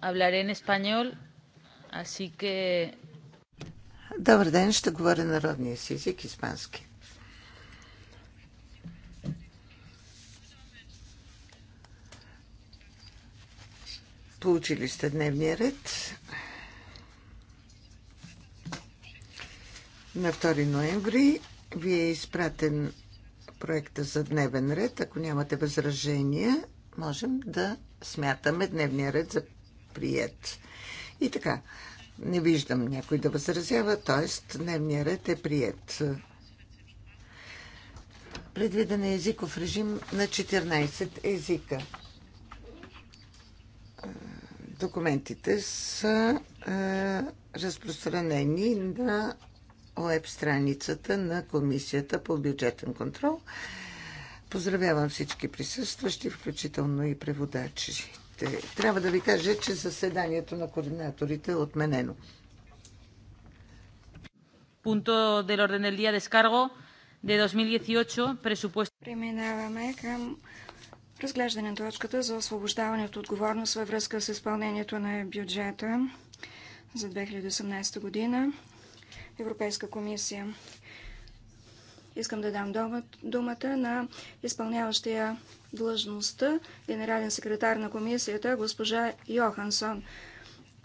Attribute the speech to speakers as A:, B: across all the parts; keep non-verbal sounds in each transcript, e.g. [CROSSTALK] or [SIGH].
A: Hablaré en español, así que...
B: Добър ден, ще говоря народния си език, испански. Получили сте дневния ред. На 2 ноември ви е изпратен проекта за дневен ред. Ако нямате възражения, можем да смятаме дневния ред за прият. И така, не виждам някой да възразява, т.е. дневният ред е прият. Предвиден е езиков режим на 14 езика. Документите са е, разпространени на ОЕП страницата на Комисията по бюджетен контрол. Поздравявам всички присъстващи, включително и преводачи. Здравейте! Трябва да ви кажа, че заседанието на координаторите е отменено.
A: Пункто del orden del дия
C: дескарго де 2018 пресупост. Преминаваме към разглеждане на точката за освобождаване от отговорност във връзка с изпълнението на бюджета за 2018 година. Европейска комисия. Искам да дам думата на изпълняващия длъжността, генерален секретар на комисията, госпожа Йохансон.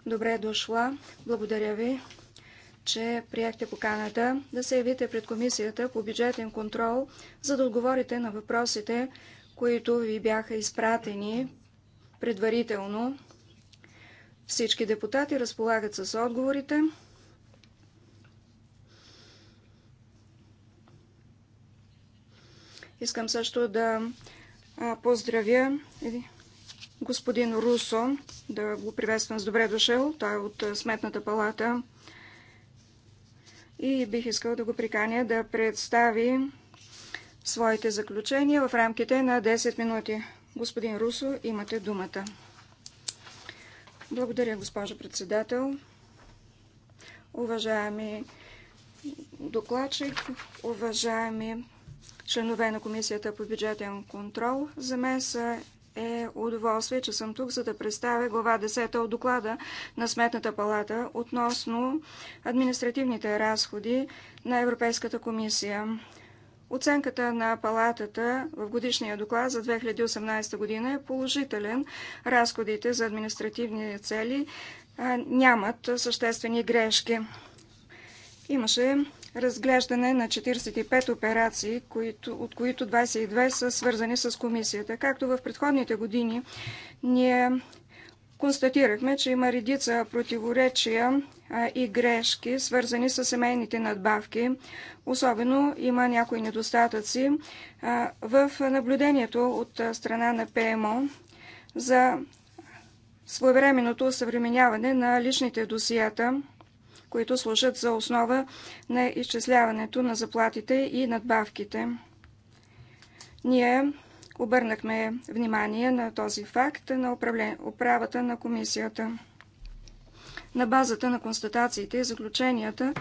C: Добре е дошла. Благодаря ви, че приехте поканата да се явите пред комисията по бюджетен контрол, за да отговорите на въпросите, които ви бяха изпратени предварително. Всички депутати разполагат с отговорите. Искам също да поздравя господин Русо, да го приветствам с добре дошъл. Той е от Сметната палата. И бих искал да го приканя да представи своите заключения в рамките на 10 минути. Господин Русо, имате думата. Благодаря, госпожо председател. Уважаеми докладчик, уважаеми членове на Комисията по бюджетен контрол. За мен са е удоволствие, че съм тук, за да представя глава 10 от доклада на Сметната палата относно административните разходи на Европейската комисия. Оценката на палатата в годишния доклад за 2018 година е положителен. Разходите за административни цели нямат съществени грешки. Имаше разглеждане на 45 операции, които, от които 22 са свързани с комисията. Както в предходните години, ние констатирахме, че има редица противоречия и грешки, свързани с семейните надбавки. Особено има някои недостатъци в наблюдението от страна на ПМО за своевременното съвременяване на личните досията – които служат за основа на изчисляването на заплатите и надбавките. Ние обърнахме внимание на този факт на управата на комисията. На базата на констатациите и заключенията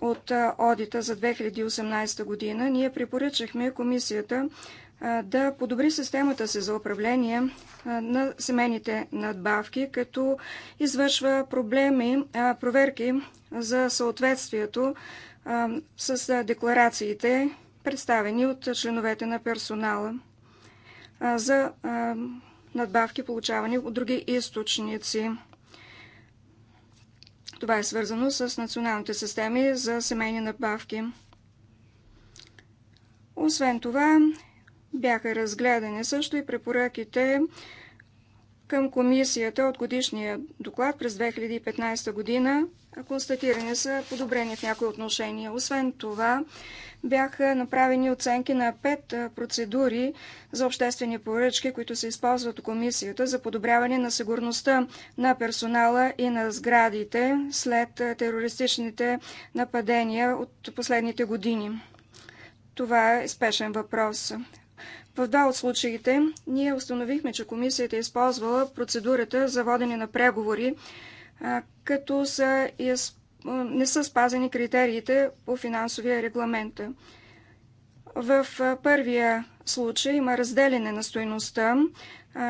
C: от одита за 2018 година, ние препоръчахме комисията да подобри системата си за управление на семейните надбавки, като извършва проблеми, проверки за съответствието с декларациите, представени от членовете на персонала за надбавки, получавани от други източници. Това е свързано с националните системи за семейни надбавки. Освен това, бяха разгледани също и препоръките към комисията от годишния доклад през 2015 година. Констатирани са подобрени в някои отношения. Освен това, бяха направени оценки на пет процедури за обществени поръчки, които се използват от комисията за подобряване на сигурността на персонала и на сградите след терористичните нападения от последните години. Това е спешен въпрос. В два от случаите ние установихме, че комисията е използвала процедурата за водене на преговори, като са, не са спазени критериите по финансовия регламент. В първия случай има разделяне на стоеността,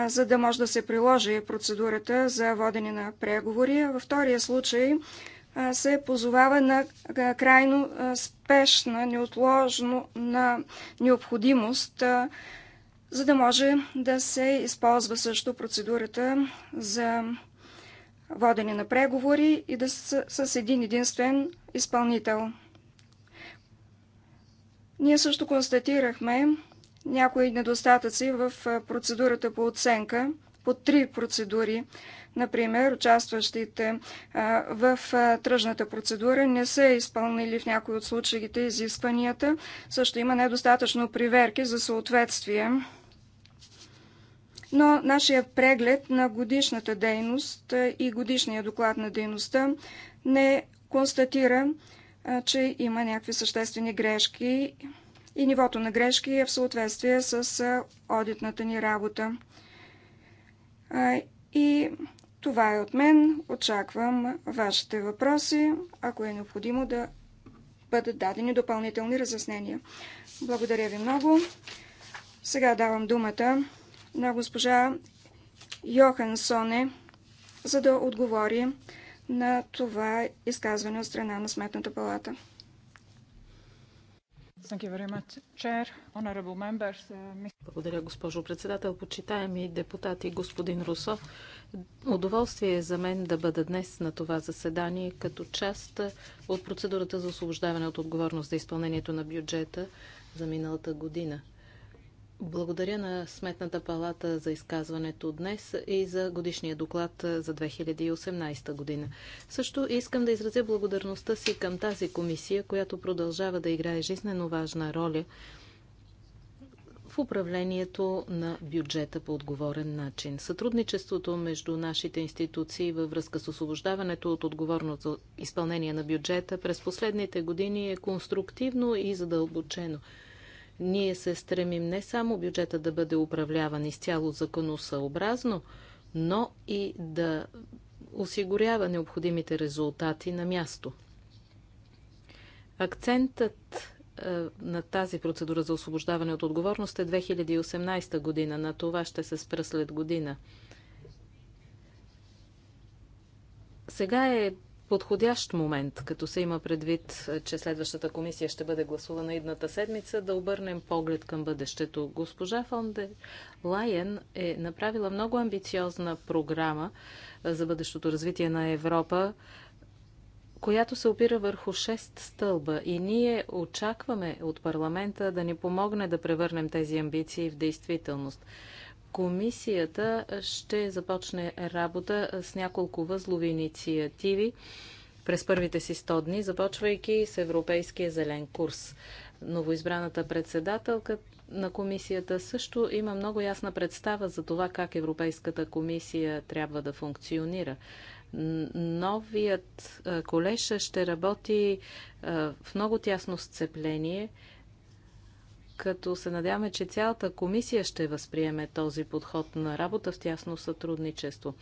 C: за да може да се приложи процедурата за водене на преговори. Във втория случай се позовава на крайно спешна, неотложно на необходимост, за да може да се използва също процедурата за водене на преговори и да са с един единствен изпълнител. Ние също констатирахме някои недостатъци в процедурата по оценка по три процедури. Например, участващите в тръжната процедура не са изпълнили в някои от случаите изискванията. Също има недостатъчно приверки за съответствие. Но нашия преглед на годишната дейност и годишния доклад на дейността не констатира, че има някакви съществени грешки и нивото на грешки е в съответствие с одитната ни работа. И това е от мен. Очаквам вашите въпроси, ако е необходимо да бъдат дадени допълнителни разяснения. Благодаря ви много. Сега давам думата на госпожа Соне, за да отговори на това изказване от страна на Сметната палата. Uh,
A: Благодаря, госпожо председател. Почитаеми депутати, господин Русо, удоволствие е за мен да бъда днес на това заседание като част от процедурата за освобождаване от отговорност за изпълнението на бюджета за миналата година. Благодаря на Сметната палата за изказването днес и за годишния доклад за 2018 година. Също искам да изразя благодарността си към тази комисия, която продължава да играе жизнено важна роля в управлението на бюджета по отговорен начин. Сътрудничеството между нашите институции във връзка с освобождаването от отговорност за изпълнение на бюджета през последните години е конструктивно и задълбочено. Ние се стремим не само бюджета да бъде управляван изцяло законосъобразно, но и да осигурява необходимите резултати на място. Акцентът е, на тази процедура за освобождаване от отговорност е 2018 година. На това ще се спра след година. Сега е подходящ момент, като се има предвид, че следващата комисия ще бъде гласувана идната седмица, да обърнем поглед към бъдещето. Госпожа Фонде Лайен е направила много амбициозна програма за бъдещото развитие на Европа, която се опира върху шест стълба и ние очакваме от парламента да ни помогне да превърнем тези амбиции в действителност. Комисията ще започне работа с няколко възлови инициативи през първите си 100 дни, започвайки с Европейския зелен курс. Новоизбраната председателка на комисията също има много ясна представа за това как Европейската комисия трябва да функционира. Новият колеж ще работи в много тясно сцепление – като се надяваме, че цялата комисия ще възприеме този подход на работа в тясно сътрудничество.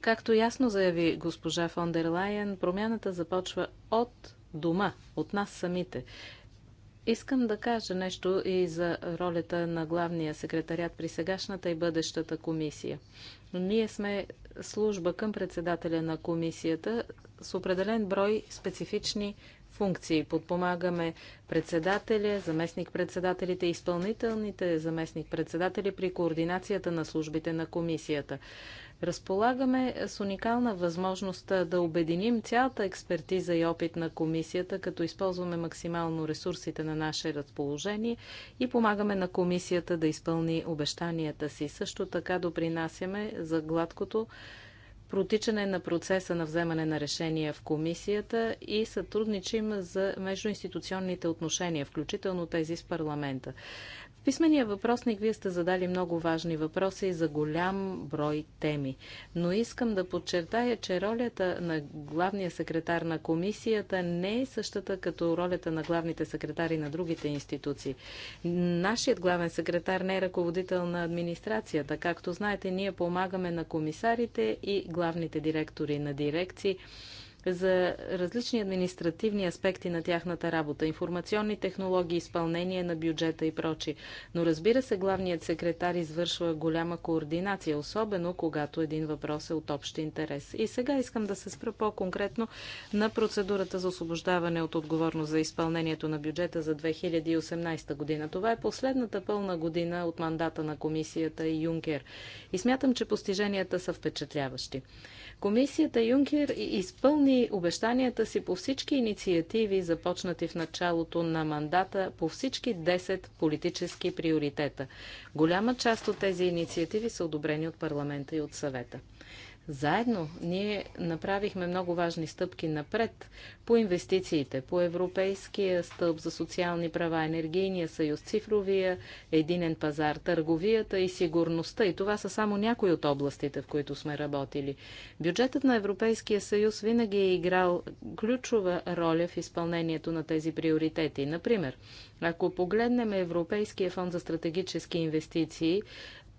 A: Както ясно заяви госпожа фон дер Лайен, промяната започва от дома, от нас самите. Искам да кажа нещо и за ролята на главния секретарят при сегашната и бъдещата комисия. Ние сме служба към председателя на комисията с определен брой специфични функции. Подпомагаме председателя, заместник-председателите, изпълнителните заместник-председатели при координацията на службите на комисията. Разполагаме с уникална възможност да обединим цялата експертиза и опит на комисията, като използваме максимално ресурсите на наше разположение и помагаме на комисията да изпълни обещанията си. Също така допринасяме за гладкото протичане на процеса на вземане на решения в комисията и сътрудничим за междуинституционните отношения, включително тези с парламента писмения въпросник вие сте задали много важни въпроси за голям брой теми. Но искам да подчертая, че ролята на главния секретар на комисията не е същата като ролята на главните секретари на другите институции. Нашият главен секретар не е ръководител на администрацията. Както знаете, ние помагаме на комисарите и главните директори на дирекции за различни административни аспекти на тяхната работа, информационни технологии, изпълнение на бюджета и прочи. Но разбира се, главният секретар извършва голяма координация, особено когато един въпрос е от общ интерес. И сега искам да се спра по-конкретно на процедурата за освобождаване от отговорност за изпълнението на бюджета за 2018 година. Това е последната пълна година от мандата на комисията и Юнкер. И смятам, че постиженията са впечатляващи. Комисията Юнкер изпълни обещанията си по всички инициативи, започнати в началото на мандата, по всички 10 политически приоритета. Голяма част от тези инициативи са одобрени от парламента и от съвета. Заедно ние направихме много важни стъпки напред по инвестициите, по Европейския стълб за социални права, енергийния съюз, цифровия, единен пазар, търговията и сигурността. И това са само някои от областите, в които сме работили. Бюджетът на Европейския съюз винаги е играл ключова роля в изпълнението на тези приоритети. Например, ако погледнем Европейския фонд за стратегически инвестиции,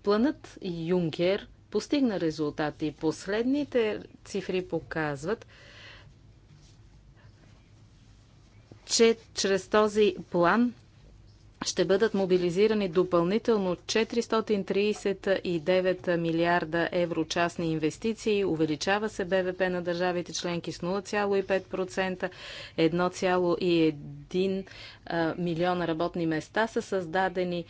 A: планът Юнкер – постигна резултати. Последните цифри показват, че чрез този план ще бъдат мобилизирани допълнително 439 милиарда евро частни инвестиции. Увеличава се БВП на държавите членки с 0,5%. 1,1 милиона работни места са създадени.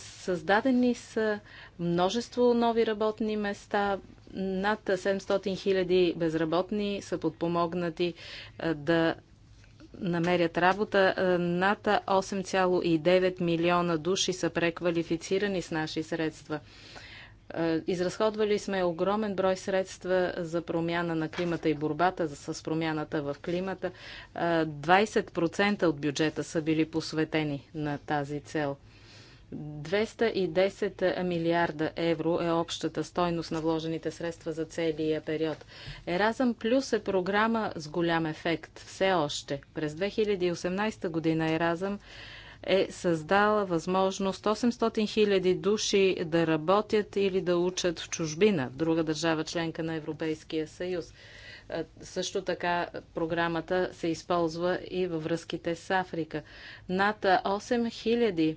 A: Създадени са множество нови работни места, над 700 хиляди безработни са подпомогнати е, да намерят работа. Е, над 8,9 милиона души са преквалифицирани с наши средства. Е, изразходвали сме огромен брой средства за промяна на климата и борбата с промяната в климата. 20% от бюджета са били посветени на тази цел – 210 милиарда евро е общата стойност на вложените средства за целия период. Еразъм Плюс е програма с голям ефект. Все още. През 2018 година Еразъм е създала възможност 800 хиляди души да работят или да учат в чужбина, в друга държава членка на Европейския съюз. Също така програмата се използва и във връзките с Африка. Над 8 хиляди 000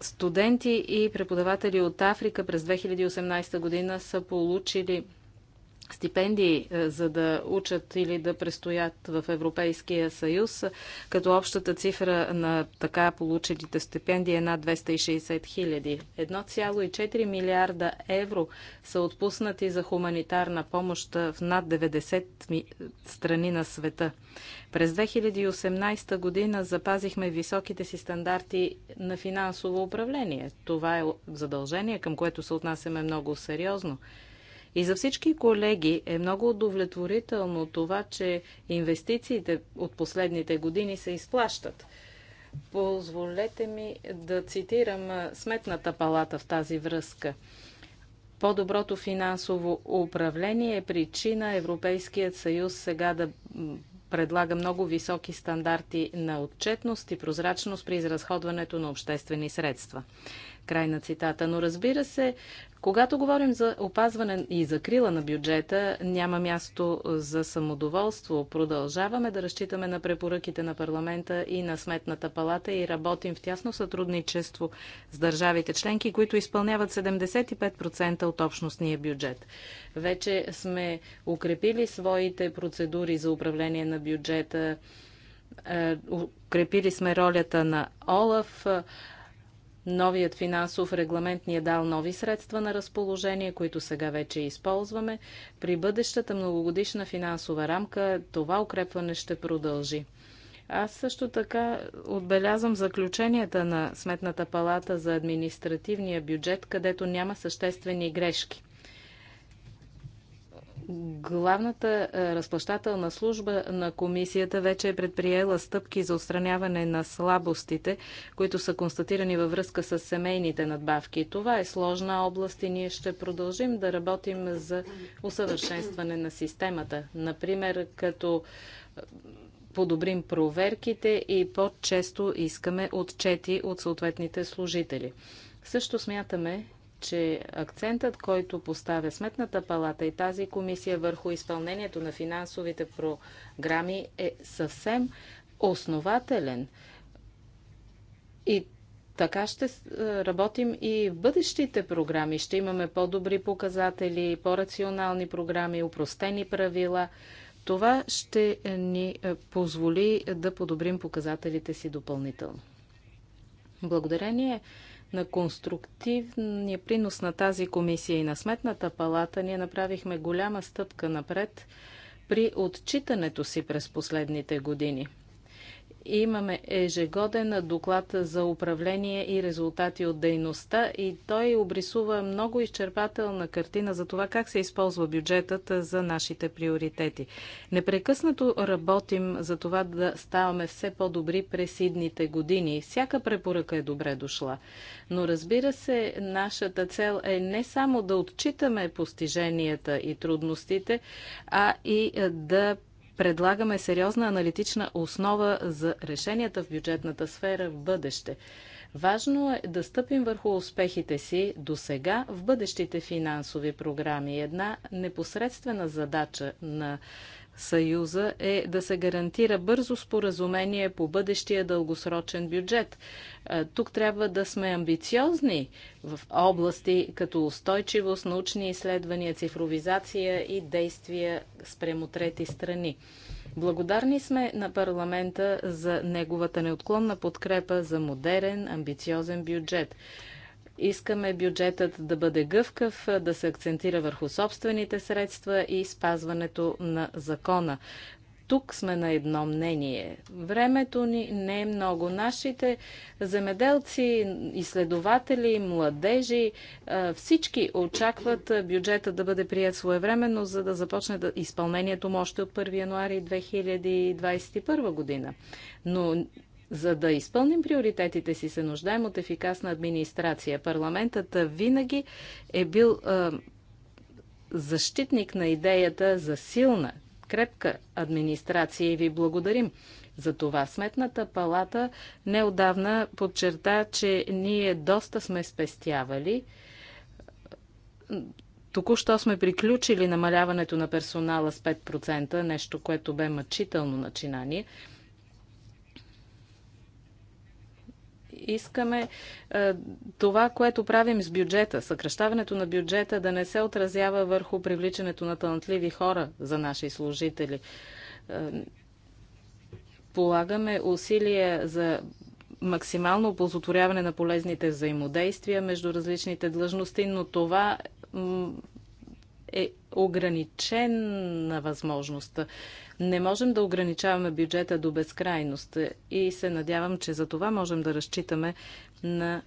A: студенти и преподаватели от Африка през 2018 година са получили стипендии, е, за да учат или да престоят в Европейския съюз, като общата цифра на така получилите стипендии е над 260 хиляди. 1,4 милиарда евро са отпуснати за хуманитарна помощ в над 90 страни на света. През 2018 година запазихме високите си стандарти на финансово управление. Това е задължение, към което се отнасяме много сериозно. И за всички колеги е много удовлетворително това, че инвестициите от последните години се изплащат. Позволете ми да цитирам Сметната палата в тази връзка. По-доброто финансово управление е причина Европейският съюз сега да предлага много високи стандарти на отчетност и прозрачност при изразходването на обществени средства. Край на цитата. Но разбира се, когато говорим за опазване и закрила на бюджета, няма място за самодоволство. Продължаваме да разчитаме на препоръките на парламента и на Сметната палата и работим в тясно сътрудничество с държавите членки, които изпълняват 75% от общностния бюджет. Вече сме укрепили своите процедури за управление на бюджета, е, укрепили сме ролята на ОЛАФ, Новият финансов регламент ни е дал нови средства на разположение, които сега вече използваме. При бъдещата многогодишна финансова рамка това укрепване ще продължи. Аз също така отбелязвам заключенията на Сметната палата за административния бюджет, където няма съществени грешки. Главната е, разплащателна служба на комисията вече е предприела стъпки за отстраняване на слабостите, които са констатирани във връзка с семейните надбавки. Това е сложна област и ние ще продължим да работим за усъвършенстване на системата. Например, като е, подобрим проверките и по-често искаме отчети от съответните служители. Също смятаме, че акцентът, който поставя Сметната палата и тази комисия върху изпълнението на финансовите програми е съвсем основателен. И така ще е, работим и в бъдещите програми. Ще имаме по-добри показатели, по-рационални програми, упростени правила. Това ще ни е, позволи да подобрим показателите си допълнително. Благодарение на конструктивния принос на тази комисия и на Сметната палата, ние направихме голяма стъпка напред при отчитането си през последните години. Имаме ежегоден доклад за управление и резултати от дейността и той обрисува много изчерпателна картина за това как се използва бюджетът за нашите приоритети. Непрекъснато работим за това да ставаме все по-добри през идните години. Всяка препоръка е добре дошла. Но разбира се, нашата цел е не само да отчитаме постиженията и трудностите, а и да предлагаме сериозна аналитична основа за решенията в бюджетната сфера в бъдеще. Важно е да стъпим върху успехите си до сега в бъдещите финансови програми. Една непосредствена задача на Съюза е да се гарантира бързо споразумение по бъдещия дългосрочен бюджет. Тук трябва да сме амбициозни в области като устойчивост, научни изследвания, цифровизация и действия спрямо трети страни. Благодарни сме на парламента за неговата неотклонна подкрепа за модерен, амбициозен бюджет. Искаме бюджетът да бъде гъвкав, да се акцентира върху собствените средства и спазването на закона. Тук сме на едно мнение. Времето ни не е много. Нашите земеделци, изследователи, младежи, всички очакват бюджета да бъде прият своевременно, за да започне изпълнението му още от 1 януари 2021 година. Но за да изпълним приоритетите си, се нуждаем от ефикасна администрация. Парламентът винаги е бил а, защитник на идеята за силна, крепка администрация и ви благодарим. За това Сметната палата неодавна подчерта, че ние доста сме спестявали. Току-що сме приключили намаляването на персонала с 5%, нещо, което бе мъчително начинание – искаме е, това, което правим с бюджета, съкръщаването на бюджета да не се отразява върху привличането на талантливи хора за наши служители. Е, полагаме усилия за максимално оползотворяване на полезните взаимодействия между различните длъжности, но това е ограничена възможност. Не можем да ограничаваме бюджета до безкрайност и се надявам, че за това можем да разчитаме на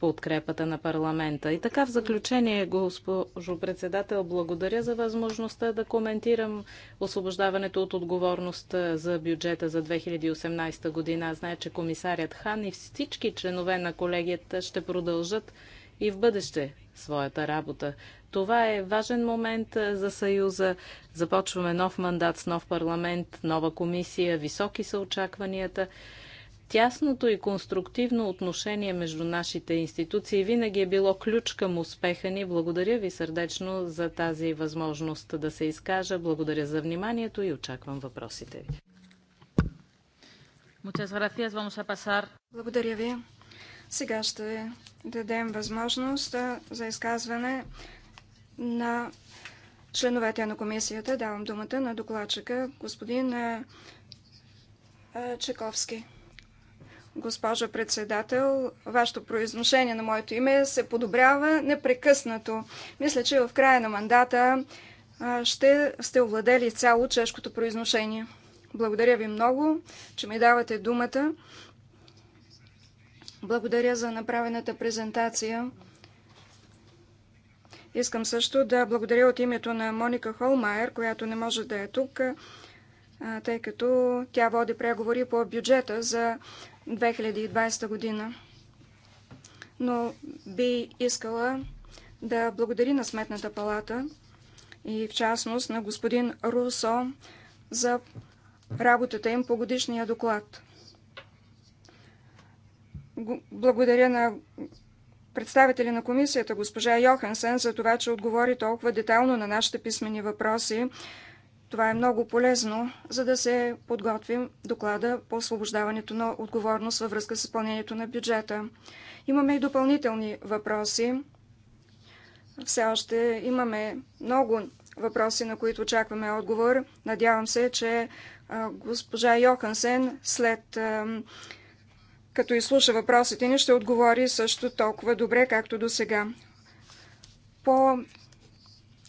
A: подкрепата на парламента. И така в заключение, госпожо председател, благодаря за възможността да коментирам освобождаването от отговорност за бюджета за 2018 година. Знае, че комисарят Хан и всички членове на колегията ще продължат и в бъдеще своята работа. Това е важен момент за Съюза. Започваме нов мандат с нов парламент, нова комисия, високи са очакванията. Тясното и конструктивно отношение между нашите институции винаги е било ключ към успеха ни. Благодаря ви сърдечно за тази възможност да се изкажа. Благодаря за вниманието и очаквам въпросите ви.
C: Благодаря ви. Сега ще дадем възможност за изказване на членовете на комисията. Давам думата на докладчика господин е, е, Чековски. Госпожо председател, вашето произношение на моето име се подобрява непрекъснато. Мисля, че в края на мандата е, ще сте овладели цяло чешкото произношение. Благодаря ви много, че ми давате думата. Благодаря за направената презентация. Искам също да благодаря от името на Моника Холмайер, която не може да е тук, тъй като тя води преговори по бюджета за 2020 година. Но би искала да благодари на Сметната палата и в частност на господин Русо за работата им по годишния доклад. Благодаря на представители на комисията, госпожа Йохансен, за това, че отговори толкова детално на нашите писмени въпроси. Това е много полезно, за да се подготвим доклада по освобождаването на отговорност във връзка с изпълнението на бюджета. Имаме и допълнителни въпроси. Все още имаме много въпроси, на които очакваме отговор. Надявам се, че госпожа Йохансен след като изслуша въпросите ни, ще отговори също толкова добре, както до сега. По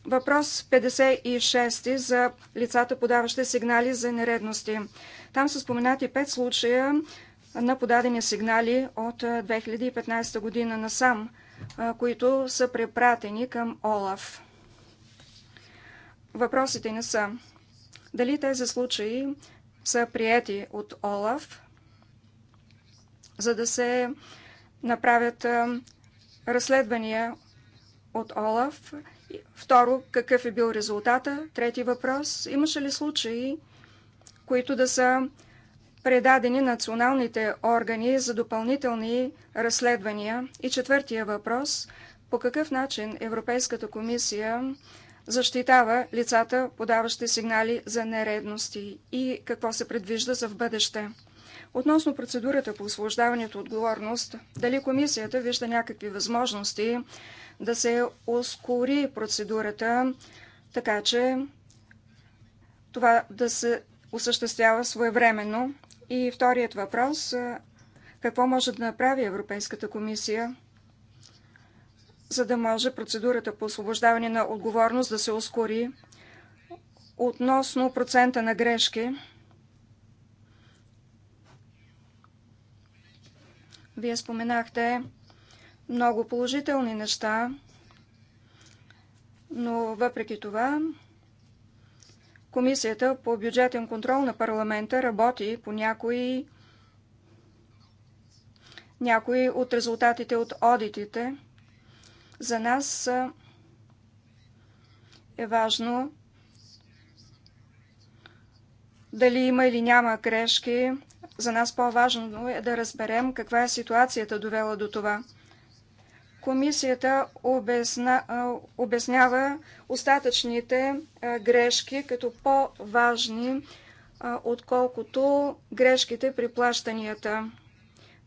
C: въпрос 56 за лицата, подаващи сигнали за нередности. Там са споменати пет случая на подадени сигнали от 2015 година насам, които са препратени към ОЛАФ. Въпросите не са дали тези случаи са приети от ОЛАФ – за да се направят разследвания от Олаф. Второ, какъв е бил резултата? Трети въпрос, имаше ли случаи, които да са предадени националните органи за допълнителни разследвания? И четвъртия въпрос, по какъв начин Европейската комисия защитава лицата, подаващи сигнали за нередности и какво се предвижда за в бъдеще? Относно процедурата по освобождаването отговорност, дали комисията вижда някакви възможности да се ускори процедурата, така че това да се осъществява своевременно? И вторият въпрос – какво може да направи Европейската комисия, за да може процедурата по освобождаване на отговорност да се ускори относно процента на грешки – Вие споменахте много положителни неща, но въпреки това Комисията по бюджетен контрол на парламента работи по някои, някои от резултатите от одитите. За нас е важно дали има или няма грешки, за нас по-важно е да разберем каква е ситуацията довела до това. Комисията обясна, обяснява остатъчните грешки като по-важни, отколкото грешките при плащанията.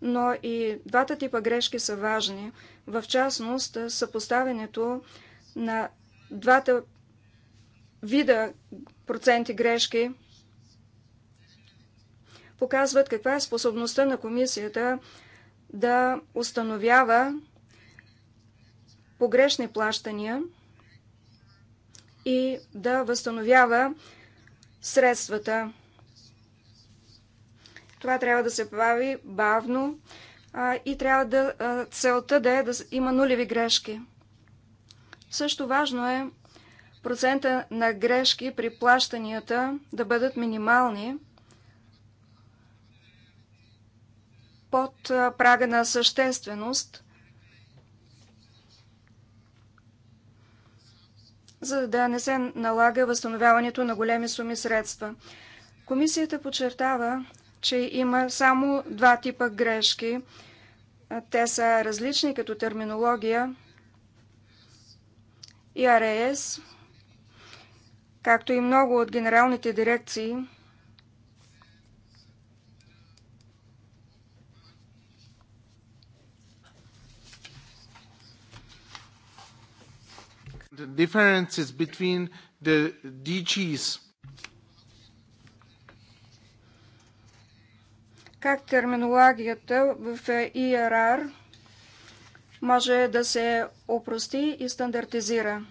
C: Но и двата типа грешки са важни. В частност, съпоставянето на двата вида проценти грешки – показват каква е способността на комисията да установява погрешни плащания и да възстановява средствата. Това трябва да се прави бавно а, и трябва да, а, целта да е да има нулеви грешки. Също важно е процента на грешки при плащанията да бъдат минимални – под прага на същественост, за да не се налага възстановяването на големи суми средства. Комисията подчертава, че има само два типа грешки. Те са различни като терминология и РС, както и много от генералните дирекции –
A: the differences between the DGs.
C: Как терминологията в ИРР e може да се опрости и стандартизира?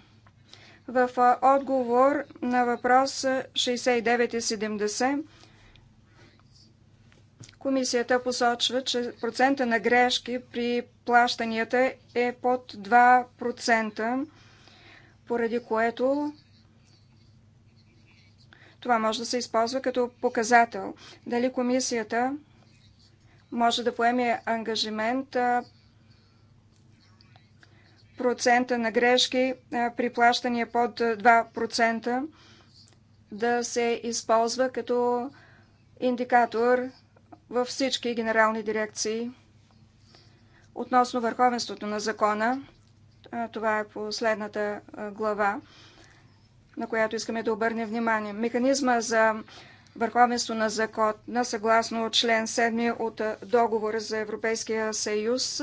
C: В отговор на въпрос 69.70. Комисията посочва, че процента на грешки при плащанията е под 2% поради което това може да се използва като показател. Дали комисията може да поеме ангажимент процента на грешки при плащания под 2% да се използва като индикатор във всички генерални дирекции. Относно върховенството на закона, това е последната глава, на която искаме да обърнем внимание. Механизма за върховенство на закона, съгласно член 7 от договора за Европейския съюз,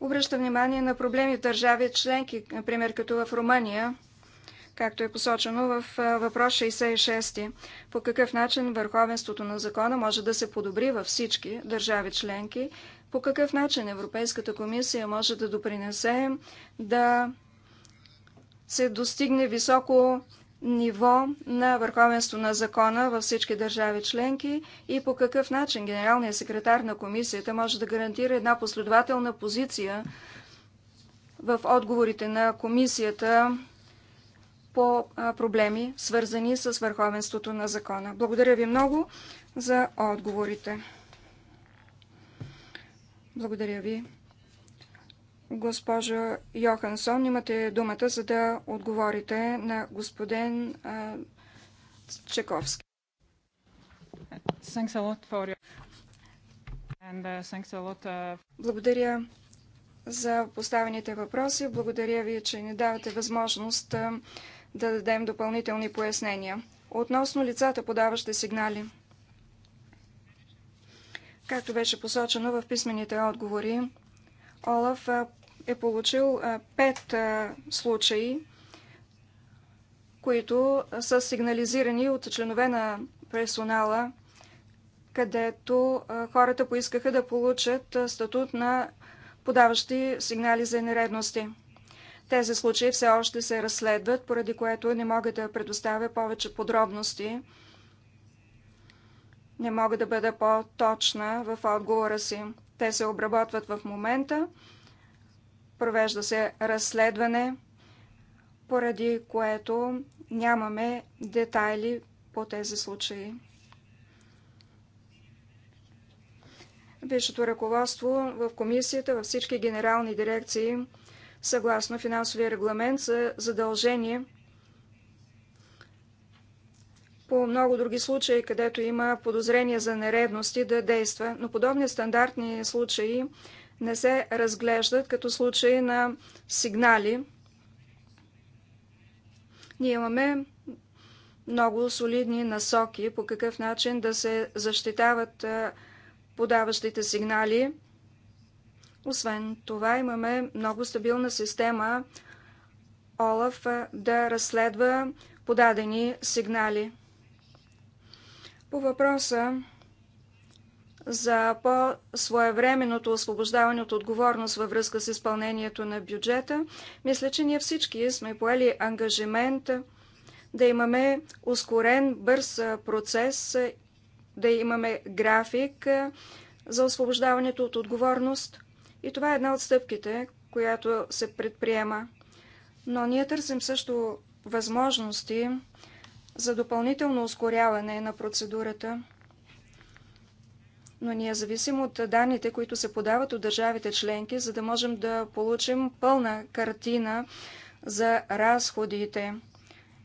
C: обръща внимание на проблеми в държави членки, например като в Румъния – както е посочено в въпрос 66. По какъв начин върховенството на закона може да се подобри във всички държави членки? По какъв начин Европейската комисия може да допринесе да се достигне високо ниво на върховенство на закона във всички държави членки и по какъв начин генералният секретар на комисията може да гарантира една последователна позиция в отговорите на комисията по проблеми, свързани с върховенството на закона. Благодаря ви много за отговорите. Благодаря ви. Госпожо Йохансон, имате думата, за да отговорите на господин Чековски. Uh, uh, Благодаря за поставените въпроси. Благодаря ви, че ни давате възможност да дадем допълнителни пояснения. Относно лицата, подаващи сигнали. Както беше посочено в писмените отговори, Олаф е получил пет случаи, които са сигнализирани от членове на персонала, където хората поискаха да получат статут на подаващи сигнали за нередности. Тези случаи все още се разследват, поради което не мога да предоставя повече подробности. Не мога да бъда по-точна в отговора си. Те се обработват в момента. Провежда се разследване, поради което нямаме детайли по тези случаи. Висшето ръководство в комисията, във всички генерални дирекции – съгласно финансовия регламент са задължени по много други случаи, където има подозрения за нередности да действа. Но подобни стандартни случаи не се разглеждат като случаи на сигнали. Ние имаме много солидни насоки по какъв начин да се защитават подаващите сигнали – освен това имаме много стабилна система ОЛАФ да разследва подадени сигнали. По въпроса за по-своевременното освобождаване от отговорност във връзка с изпълнението на бюджета, мисля, че ние всички сме поели ангажимент да имаме ускорен, бърз процес, да имаме график за освобождаването от отговорност. И това е една от стъпките, която се предприема. Но ние търсим също възможности за допълнително ускоряване на процедурата. Но ние зависим от данните, които се подават от държавите членки, за да можем да получим пълна картина за разходите.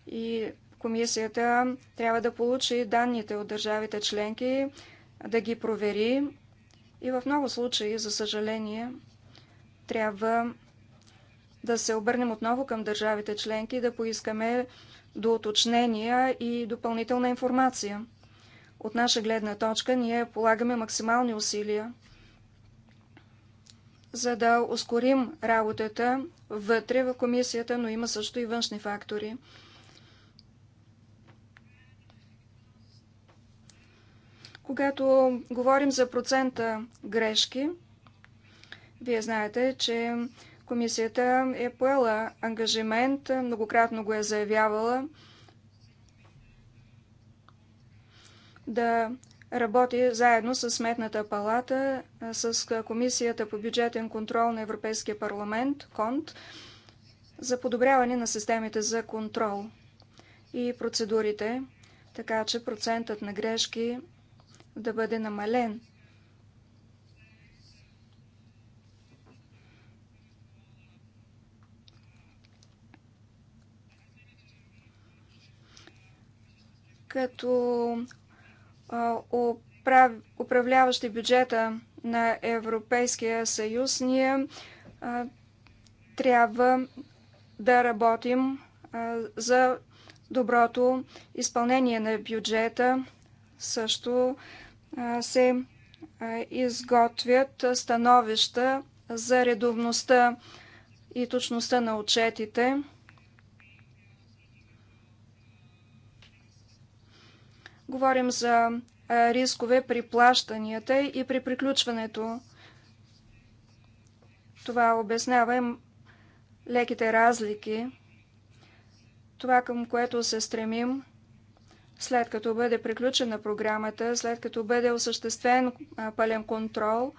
C: И комисията трябва да получи данните от държавите членки, да ги провери и в много случаи, за съжаление, трябва да се обърнем отново към държавите членки и да поискаме доуточнения и допълнителна информация. От наша гледна точка ние полагаме максимални усилия, за да ускорим работата вътре в комисията, но има също и външни фактори – Когато говорим за процента грешки, вие знаете, че комисията е поела ангажимент, многократно го е заявявала, да работи заедно с Сметната палата, с Комисията по бюджетен контрол на Европейския парламент, КОНТ, за подобряване на системите за контрол и процедурите, така че процентът на грешки да бъде намален. Като управляващи бюджета на Европейския съюз, ние трябва да работим за доброто изпълнение на бюджета, също се изготвят становища за редовността и точността на отчетите. Говорим за рискове при плащанията и при приключването. Това обяснява леките разлики. Това, към което се стремим, след като бъде приключена програмата, след като бъде осъществен пълен контрол,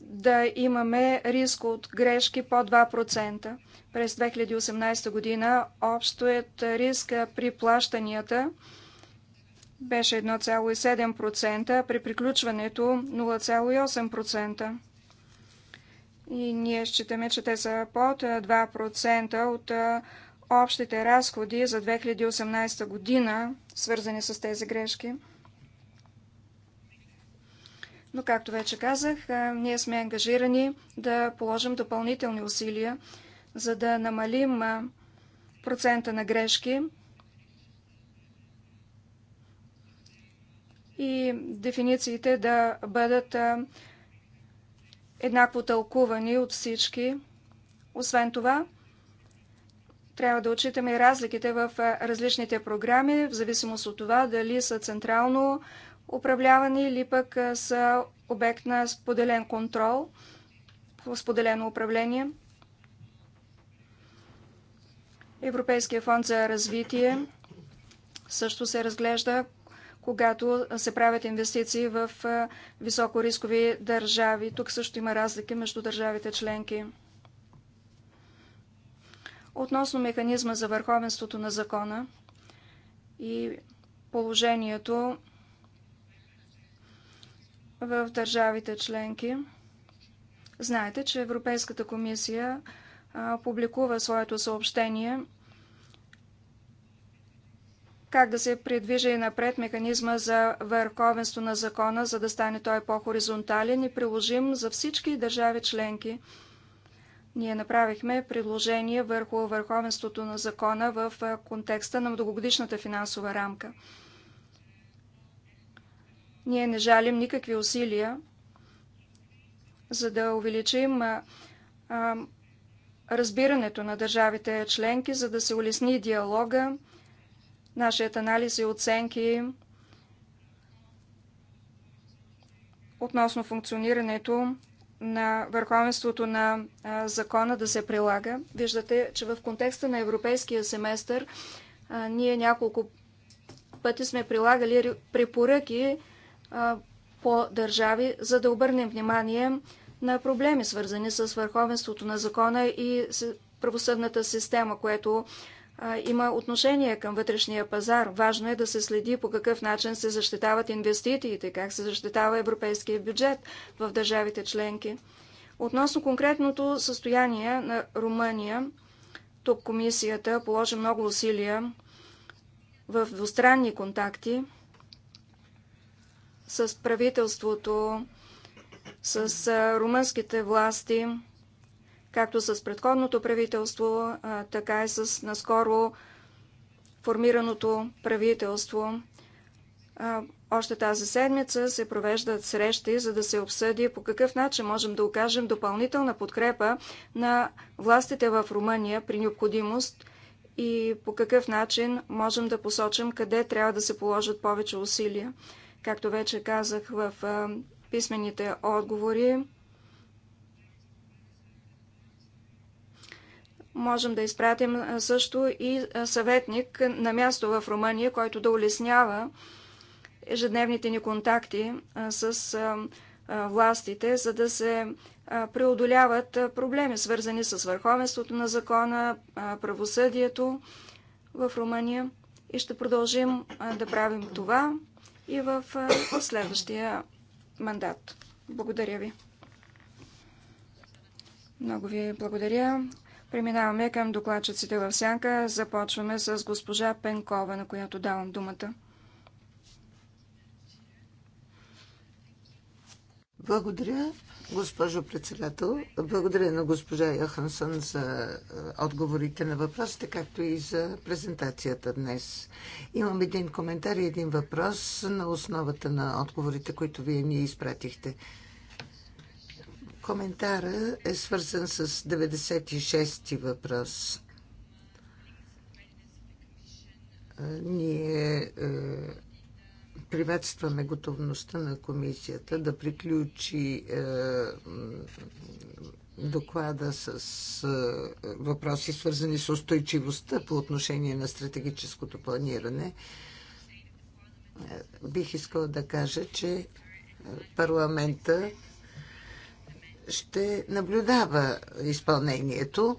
C: да имаме риск от грешки по 2%. През 2018 година общоят риск при плащанията беше 1,7%, при приключването 0,8%. И ние считаме, че те са под 2% от общите разходи за 2018 година, свързани с тези грешки. Но, както вече казах, ние сме ангажирани да положим допълнителни усилия, за да намалим процента на грешки и дефинициите да бъдат еднакво тълкувани от всички. Освен това, трябва да отчитаме и разликите в различните програми, в зависимост от това дали са централно управлявани или пък са обект на споделен контрол, споделено управление. Европейския фонд за развитие също се разглежда, когато се правят инвестиции в високорискови държави. Тук също има разлики между държавите членки относно механизма за върховенството на закона и положението в държавите членки. Знаете, че Европейската комисия публикува своето съобщение как да се придвижи напред механизма за върховенство на закона, за да стане той по-хоризонтален и приложим за всички държави членки – ние направихме предложение върху върховенството на закона в контекста на многогодишната финансова рамка. Ние не жалим никакви усилия, за да увеличим разбирането на държавите членки, за да се улесни диалога, нашият анализ и оценки относно функционирането на върховенството на закона да се прилага. Виждате, че в контекста на европейския семестър ние няколко пъти сме прилагали препоръки по държави, за да обърнем внимание на проблеми, свързани с върховенството на закона и правосъдната система, което има отношение към вътрешния пазар. Важно е да се следи по какъв начин се защитават инвестициите, как се защитава европейския бюджет в държавите членки. Относно конкретното състояние на Румъния, тук комисията положи много усилия в двустранни контакти с правителството, с румънските власти, както с предходното правителство, така и с наскоро формираното правителство. Още тази седмица се провеждат срещи, за да се обсъди по какъв начин можем да окажем допълнителна подкрепа на властите в Румъния при необходимост и по какъв начин можем да посочим къде трябва да се положат повече усилия. Както вече казах в писмените отговори, Можем да изпратим също и съветник на място в Румъния, който да улеснява ежедневните ни контакти с властите, за да се преодоляват проблеми, свързани с върховенството на закона, правосъдието в Румъния. И ще продължим да правим това и в следващия мандат. Благодаря ви. Много ви благодаря, Преминаваме към докладчиците в сянка. Започваме с госпожа Пенкова, на която давам думата.
B: Благодаря, госпожо председател. Благодаря на госпожа Йохансън за е, отговорите на въпросите, както и за презентацията днес. Имам един коментар и един въпрос на основата на отговорите, които вие ни изпратихте. Коментара е свързан с 96-ти въпрос. Ние приветстваме готовността на комисията да приключи е, доклада с е, въпроси, свързани с устойчивостта по отношение на стратегическото планиране. Бих искала да кажа, че парламента ще наблюдава изпълнението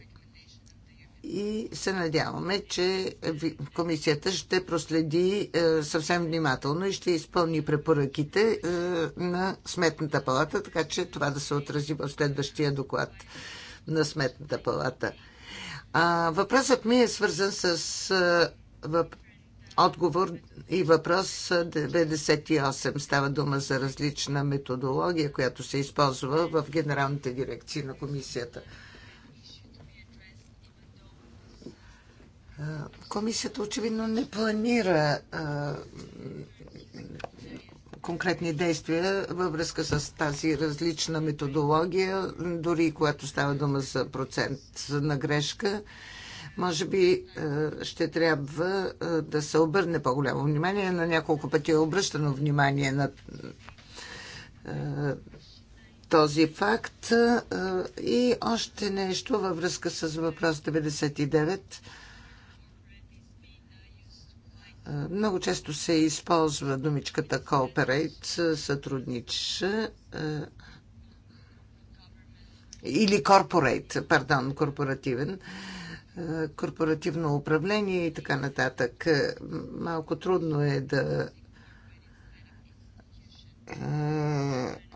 B: и се надяваме, че комисията ще проследи е, съвсем внимателно и ще изпълни препоръките е, на Сметната палата, така че това да се отрази в следващия доклад на Сметната палата. въпросът ми е свързан с е, отговор и въпрос 98. Става дума за различна методология, която се използва в генералните дирекции на комисията. Комисията очевидно не планира конкретни действия във връзка с тази различна методология, дори когато става дума за процент на грешка. Може би е, ще трябва е, да се обърне по-голямо внимание. На няколко пъти е обръщано внимание на е, този факт. И още нещо във връзка с въпрос 99. Много често се използва думичката cooperate, сътруднич или corporate, пардон, корпоративен. Uh, корпоративно управление и така нататък. Малко трудно е да е,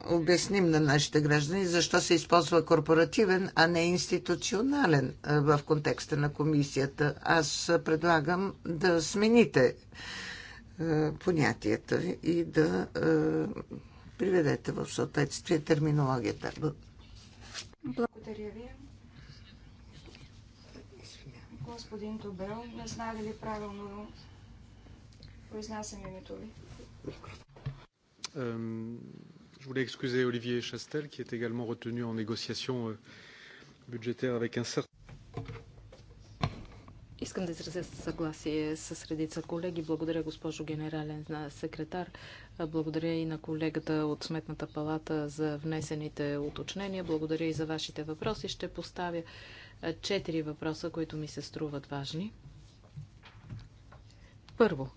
B: обясним на нашите граждани защо се използва корпоративен, а не институционален е, в контекста на комисията. Аз предлагам да смените е, понятията и да приведете в съответствие терминологията.
C: Благодаря ви. Господин Тобел, не знае дали правилно произнасям името ви.
A: Je voulais excuser Olivier Chastel, qui est également retenu en négociation euh, budgétaire avec un certain. Искам да изразя съгласие с редица колеги. Благодаря, госпожо генерален секретар. Благодаря и на колегата от Сметната палата за внесените уточнения. Благодаря и за вашите въпроси. Ще поставя четири въпроса, които ми се струват важни. Първо,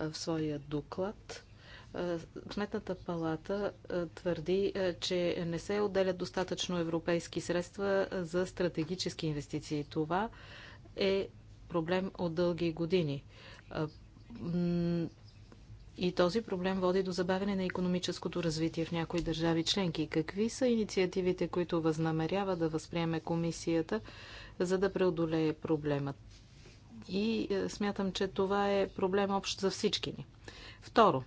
A: в своя доклад Сметната палата твърди, че не се отделят достатъчно европейски средства за стратегически инвестиции. Това е проблем от дълги години и този проблем води до забавяне на економическото развитие в някои държави членки. Какви са инициативите, които възнамерява да възприеме комисията, за да преодолее проблемът? И е, смятам, че това е проблем общ за всички ни. Второ,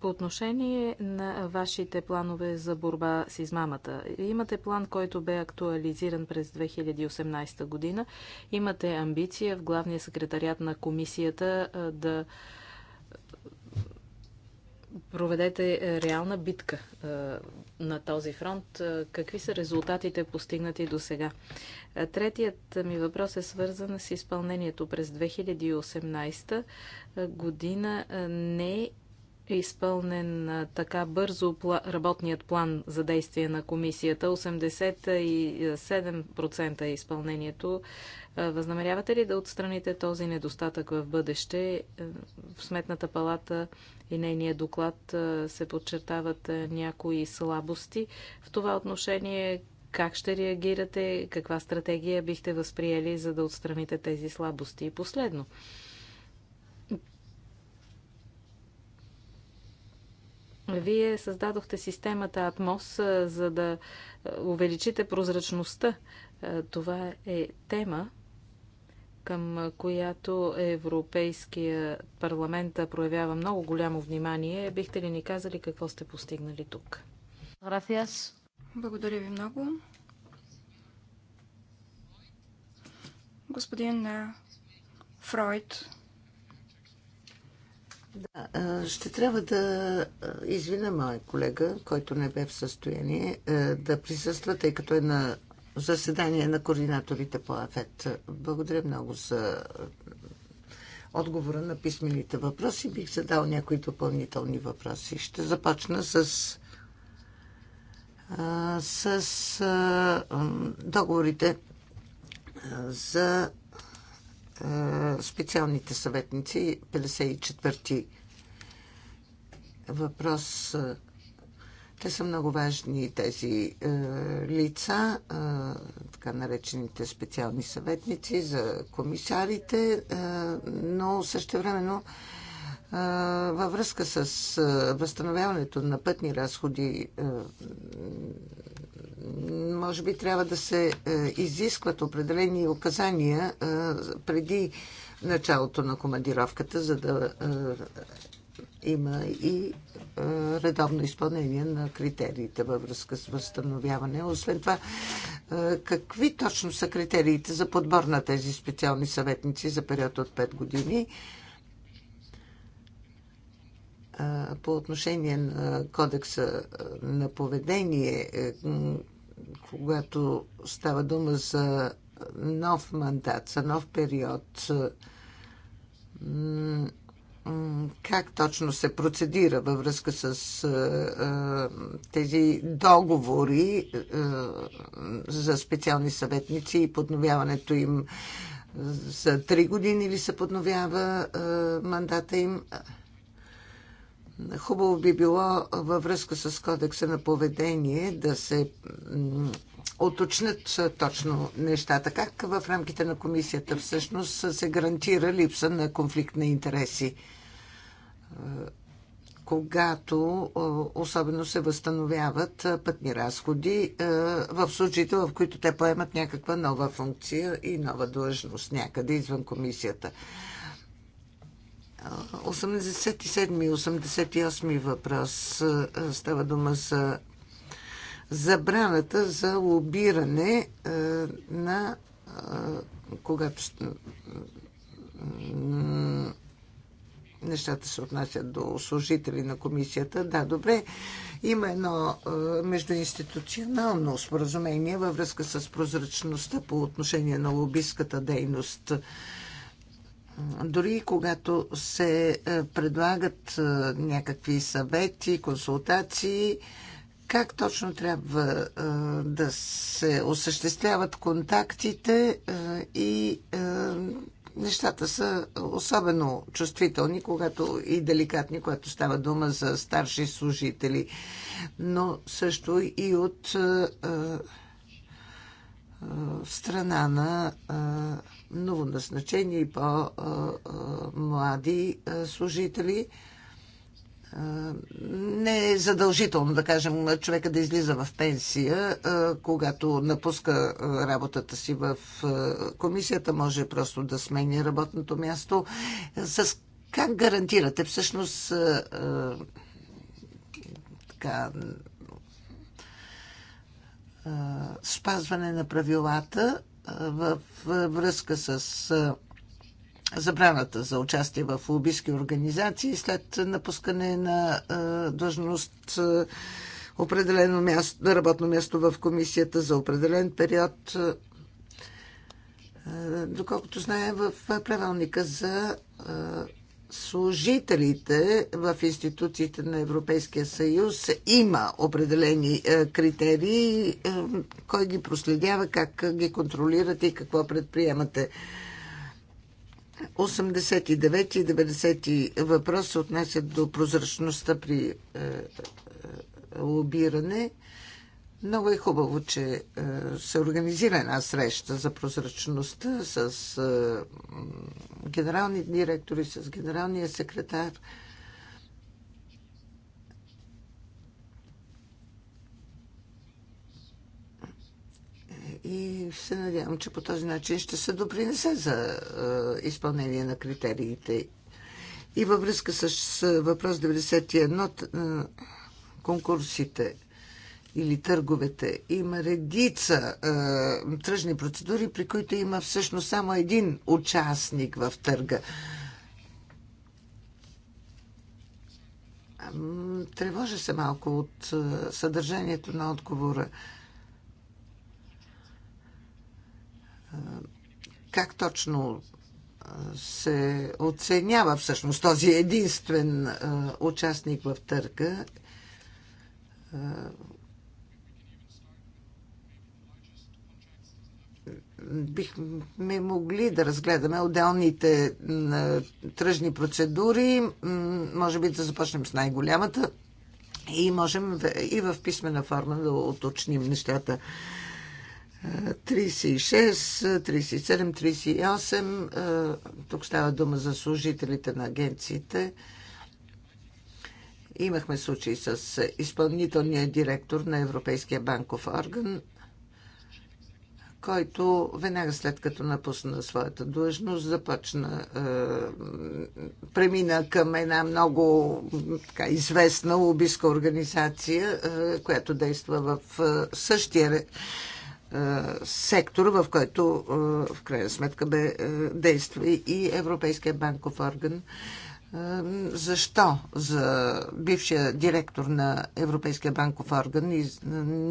A: По отношение на вашите планове за борба с измамата, имате план, който бе актуализиран през 2018 година. Имате амбиция в главния секретарят на комисията да проведете е, реална битка на този фронт. Какви са резултатите постигнати до сега? Третият ми въпрос е свързан с изпълнението през 2018 година. Не е изпълнен така бързо работният план за действие на комисията. 87% е изпълнението. Възнамерявате ли да отстраните този недостатък в бъдеще? Е, в Сметната палата и нейния доклад се подчертават някои слабости. В това отношение как ще реагирате? Каква стратегия бихте възприели, за да отстраните тези слабости? И последно – Вие създадохте системата Атмос, за да увеличите прозрачността. Това е тема, към която Европейския парламент проявява много голямо внимание. Бихте ли ни казали какво сте постигнали
C: тук? Благодаря ви много. Господин Фройд,
B: да, ще трябва да извина моя колега, който не бе в състояние да присъства, тъй като е на заседание на координаторите по АФЕТ. Благодаря много за отговора на писмените въпроси. Бих задал някои допълнителни въпроси. Ще започна с с договорите за специалните съветници, 54-ти въпрос. Те са много важни тези е, лица, е, така наречените специални съветници за комисарите, е, но също времено във връзка с възстановяването на пътни разходи, може би трябва да се изискват определени указания преди началото на командировката, за да има и редовно изпълнение на критериите във връзка с възстановяване. Освен това, какви точно са критериите за подбор на тези специални съветници за период от 5 години? по отношение на кодекса на поведение, е, когато става дума за нов мандат, за нов период, е, как точно се процедира във връзка с а, е, тези договори а, за специални съветници и подновяването им за три години ли се подновява а, мандата им? Хубаво би било във връзка с кодекса на поведение да се оточнят точно нещата. Как в рамките на комисията всъщност се гарантира липса на конфликт на интереси? Е, когато особено се възстановяват пътни разходи е, в случаите, в които те поемат някаква нова функция и нова длъжност някъде извън комисията. 87 и 88 въпрос става дума за забраната за лобиране на когато нещата се отнасят до служители на комисията. Да, добре. Има едно междуинституционално споразумение във връзка с прозрачността по отношение на лобистката дейност дори когато се е, предлагат е, някакви съвети, консултации, как точно трябва е, да се осъществяват контактите и нещата са особено чувствителни когато и деликатни, когато става дума за старши служители, но също и от страна на новоназначени и по-млади служители. Не е задължително, да кажем, човека да излиза в пенсия, когато напуска работата си в комисията, може просто да смени работното място. С как гарантирате всъщност така, спазване на правилата в връзка с забраната за участие в лобистки организации след напускане на длъжност определено място, работно място в комисията за определен период. Доколкото знае, в правилника за служителите в институциите на Европейския съюз има определени е, критерии. Е, кой ги проследява, как ги контролирате и какво предприемате? 89 и 90 въпроса отнесят отнасят до прозрачността при е, лобиране. Много е хубаво, че е, се организира една среща за прозрачността с е, генерални директори, с генералния секретар. Е, и се надявам, че по този начин ще се допринесе за е, изпълнение на критериите. И във връзка с, с въпрос 91, конкурсите или търговете. Има редица е, тръжни процедури, при които има всъщност само един участник в търга. Тревожа се малко от е, съдържанието на отговора. Е, как точно е, се оценява всъщност този единствен участник в търга? бихме могли да разгледаме отделните тръжни процедури, може би да започнем с най-голямата и можем и в писмена форма да уточним нещата. 36, 37, 38. Тук става дума за служителите на агенциите. Имахме случаи с изпълнителния директор на Европейския банков орган който веднага след като напусна своята длъжност, започна, е, премина към една много така, известна лобистка организация, е, която действа в е, същия е, сектор, в който е, в крайна сметка бе, е, действа и Европейския банков орган. Е, защо за бившия директор на Европейския банков орган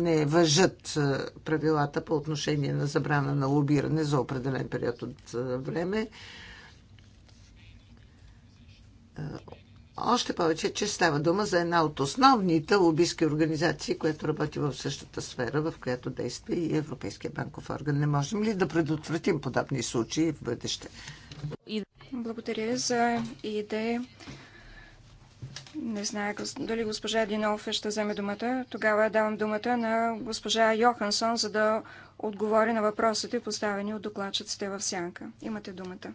B: не въжат правилата по отношение на забрана на лобиране за определен период от време. Още повече, че става дума за една от основните лобистки организации, която работи в същата сфера, в която действа и Европейския банков орган. Не можем ли да предотвратим подобни случаи в бъдеще?
C: Благодаря за идея. Не знае дали госпожа Динов ще вземе думата. Тогава давам думата на госпожа Йохансон, за да отговори на въпросите, поставени от докладчиците в сянка. Имате думата.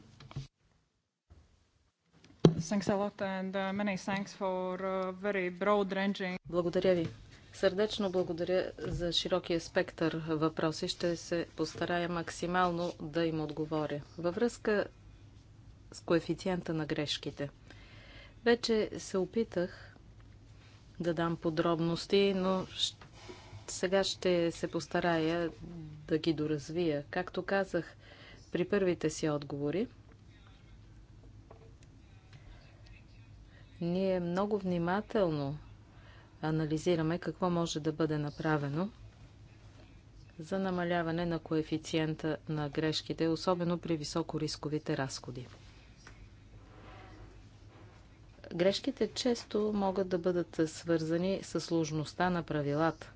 C: Uh, uh, благодаря ви.
A: Сърдечно благодаря за широкия спектър въпроси. Ще се постарая максимално да им отговоря. Във връзка с коефициента на грешките. Вече се опитах да дам подробности, но сега ще се постарая да ги доразвия. Както казах при първите си отговори, ние много внимателно анализираме какво може да бъде направено за намаляване на коефициента на грешките, особено при високорисковите разходи. Грешките често могат да бъдат свързани с сложността на правилата.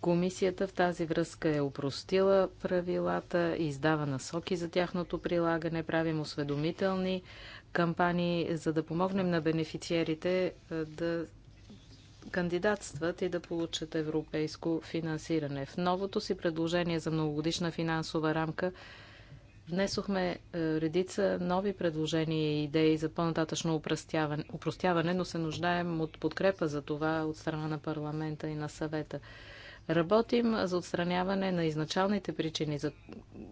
A: Комисията в тази връзка е упростила правилата, издава насоки за тяхното прилагане, правим осведомителни кампании, за да помогнем на бенефициерите е, да кандидатстват и да получат европейско финансиране. В новото си предложение за многогодишна финансова рамка Внесохме е, редица нови предложения и идеи за по-нататъчно упростяване, но се нуждаем от подкрепа за това от страна на парламента и на съвета. Работим за отстраняване на изначалните причини за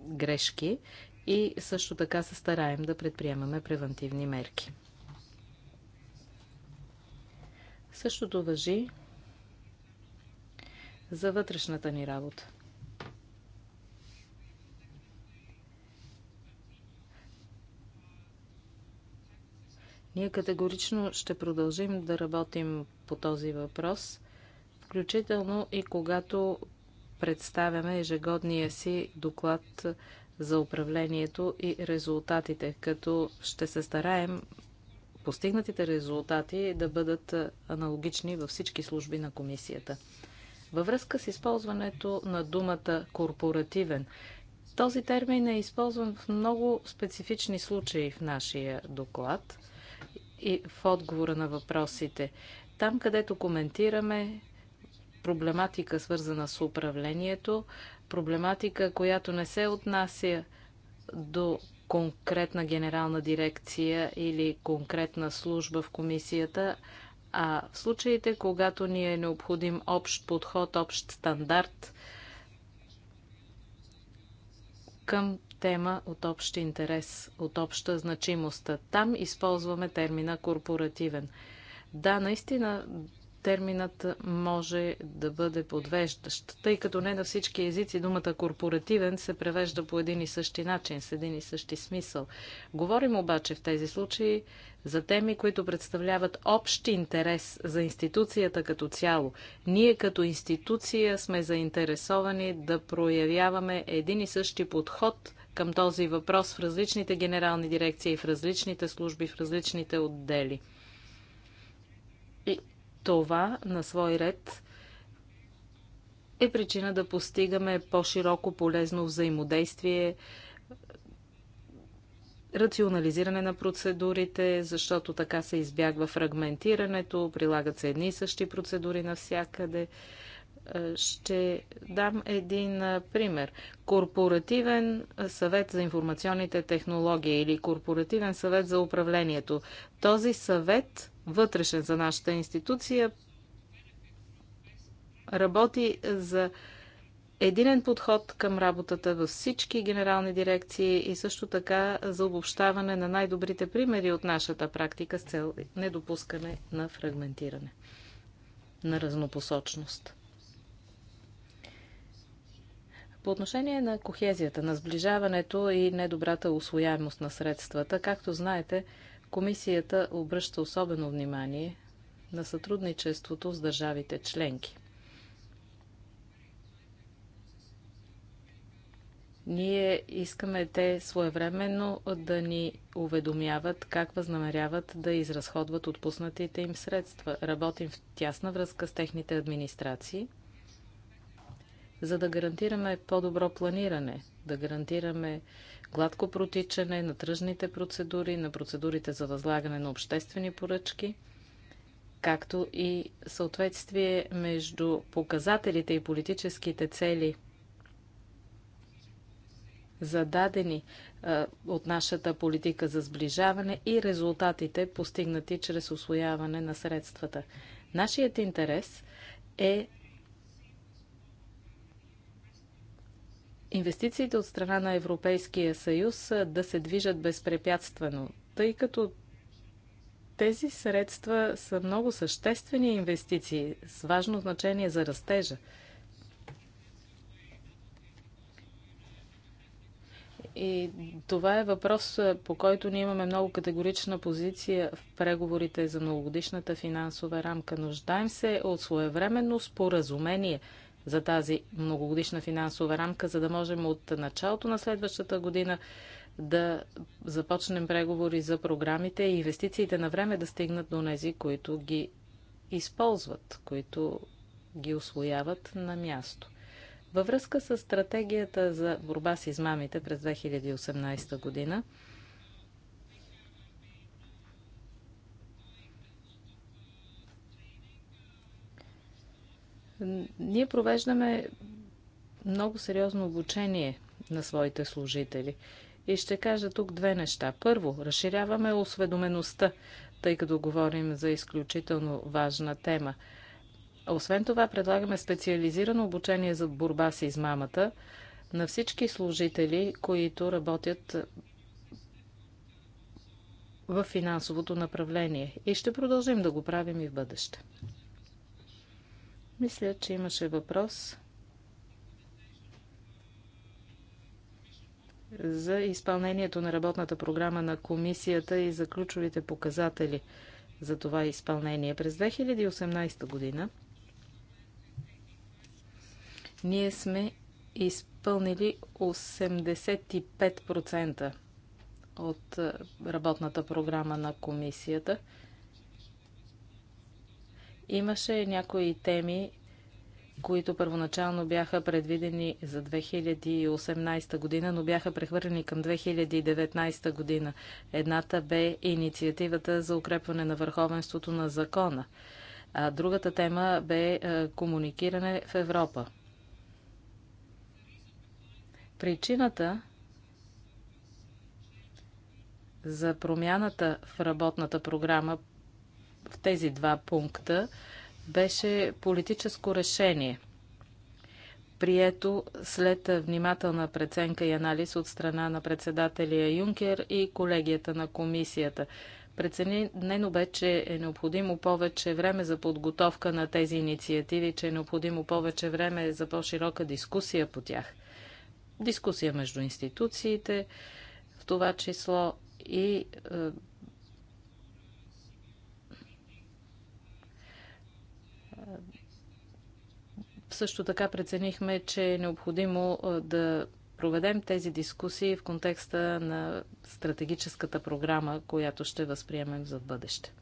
A: грешки и също така се стараем да предприемаме превентивни мерки. Същото въжи за вътрешната ни работа. Ние категорично ще продължим да работим по този въпрос, включително и когато представяме ежегодния си доклад за управлението и резултатите, като ще се стараем постигнатите резултати да бъдат аналогични във всички служби на комисията. Във връзка с използването на думата корпоративен, този термин е използван в много специфични случаи в нашия доклад – и в отговора на въпросите. Там, където коментираме проблематика, свързана с управлението, проблематика, която не се отнася до конкретна генерална дирекция или конкретна служба в комисията, а в случаите, когато ни е необходим общ подход, общ стандарт към тема от общ интерес, от обща значимост. Там използваме термина корпоративен. Да, наистина терминът може да бъде подвеждащ, тъй като не на всички езици думата корпоративен се превежда по един и същи начин, с един и същи смисъл. Говорим обаче в тези случаи за теми, които представляват общ интерес за институцията като цяло. Ние като институция сме заинтересовани да проявяваме един и същи подход към този въпрос в различните генерални дирекции, в различните служби, в различните отдели. И това на свой ред е причина да постигаме по-широко полезно взаимодействие, рационализиране на процедурите, защото така се избягва фрагментирането, прилагат се едни и същи процедури навсякъде. Е, ще дам един е, пример. Корпоративен е, съвет за информационните технологии или корпоративен съвет за управлението. Този съвет, вътрешен за нашата институция, работи за единен подход към работата във всички генерални дирекции и също така за обобщаване на най-добрите примери от нашата практика с цел недопускане на фрагментиране, на разнопосочност. По отношение на кохезията, на сближаването и недобрата освояемост на средствата, както знаете, комисията обръща особено внимание на сътрудничеството с държавите членки. Ние искаме те своевременно да ни уведомяват как възнамеряват да изразходват отпуснатите им средства. Работим в тясна връзка с техните администрации – за да гарантираме по-добро планиране, да гарантираме гладко протичане на тръжните процедури, на процедурите за възлагане на обществени поръчки, както и съответствие между показателите и политическите цели, зададени а, от нашата политика за сближаване и резултатите, постигнати чрез освояване на средствата. Нашият интерес е инвестициите от страна на Европейския съюз да се движат безпрепятствено, тъй като тези средства са много съществени инвестиции с важно значение за растежа. И това е въпрос, по който ние имаме много категорична позиция в преговорите за многогодишната финансова рамка. Нуждаем се от своевременно споразумение – за тази многогодишна финансова рамка, за да можем от началото на следващата година да започнем преговори за програмите и инвестициите на време да стигнат до нези, които ги използват, които ги освояват на място. Във връзка с стратегията за борба с измамите през 2018 година, Ние провеждаме много сериозно обучение на своите служители. И ще кажа тук две неща. Първо, разширяваме осведомеността, тъй като говорим за изключително важна тема. Освен това, предлагаме специализирано обучение за борба с измамата на всички служители, които работят в финансовото направление. И ще продължим да го правим и в бъдеще. Мисля, че имаше въпрос за изпълнението на работната програма на комисията и за ключовите показатели за това изпълнение. През 2018 година ние сме изпълнили 85% от е, работната програма на комисията – Имаше някои теми, които първоначално бяха предвидени за 2018 година, но бяха прехвърлени към 2019 година. Едната бе инициативата за укрепване на върховенството на закона, а другата тема бе е, комуникиране в Европа. Причината за промяната в работната програма в тези два пункта беше политическо решение, прието след внимателна преценка и анализ от страна на председателя Юнкер и колегията на комисията. Преценено бе, че е необходимо повече време за подготовка на тези инициативи, че е необходимо повече време за по-широка дискусия по тях. Дискусия между институциите, в това число и е, Също така преценихме, че е необходимо да проведем тези дискусии в контекста на стратегическата програма, която ще възприемем за бъдеще.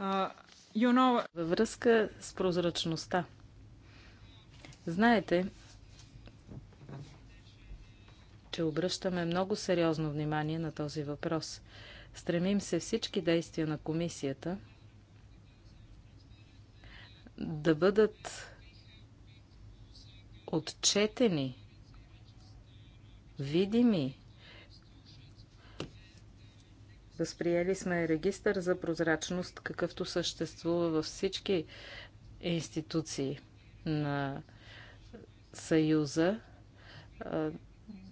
A: Uh, you know... Във връзка с прозрачността. Знаете, че обръщаме много сериозно внимание на този въпрос. Стремим се всички действия на комисията – да бъдат отчетени, видими. Възприели сме регистър за прозрачност, какъвто съществува във всички институции на Съюза.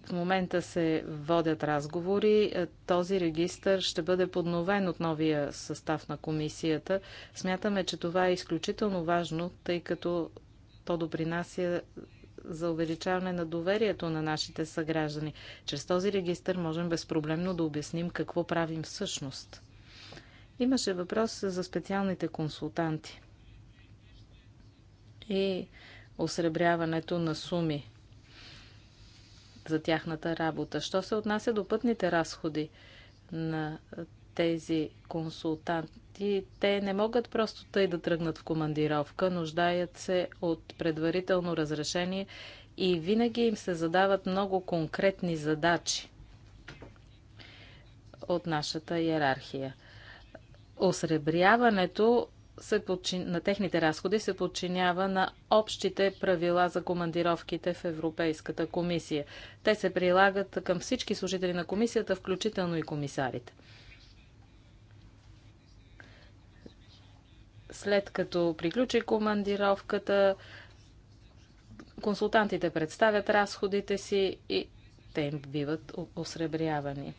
A: В момента се водят разговори. Е, този регистр ще бъде подновен от новия състав на комисията. Смятаме, че това е изключително важно, тъй като то допринася за увеличаване на доверието на нашите съграждани. Чрез този регистр можем безпроблемно да обясним какво правим всъщност. Имаше въпрос за специалните консултанти и осребряването на суми за тяхната работа. Що се отнася до пътните разходи на тези консултанти, те не могат просто тъй да тръгнат в командировка, нуждаят се от предварително разрешение и винаги им се задават много конкретни задачи от нашата иерархия. Осребряването се подчин... на техните разходи се подчинява на общите правила за командировките в Европейската комисия. Те се прилагат към всички служители на комисията, включително и комисарите. След като приключи командировката, консултантите представят разходите си и те им биват осребрявани.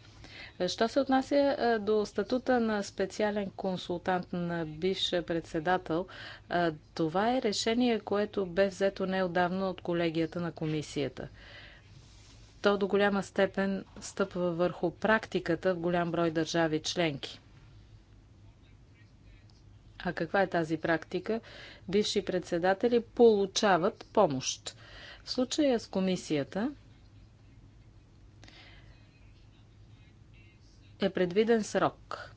A: Що се отнася до статута на специален консултант на бивш председател, това е решение, което бе взето неодавно от колегията на комисията. То до голяма степен стъпва върху практиката в голям брой държави членки. А каква е тази практика? Бивши председатели получават помощ. В случая с комисията, е предвиден срок.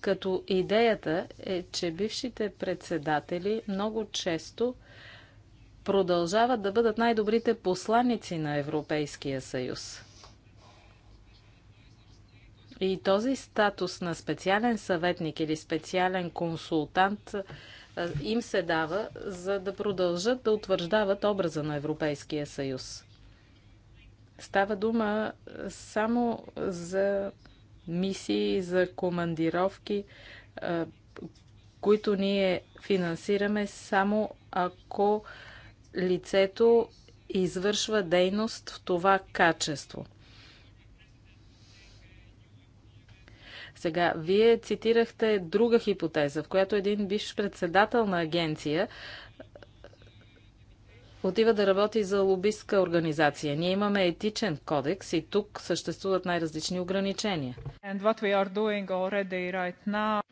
A: Като идеята е, че бившите председатели много често продължават да бъдат най-добрите посланици на Европейския съюз. И този статус на специален съветник или специален консултант им се дава, за да продължат да утвърждават образа на Европейския съюз. Става дума само за мисии, за командировки, които ние финансираме само ако лицето извършва дейност в това качество. Сега, вие цитирахте друга хипотеза, в която един бивш председател на агенция отива да работи за лобистка организация. Ние имаме етичен кодекс и тук съществуват най-различни ограничения. Right now...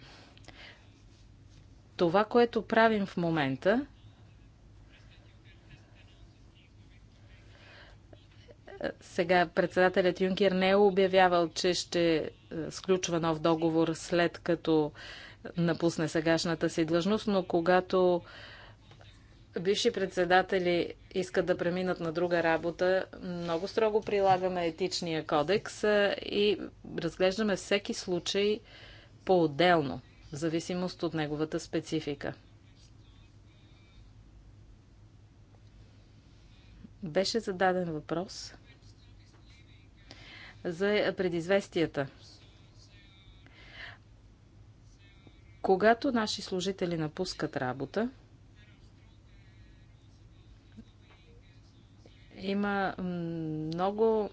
A: Това, което правим в момента, сега председателят Юнкер не е обявявал, че ще е, сключва нов договор след като напусне сегашната си длъжност, но когато бивши председатели искат да преминат на друга работа, много строго прилагаме етичния кодекс и разглеждаме всеки случай по-отделно, в зависимост от неговата специфика. Беше зададен въпрос за предизвестията. Когато наши служители напускат работа, Има много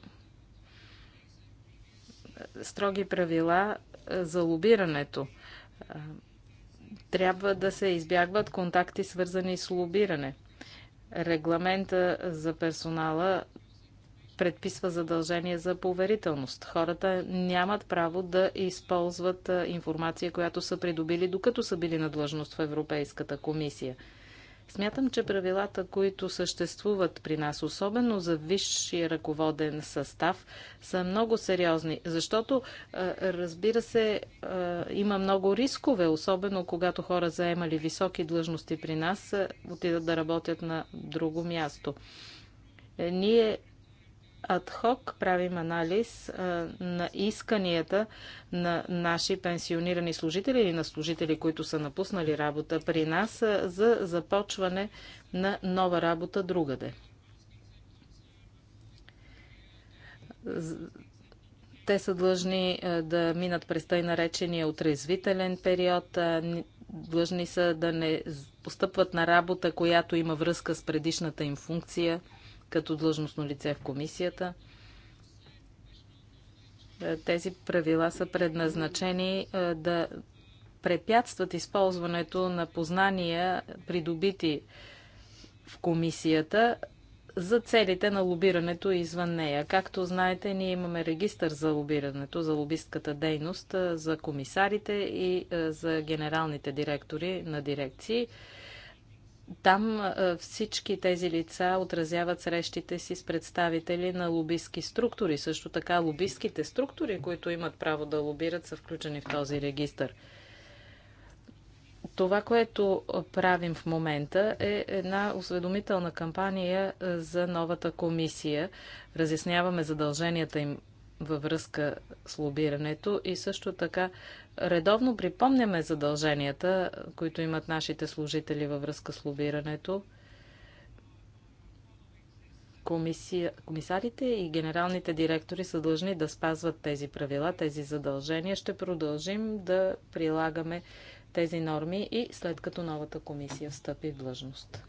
A: строги правила за лобирането. Трябва да се избягват контакти, свързани с лобиране. Регламента за персонала предписва задължение за поверителност. Хората нямат право да използват информация, която са придобили докато са били на длъжност в Европейската комисия. Смятам, че правилата, които съществуват при нас, особено за висшия ръководен състав, са много сериозни, защото, разбира се, има много рискове, особено когато хора заемали високи длъжности при нас, отидат да работят на друго място. Е, ние адхок правим анализ а, на исканията на наши пенсионирани служители или на служители, които са напуснали работа при нас а, за започване на нова работа другаде. Те са длъжни да минат през тъй наречения отрезвителен период. Длъжни са да не постъпват на работа, която има връзка с предишната им функция – като длъжностно лице в комисията. Е, тези правила са предназначени е, да препятстват използването на познания, придобити в комисията, за целите на лобирането извън нея. Както знаете, ние имаме регистър за лобирането, за лобистката дейност, е, за комисарите и за генералните директори на дирекции. Там всички тези лица отразяват срещите си с представители на лобистки структури. Също така лобистките структури, които имат право да лобират, са включени в този регистр. Това, което правим в момента е една осведомителна кампания за новата комисия. Разясняваме задълженията им във връзка с лобирането и също така Редовно припомняме задълженията, които имат нашите служители във връзка с лобирането. Комисия, комисарите и генералните директори са длъжни да спазват тези правила, тези задължения. Ще продължим да прилагаме тези норми и след като новата комисия встъпи в длъжност.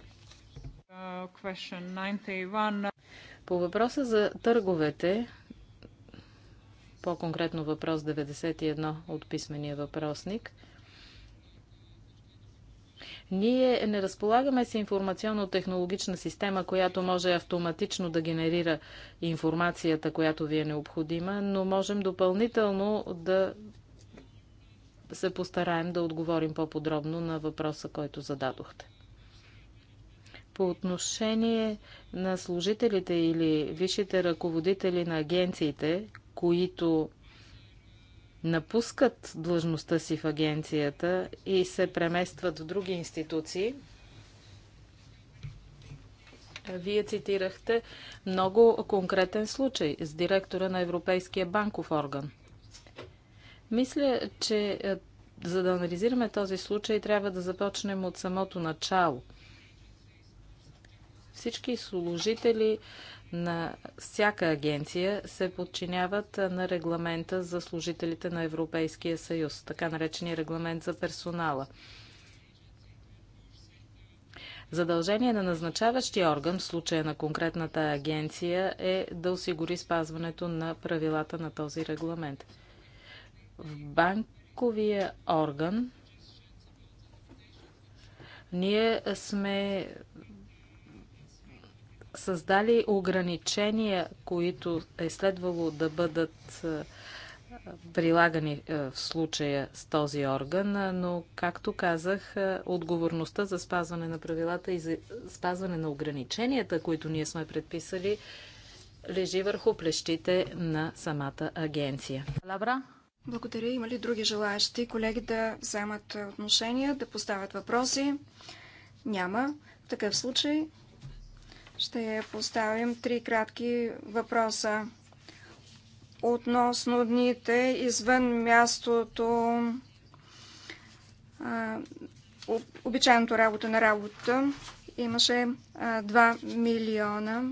A: Uh, По въпроса за търговете, по-конкретно въпрос 91 от писмения въпросник. Ние не разполагаме с информационно-технологична система, която може автоматично да генерира информацията, която ви е необходима, но можем допълнително да се постараем да отговорим по-подробно на въпроса, който зададохте. По отношение на служителите или висшите ръководители на агенциите, които напускат длъжността си в агенцията и се преместват в други институции. Вие цитирахте много конкретен случай с директора на Европейския банков орган. Мисля, че е, за да анализираме този случай, трябва да започнем от самото начало. Всички служители на всяка агенция се подчиняват на регламента за служителите на Европейския съюз, така наречения регламент за персонала. Задължение на назначаващия орган, в случая на конкретната агенция, е да осигури спазването на правилата на този регламент. В банковия орган ние сме създали ограничения, които е следвало да бъдат е, прилагани е, в случая с този орган, но, както казах, е, отговорността за спазване на правилата и за спазване на ограниченията, които ние сме предписали, лежи върху плещите на самата агенция.
C: Лабра? Благодаря. Има ли други желаящи колеги да вземат отношения, да поставят въпроси? Няма. В такъв случай ще поставим три кратки въпроса относно дните извън мястото обичайното работа на работа. Имаше 2 милиона.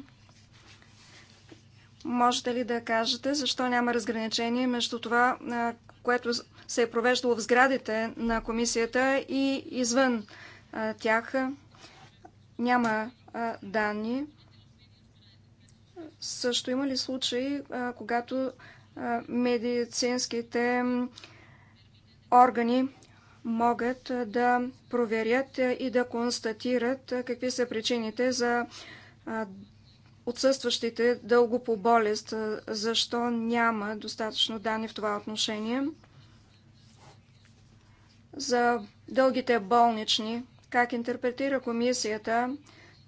C: Можете ли да кажете защо няма разграничение между това, което се е провеждало в сградите на комисията и извън тях? Няма данни. Също има ли случаи, когато медицинските органи могат да проверят и да констатират какви са причините за отсъстващите дълго по болест, защо няма достатъчно данни в това отношение. За дългите болнични, как интерпретира комисията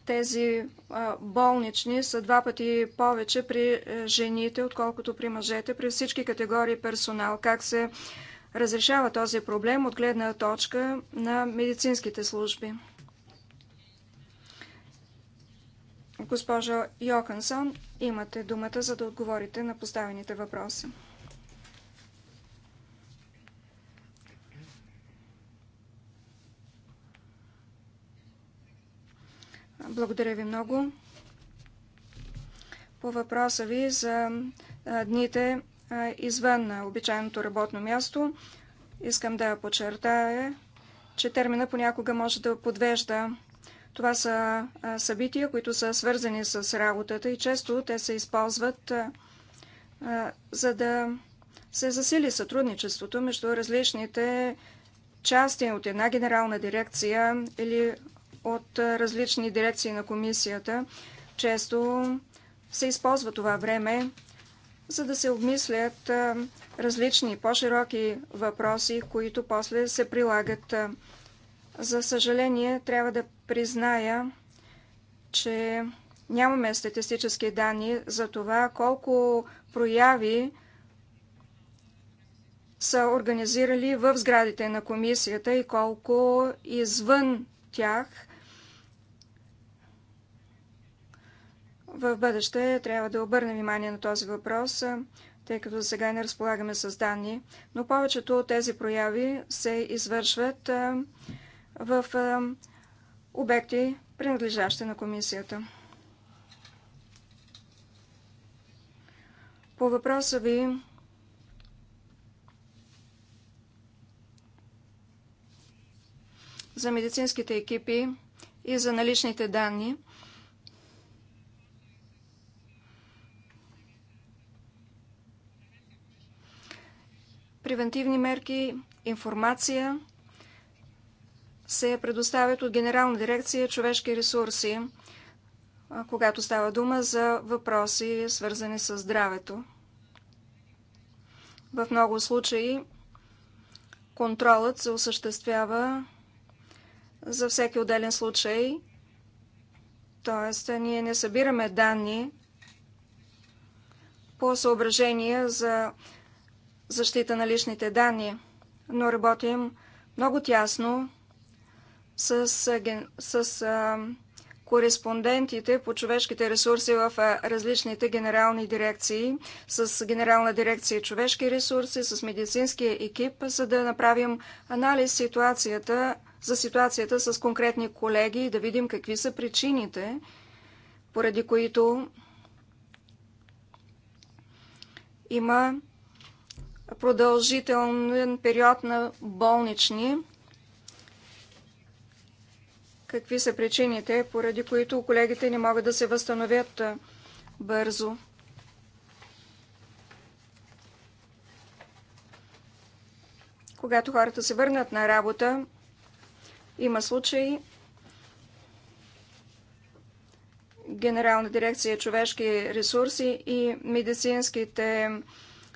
C: тези болнични са два пъти повече при е, жените, отколкото при мъжете, при всички категории персонал. Как се разрешава този проблем от гледна точка на медицинските служби? Госпожо Йохансон, имате думата, за да отговорите на поставените въпроси. Благодаря ви много. По въпроса ви за дните извън обичайното работно място, искам да подчертая, че термина понякога може да подвежда. Това са събития, които са свързани с работата и често те се използват за да се засили сътрудничеството между различните части от една генерална дирекция или от различни дирекции на комисията. Често се използва това време, за да се обмислят различни по-широки въпроси, които после се прилагат. За съжаление, трябва да призная, че нямаме статистически данни за това колко прояви са организирали в сградите на комисията и колко извън тях, В бъдеще трябва да обърнем внимание на този въпрос, тъй като сега не разполагаме с данни, но повечето от тези прояви се извършват в обекти, принадлежащи на комисията. По въпроса ви за медицинските екипи и за наличните данни – Превентивни мерки, информация се предоставят от Генерална дирекция човешки ресурси, когато става дума за въпроси, свързани с здравето. В много случаи контролът се осъществява за всеки отделен случай, т.е. ние не събираме данни по съображения за защита на личните данни, но работим много тясно с, с а, кореспондентите по човешките ресурси в различните генерални дирекции, с Генерална дирекция човешки ресурси, с медицинския екип, за да направим анализ ситуацията, за ситуацията с конкретни колеги и да видим какви са причините, поради които има продължителен период на болнични. Какви са причините, поради които колегите не могат да се възстановят бързо? Когато хората се върнат на работа, има случаи, Генерална дирекция човешки ресурси и медицинските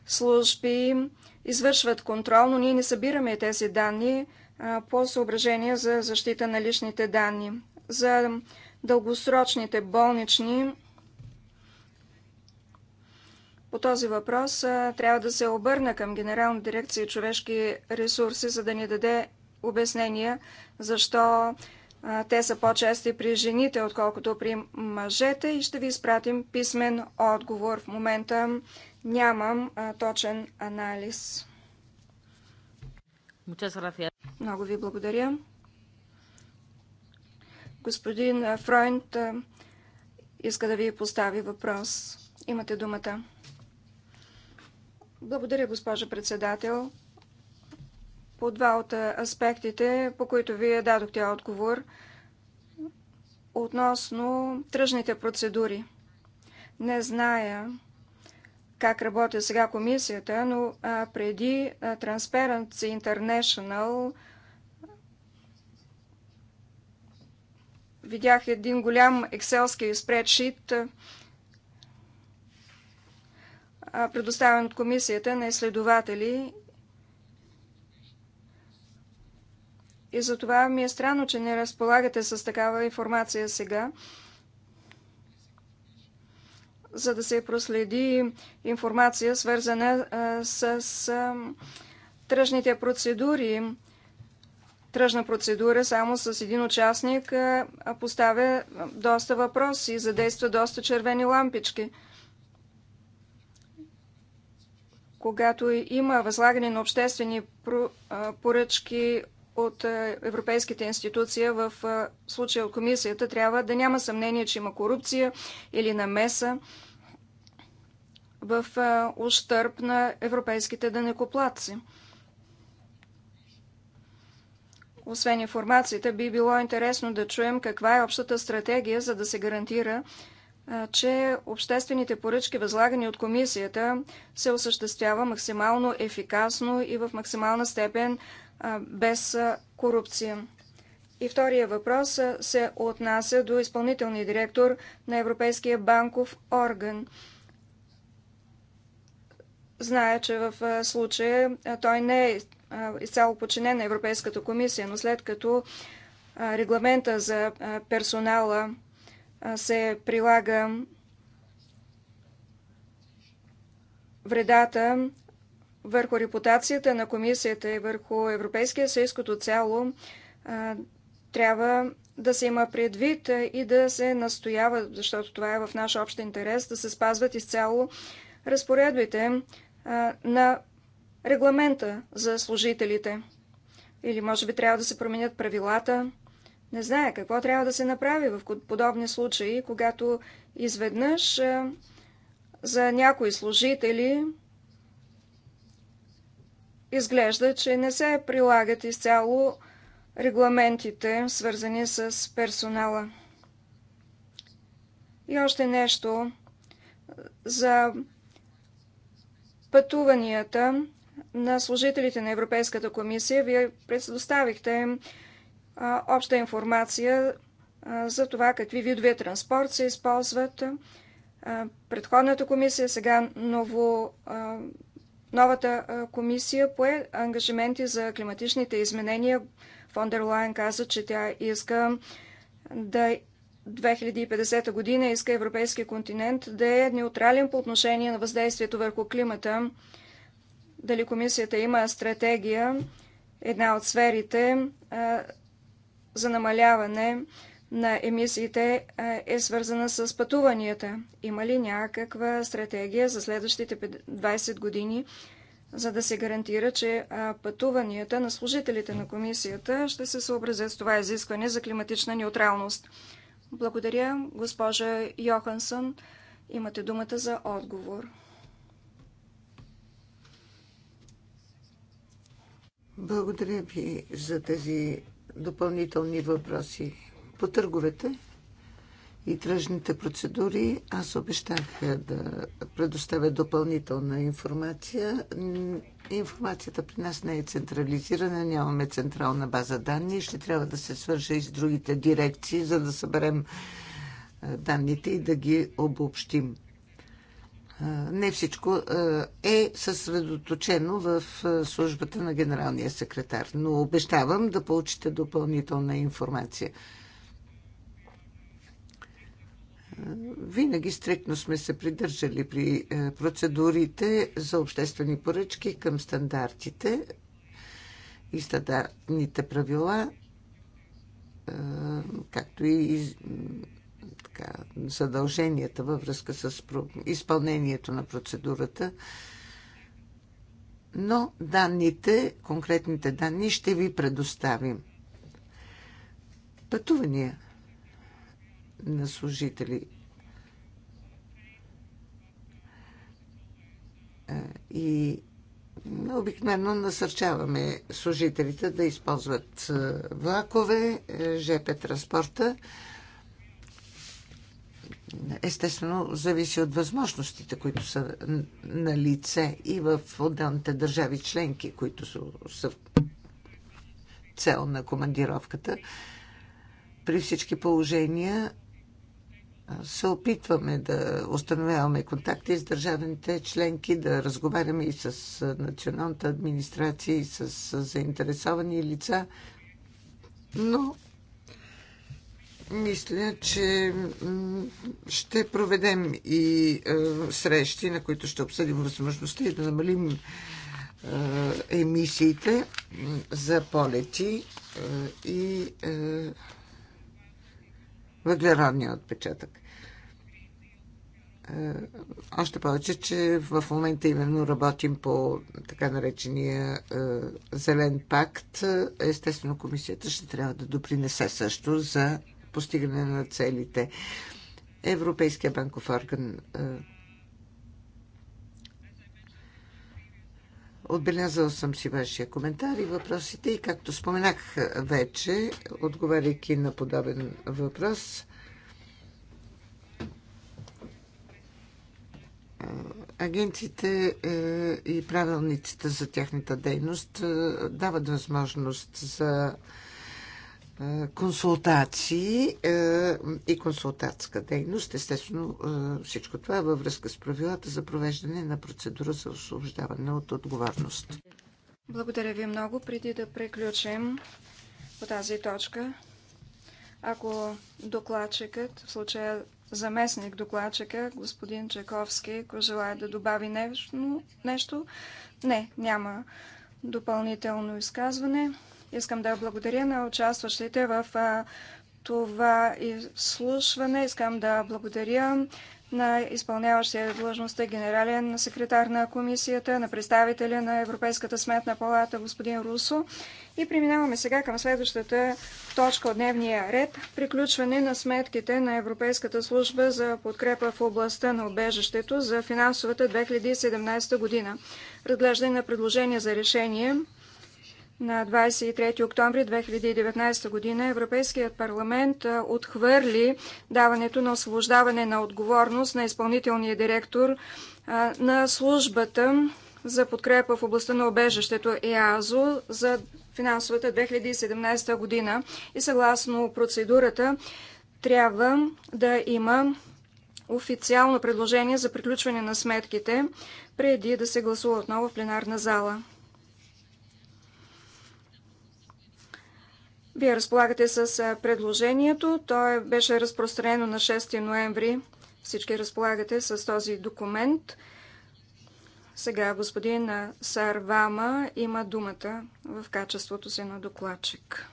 C: служби извършват контрол, но ние не събираме тези данни по съображение за защита на личните данни. За дългосрочните болнични по този въпрос трябва да се обърна към Генерална дирекция човешки ресурси, за да ни даде обяснения защо те са по-чести при жените, отколкото при мъжете и ще ви изпратим писмен отговор. В момента Нямам а, точен анализ. Много ви благодаря. Господин Фройнт иска да ви постави въпрос. Имате думата. Благодаря, госпожа председател. По два от аспектите, по които вие дадохте отговор, относно тръжните процедури. Не зная как работи сега комисията, но а, преди а, Transparency International видях един голям екселски спредшит, а, предоставен от комисията на изследователи. И затова ми е странно, че не разполагате с такава информация сега за да се проследи информация, свързана с тръжните процедури. Тръжна процедура само с един участник поставя доста въпроси и задейства доста червени лампички. Когато има възлагане на обществени поръчки от европейските институции, в случая от комисията, трябва да няма съмнение, че има корупция или намеса в е, ущърп на европейските дънекоплатци. Освен информацията, би било интересно да чуем каква е общата стратегия, за да се гарантира, е, че обществените поръчки, възлагани от комисията, се осъществява максимално ефикасно и в максимална степен е, без корупция. И втория въпрос се отнася до изпълнителния директор на Европейския банков орган. Зная, че в случая той не е изцяло подчинен на Европейската комисия, но след като регламента за персонала се прилага вредата върху репутацията на комисията и върху Европейския съюз като цяло трябва да се има предвид и да се настоява, защото това е в наш общ интерес, да се спазват изцяло разпоредбите на регламента за служителите. Или може би трябва да се променят правилата. Не знае какво трябва да се направи в подобни случаи, когато изведнъж за някои служители изглежда, че не се прилагат изцяло регламентите, свързани с персонала. И още нещо за пътуванията на служителите на Европейската комисия. Вие предоставихте обща информация за това какви видове транспорт се използват. Предходната комисия, сега ново, новата комисия пое ангажименти за климатичните изменения. Лайн каза, че тя иска да 2050 година иска Европейския континент да е неутрален по отношение на въздействието върху климата. Дали комисията има стратегия, една от сферите а, за намаляване на емисиите а, е свързана с пътуванията. Има ли някаква стратегия за следващите 20 години, за да се гарантира, че а, пътуванията на служителите на комисията ще се съобразят с това изискване за климатична неутралност? Благодаря, госпожа Йохансън. Имате думата за отговор.
B: Благодаря ви за тези допълнителни въпроси. По търговете и тръжните процедури, аз обещах е, да предоставя допълнителна информация. Информацията при нас не е централизирана, нямаме централна база данни. Ще трябва да се свържа и с другите дирекции, за да съберем е, данните и да ги обобщим. Е, не всичко е съсредоточено в службата на генералния секретар, но обещавам да получите допълнителна информация. Винаги стриктно сме се придържали при е, процедурите за обществени поръчки към стандартите и стандартните правила, е, както и така, задълженията във връзка с изпълнението на процедурата. Но данните, конкретните данни ще ви предоставим. Пътувания на служители. Е, и обикновено насърчаваме служителите да използват е, влакове, е, ЖП транспорта. Естествено, зависи от възможностите, които са на лице и в отделните държави членки, които са, са цел на командировката. При всички положения се опитваме да установяваме контакти с държавните членки, да разговаряме и с националната администрация, и с заинтересовани лица. Но мисля, че ще проведем и срещи, на които ще обсъдим възможността и да намалим емисиите за полети и въглеродния отпечатък. Е, още повече, че в момента именно работим по така наречения е, зелен пакт. Естествено, комисията ще трябва да допринесе също за постигане на целите. Европейския банков орган е, Отбелязал съм си вашия коментар и въпросите и както споменах вече, отговаряйки на подобен въпрос, агенците е, и правилниците за тяхната дейност е, дават възможност за консултации и консултантска дейност. Естествено, всичко това е във връзка с правилата за провеждане на процедура за освобождаване от отговорност.
C: Благодаря ви много. Преди да приключим по тази точка, ако докладчикът, в случая заместник докладчика, господин Чаковски, ако желая да добави нещо, нещо, не, няма допълнително изказване. Искам да благодаря на участващите в това изслушване. Искам да благодаря на изпълняващия длъжността генерален секретар на комисията, на представителя на Европейската сметна палата господин Русо. И преминаваме сега към следващата точка от дневния ред – приключване на сметките на Европейската служба за подкрепа в областта на обежището за финансовата 2017 година. Разглеждане на предложение за решение на 23 октомври 2019 година Европейският парламент отхвърли даването на освобождаване на отговорност на изпълнителния директор на службата за подкрепа в областта на обежището ЕАЗО за финансовата 2017 година и съгласно процедурата трябва да има официално предложение за приключване на сметките преди да се гласува отново в пленарна зала. Вие разполагате с предложението. То е, беше разпространено на 6 ноември. Всички разполагате с този документ. Сега господин Сарвама има думата в качеството си на докладчик.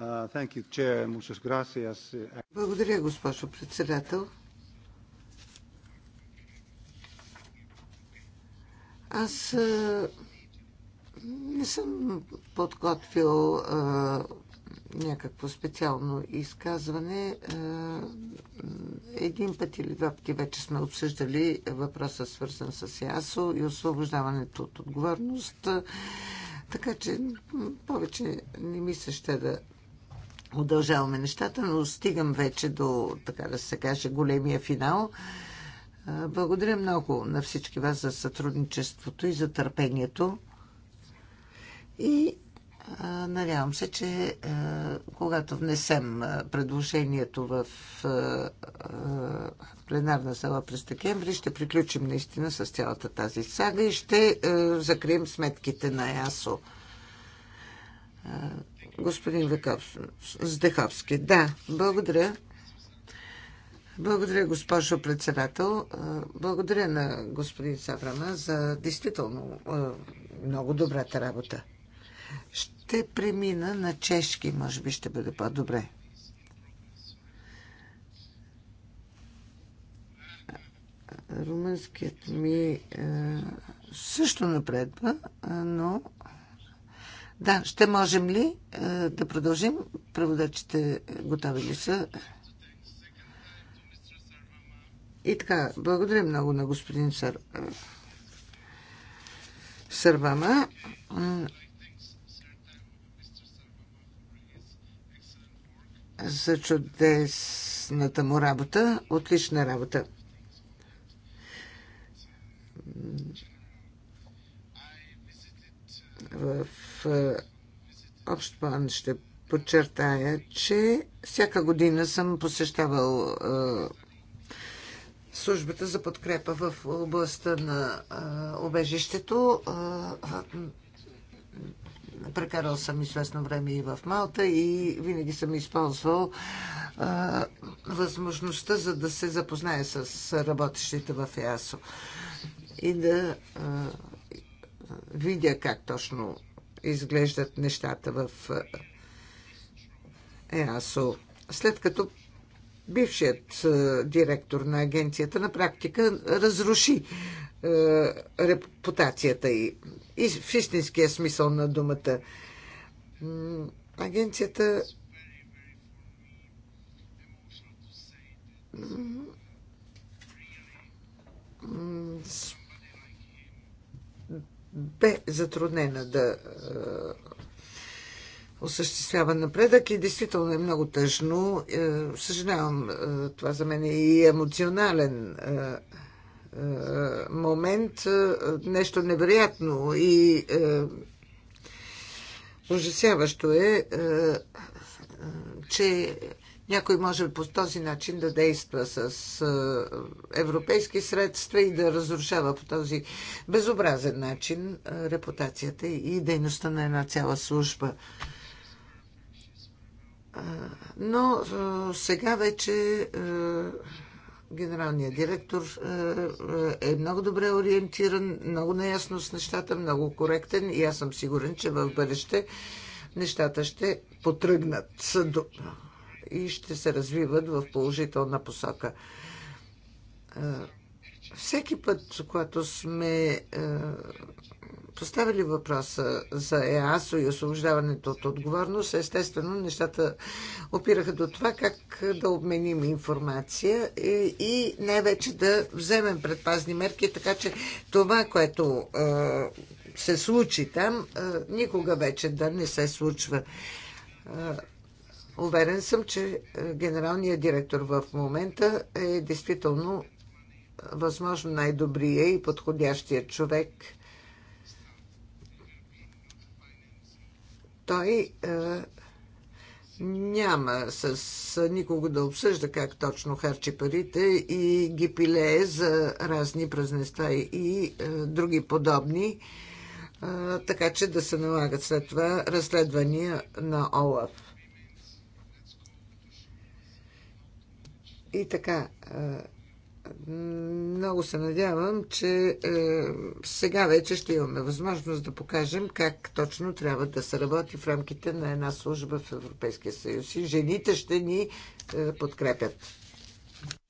B: Uh, Благодаря, госпожо председател. Аз не съм подготвил а, някакво специално изказване. А, един път или два пъти вече сме обсъждали въпроса свързан с ЯСО и освобождаването от отговорност. Така че повече не ми се ще да удължаваме нещата, но стигам вече до, така да се каже, големия финал. Благодаря много на всички вас за сътрудничеството и за търпението. И а, надявам се, че а, когато внесем предложението в а, а, пленарна зала през декември, ще приключим наистина с цялата тази сага и ще а, закрием сметките на ЯСО. господин Веков, Здеховски, да, благодаря. Благодаря, госпожо председател. Благодаря на господин Саврама за действително много добрата работа. Ще премина на чешки, може би ще бъде по-добре. Румънският ми е, също напредва, е, но да, ще можем ли е, да продължим? Преводачите готови ли са? И така, благодаря много на господин Сар... Сървама. за чудесната му работа. Отлична работа. В общ план ще подчертая, че всяка година съм посещавал службата за подкрепа в областта на обежището прекарал съм известно време и в Малта и винаги съм използвал а, възможността за да се запозная с работещите в ЕАСО и да а, видя как точно изглеждат нещата в ЕАСО. След като бившият директор на агенцията на практика разруши е, репутацията и, И в истинския смисъл на думата. Агенцията бе затруднена да е, осъществява напредък и действително е много тъжно. Е, съжалявам, това за мен е и емоционален е, момент е, нещо невероятно и е, ужасяващо е, че някой може по този начин да действа с европейски средства и да разрушава по този безобразен начин репутацията и дейността на една цяла служба. Но сега вече Генералният директор е, е, е много добре ориентиран, много наясно с нещата, много коректен и аз съм сигурен, че в бъдеще нещата ще потръгнат и ще се развиват в положителна посока. Е, всеки път, когато сме поставили въпроса за ЕАСО и освобождаването от отговорност, естествено нещата опираха до това как да обменим информация и, най-вече да вземем предпазни мерки, така че това, което е, се случи там, е, никога вече да не се случва. уверен съм, че генералният директор в момента е действително възможно най-добрия и подходящия човек – той е, няма с никого да обсъжда как точно харчи парите и ги пилее за разни празнества и е, други подобни, е, така че да се налагат след това разследвания на ОЛАФ. И така, много се надявам, че е, сега вече ще имаме възможност да покажем как точно трябва да се работи в рамките на една служба в Европейския съюз и жените ще ни е, подкрепят.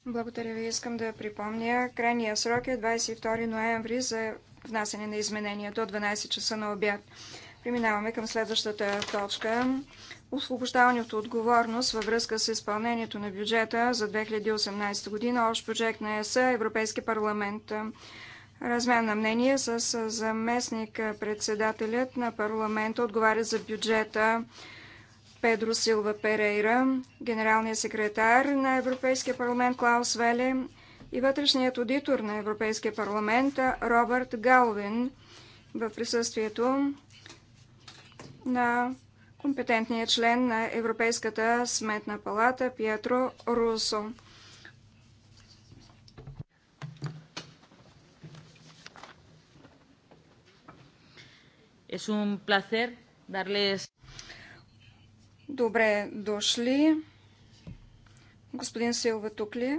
C: Благодаря ви. Искам да припомня. Крайния срок е 22 ноември за внасяне на изменения до 12 часа на обяд. Преминаваме към следващата точка освобождаване от отговорност във връзка с изпълнението на бюджета за 2018 година, общ бюджет на ЕС, Европейски парламент. Размен на мнение с заместник председателят на парламента, отговаря за бюджета Педро Силва Перейра, генералният секретар на Европейския парламент Клаус Веле и вътрешният аудитор на Европейския парламент Робърт Галвин в присъствието на компетентният член на Европейската сметна палата Пиетро Русо. Es un placer darles... Добре дошли. Господин Силва тук ли е?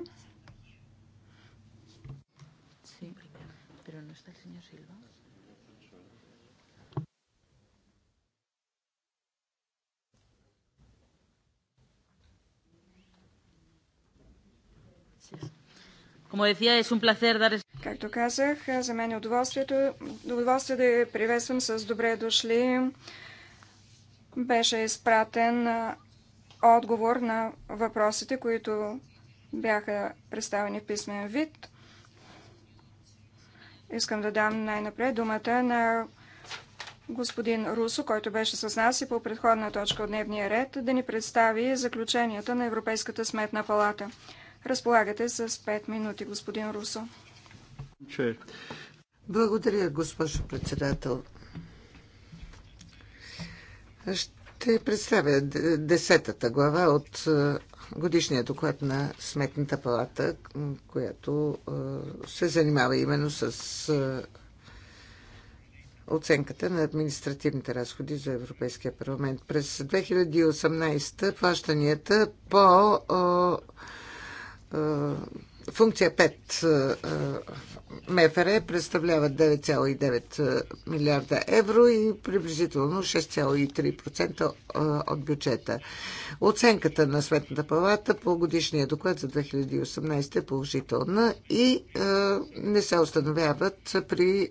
C: Както казах, за мен е удоволствието, удоволствие да я приветствам с добре дошли. Беше изпратен отговор на въпросите, които бяха представени в писмен вид. Искам да дам най-напред думата на господин Русо, който беше с нас и по предходна точка от дневния ред, да ни представи заключенията на Европейската сметна палата. Разполагате с 5 минути, господин Русо.
B: Благодаря, госпожо председател. Ще представя десетата глава от е, годишния доклад на Сметната палата, която е, се занимава именно с е, оценката на административните разходи за Европейския парламент. През 2018 плащанията по функция 5 МФР представлява 9,9 милиарда евро и приблизително 6,3% от бюджета. Оценката на Светната палата по годишния доклад за 2018 е положителна и не се установяват при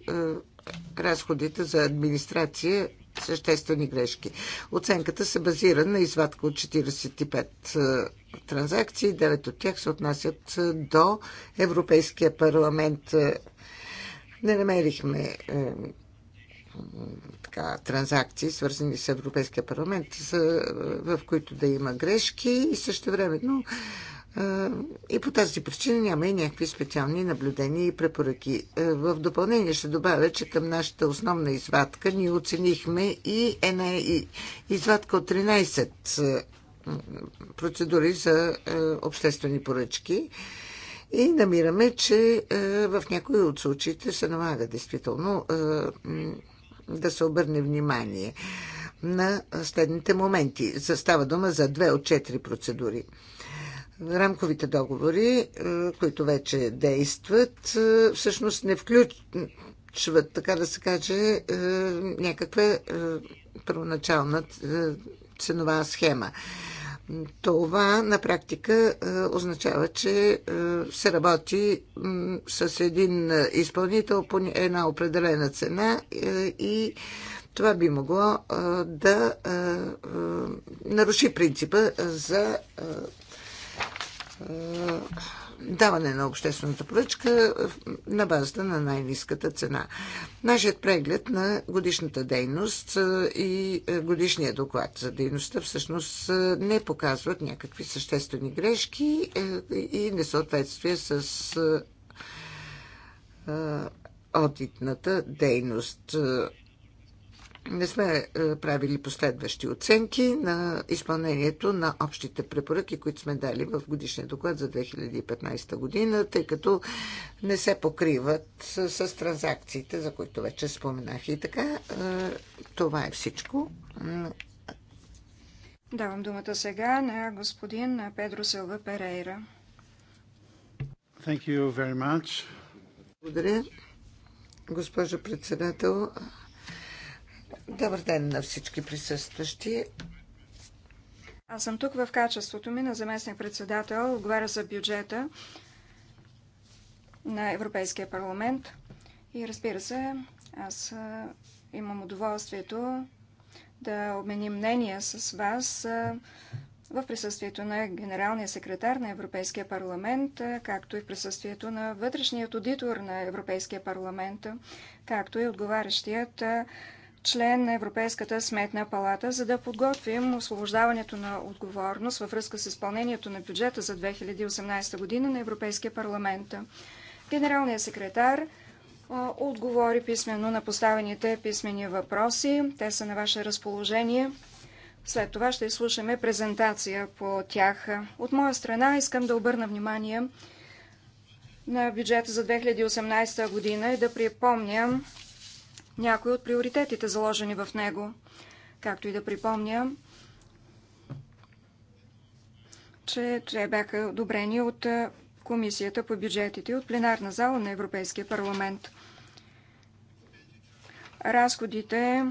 B: разходите за администрация съществени грешки. Оценката се базира на извадка от 45 транзакции. Девет от тях се отнасят до Европейския парламент. Не намерихме така, транзакции, свързани с Европейския парламент, в които да има грешки и също времено и по тази причина няма и някакви специални наблюдения и препоръки. В допълнение ще добавя, че към нашата основна извадка ние оценихме и една извадка от 13 процедури за е, обществени поръчки. И намираме, че е, в някои от случаите се налага действително е, да се обърне внимание на следните моменти. Става дума за две от четири процедури. Рамковите договори, които вече действат, всъщност не включват, така да се каже, някаква първоначална ценова схема. Това на практика е, означава, че е, се работи с един изпълнител по една определена цена е, и това би могло да наруши принципа за даване на обществената поръчка е, на базата на най-низката цена. Нашият преглед на годишната дейност е, и е, годишния доклад за дейността всъщност не показват някакви съществени грешки и несъответствие с одитната дейност не сме е, правили последващи оценки на изпълнението на общите препоръки, които сме дали в годишния доклад за 2015 година, тъй като не се покриват с транзакциите, за които вече споменах. И така, е, това е всичко.
C: Давам думата сега на господин Педро Силва Перейра.
B: Thank you very much. Благодаря. Госпожо председател, Добър ден на всички присъстващи.
C: Аз съм тук в качеството ми на заместник-председател, отговаря за бюджета на Европейския парламент. И разбира се, аз имам удоволствието да обменим мнение с вас в присъствието на генералния секретар на Европейския парламент, както и в присъствието на вътрешният аудитор на Европейския парламент, както и отговарящият член на Европейската сметна палата, за да подготвим освобождаването на отговорност във връзка с изпълнението на бюджета за 2018 година на Европейския парламент. Генералният секретар отговори писменно на поставените писмени въпроси. Те са на ваше разположение. След това ще изслушаме презентация по тях. От моя страна искам да обърна внимание на бюджета за 2018 година и да припомням някои от приоритетите, заложени в него. Както и да припомня, че те бяха одобрени от Комисията по бюджетите и от пленарна зала на Европейския парламент. Разходите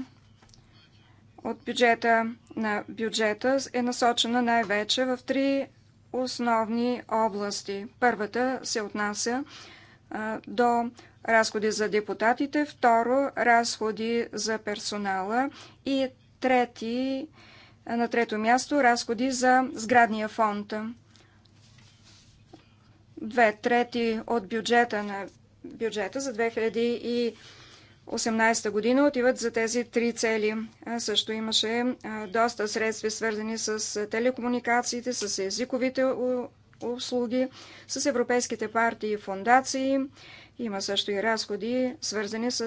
C: от бюджета на бюджета е насочена най-вече в три основни области. Първата се отнася до разходи за депутатите, второ разходи за персонала и трети, на трето място разходи за сградния фонд. Две трети от бюджета на бюджета за 2018 година отиват за тези три цели. Също имаше доста средства, свързани с телекомуникациите, с езиковите услуги, с европейските партии и фундации, има също и разходи, свързани с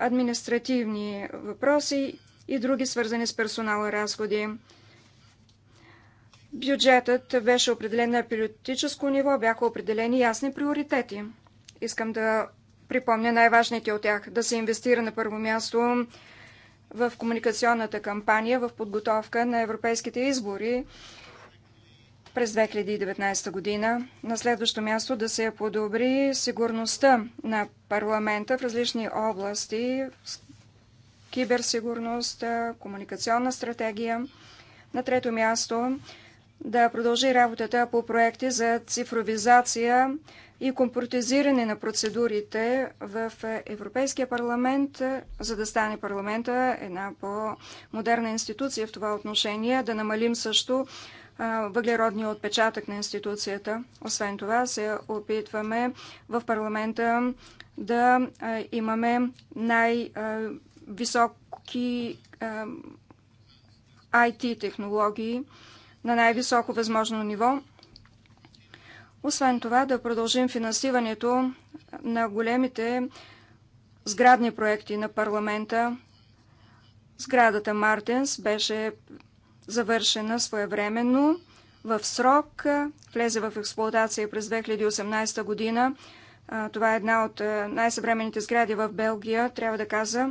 C: административни въпроси и други свързани с персонала разходи. Бюджетът беше определен на периодическо ниво, бяха определени ясни приоритети. Искам да припомня най-важните от тях. Да се инвестира на първо място в комуникационната кампания, в подготовка на европейските избори през 2019 година. На следващо място да се подобри сигурността на парламента в различни области, киберсигурност, комуникационна стратегия. На трето място да продължи работата по проекти за цифровизация и компортизиране на процедурите в Европейския парламент, за да стане парламента една по-модерна институция в това отношение, да намалим също въглеродния отпечатък на институцията. Освен това се опитваме в парламента да имаме най-високи IT технологии на най-високо възможно ниво. Освен това да продължим финансирането на големите сградни проекти на парламента. Сградата Мартинс беше завършена своевременно, в срок, влезе в експлуатация през 2018 година. Това е една от най-съвременните сгради в Белгия, трябва да каза,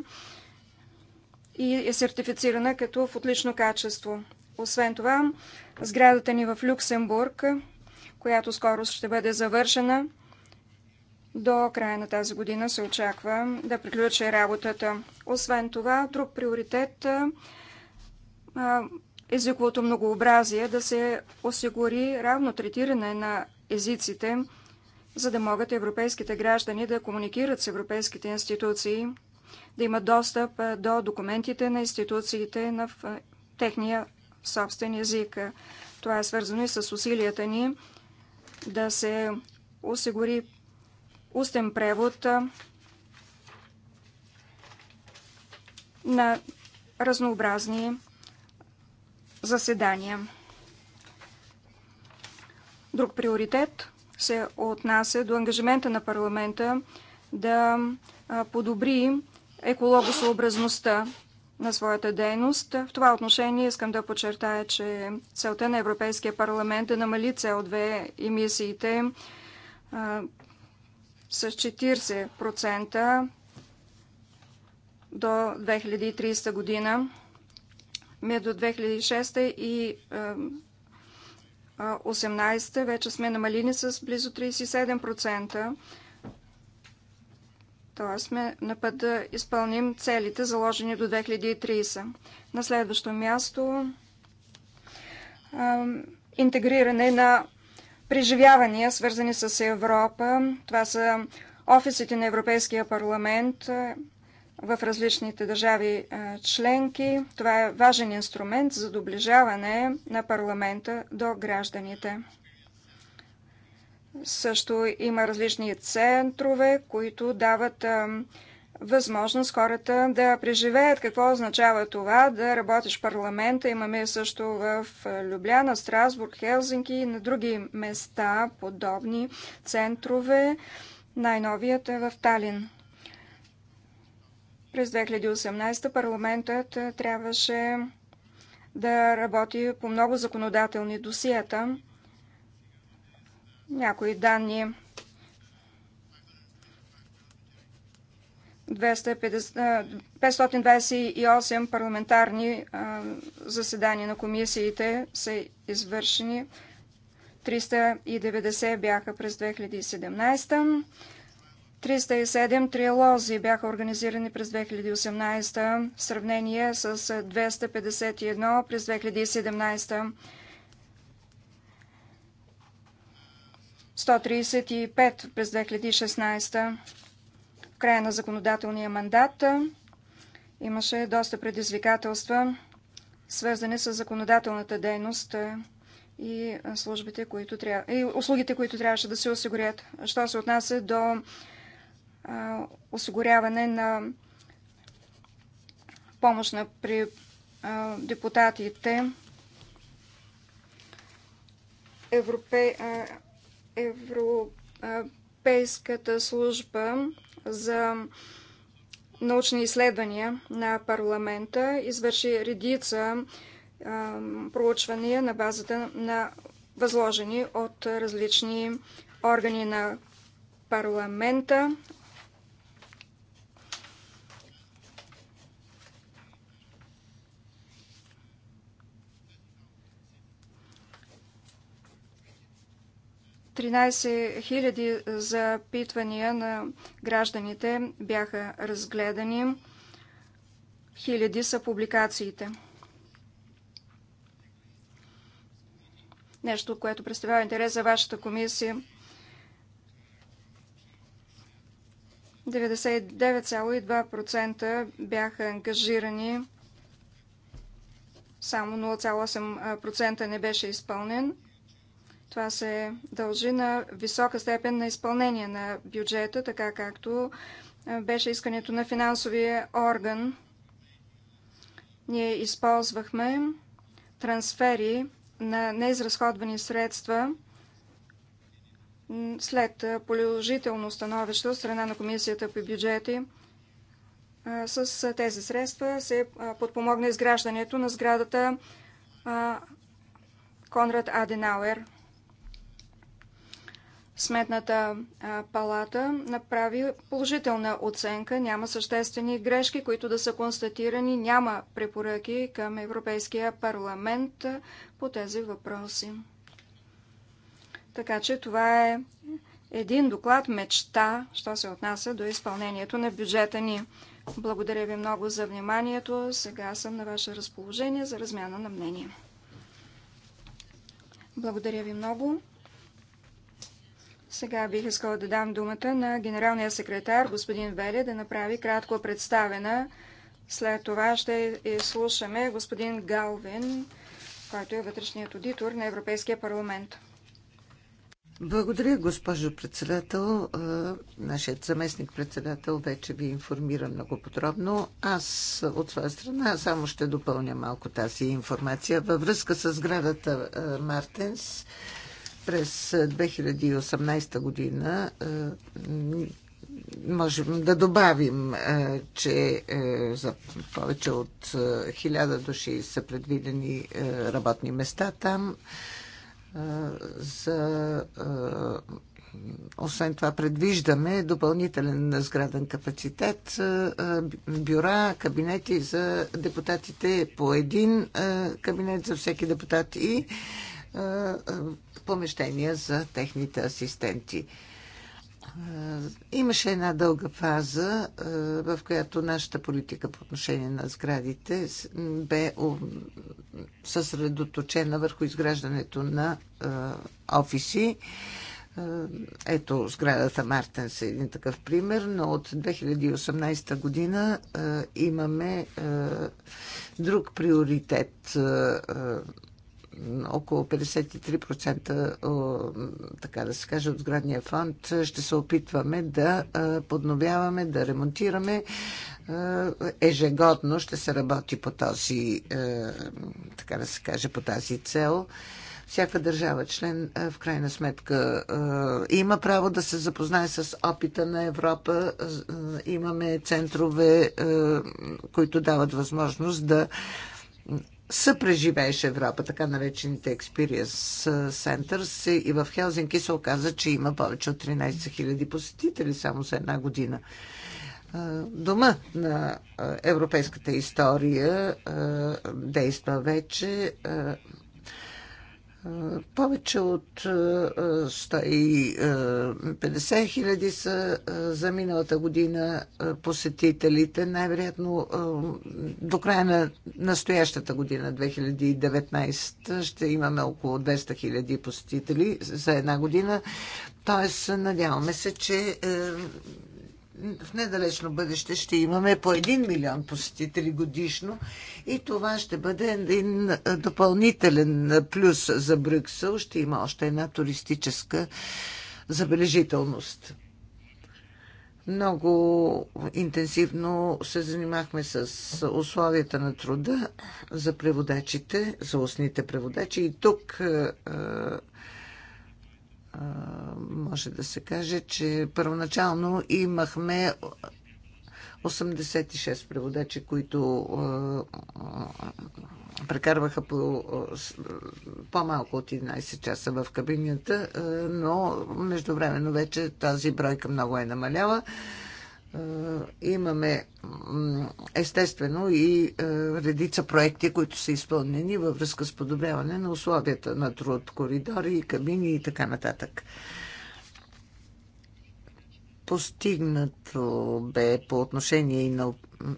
C: и е сертифицирана като в отлично качество. Освен това, сградата ни в Люксембург, която скоро ще бъде завършена, до края на тази година се очаква да приключи работата. Освен това, друг приоритет езиковото многообразие, да се осигури равно третиране на езиците, за да могат европейските граждани да комуникират с европейските институции, да имат достъп до документите на институциите на техния собствен език. Това е свързано и с усилията ни да се осигури устен превод на разнообразни заседания. Друг приоритет се отнася до ангажимента на парламента да подобри екологосъобразността на своята дейност. В това отношение искам да подчертая, че целта на Европейския парламент е намали CO2 емисиите с 40% до 2030 година между 2006 и 2018 вече сме намалини с близо 37%. Тоест сме на път да изпълним целите, заложени до 2030. На следващо място интегриране на преживявания, свързани с Европа. Това са офисите на Европейския парламент, в различните държави членки. Това е важен инструмент за доближаване на парламента до гражданите. Също има различни центрове, които дават възможност хората да преживеят какво означава това да работиш в парламента. Имаме също в Любляна, Страсбург, Хелзинки и на други места подобни центрове. Най-новият е в Талин. През 2018 парламентът е, трябваше да работи по много законодателни досиета. Някои данни 528 е, парламентарни е, заседания на комисиите са извършени. 390 бяха през 2017. 307 триалози бяха организирани през 2018 в сравнение с 251 през 2017. 135 през 2016. В края на законодателния мандат имаше доста предизвикателства, свързани с законодателната дейност и службите, които тря... и услугите, които трябваше да се осигурят. Що се отнася до осигуряване на помощ на при депутатите. Европе, Европейската служба за научни изследвания на парламента извърши редица проучвания на базата на възложени от различни органи на парламента, 13 000 е, запитвания на гражданите бяха разгледани. Хиляди са публикациите. Нещо, което представлява интерес за вашата комисия. 99,2% бяха ангажирани. Само 0,8% не беше изпълнен. Това се дължи на висока степен на изпълнение на бюджета, така както беше искането на финансовия орган. Ние използвахме трансфери на неизразходвани средства след положително становище от страна на Комисията по бюджети. С тези средства се подпомогна изграждането на сградата Конрад Аденауер – Сметната палата направи положителна оценка, няма съществени грешки, които да са констатирани, няма препоръки към Европейския парламент по тези въпроси. Така че това е един доклад мечта, що се отнася до изпълнението на бюджета ни. Благодаря ви много за вниманието. Сега съм на ваше разположение за размяна на мнение. Благодаря ви много. Сега бих искала да дам думата на генералния секретар господин Веле да направи кратко представена. След това ще изслушаме господин Галвин, който е вътрешният аудитор на Европейския парламент.
B: Благодаря, госпожо председател. Е, нашият заместник председател вече ви информира много подробно. Аз от своя страна само ще допълня малко тази информация. Във връзка с градата е, Мартенс, през 2018 година можем да добавим, че за повече от 1000 души са предвидени работни места там. За, освен това предвиждаме допълнителен сграден капацитет, бюра, кабинети за депутатите, по един кабинет за всеки депутат и помещения за техните асистенти. Имаше една дълга фаза, в която нашата политика по отношение на сградите бе съсредоточена върху изграждането на офиси. Ето сградата Мартенс е един такъв пример, но от 2018 година имаме друг приоритет около 53% така да се каже от сградния фонд ще се опитваме да подновяваме, да ремонтираме. Ежегодно ще се работи по този, така да се каже, по тази цел всяка държава член в крайна сметка има право да се запознае с опита на Европа. Имаме центрове, които дават възможност да съпреживееш Европа, така наречените Experience Centers и в Хелзинки се оказа, че има повече от 13 000 посетители само за една година. Дома на европейската история действа вече повече от 150 е, е, хиляди са е, за миналата година посетителите. Най-вероятно до края на настоящата година, 2019, ще имаме около 200 хиляди посетители за една година. Тоест, надяваме се, че в недалечно бъдеще ще имаме по 1 милион посетители годишно и това ще бъде един допълнителен плюс за Брюксел. Ще има още една туристическа забележителност. Много интенсивно се занимахме с условията на труда за преводачите, за устните преводачи и тук е, е, може да се каже, че първоначално имахме 86 преводачи, които прекарваха по, по-малко от 11 часа в кабинята, но междувременно вече тази бройка много е намаляла. Е, имаме естествено и е, редица проекти, които са изпълнени във връзка с подобряване на условията на труд, коридори, кабини и така нататък. Постигнато бе по отношение и на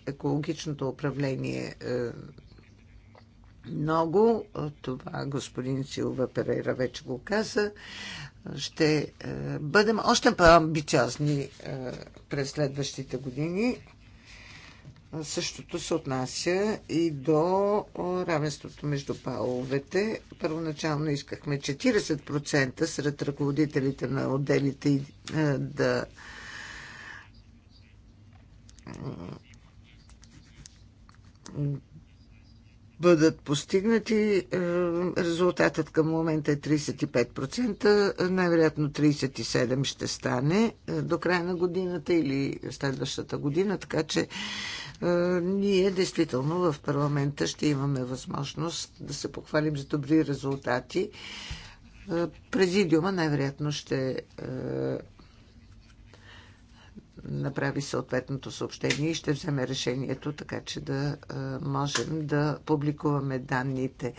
B: екологичното управление е, много. Това господин Силва Перейра вече го каза. Ще е, бъдем още по-амбициозни е, през следващите години. Същото се отнася и до равенството между паловете. Първоначално искахме 40% сред ръководителите на отделите е, да бъдат постигнати. Е, резултатът към момента е 35%, най-вероятно 37% ще стане е, до края на годината или следващата година, така че е, ние действително в парламента ще имаме възможност да се похвалим за добри резултати. Президиума най-вероятно ще направи съответното съобщение и ще вземе решението, така че да можем да публикуваме данните.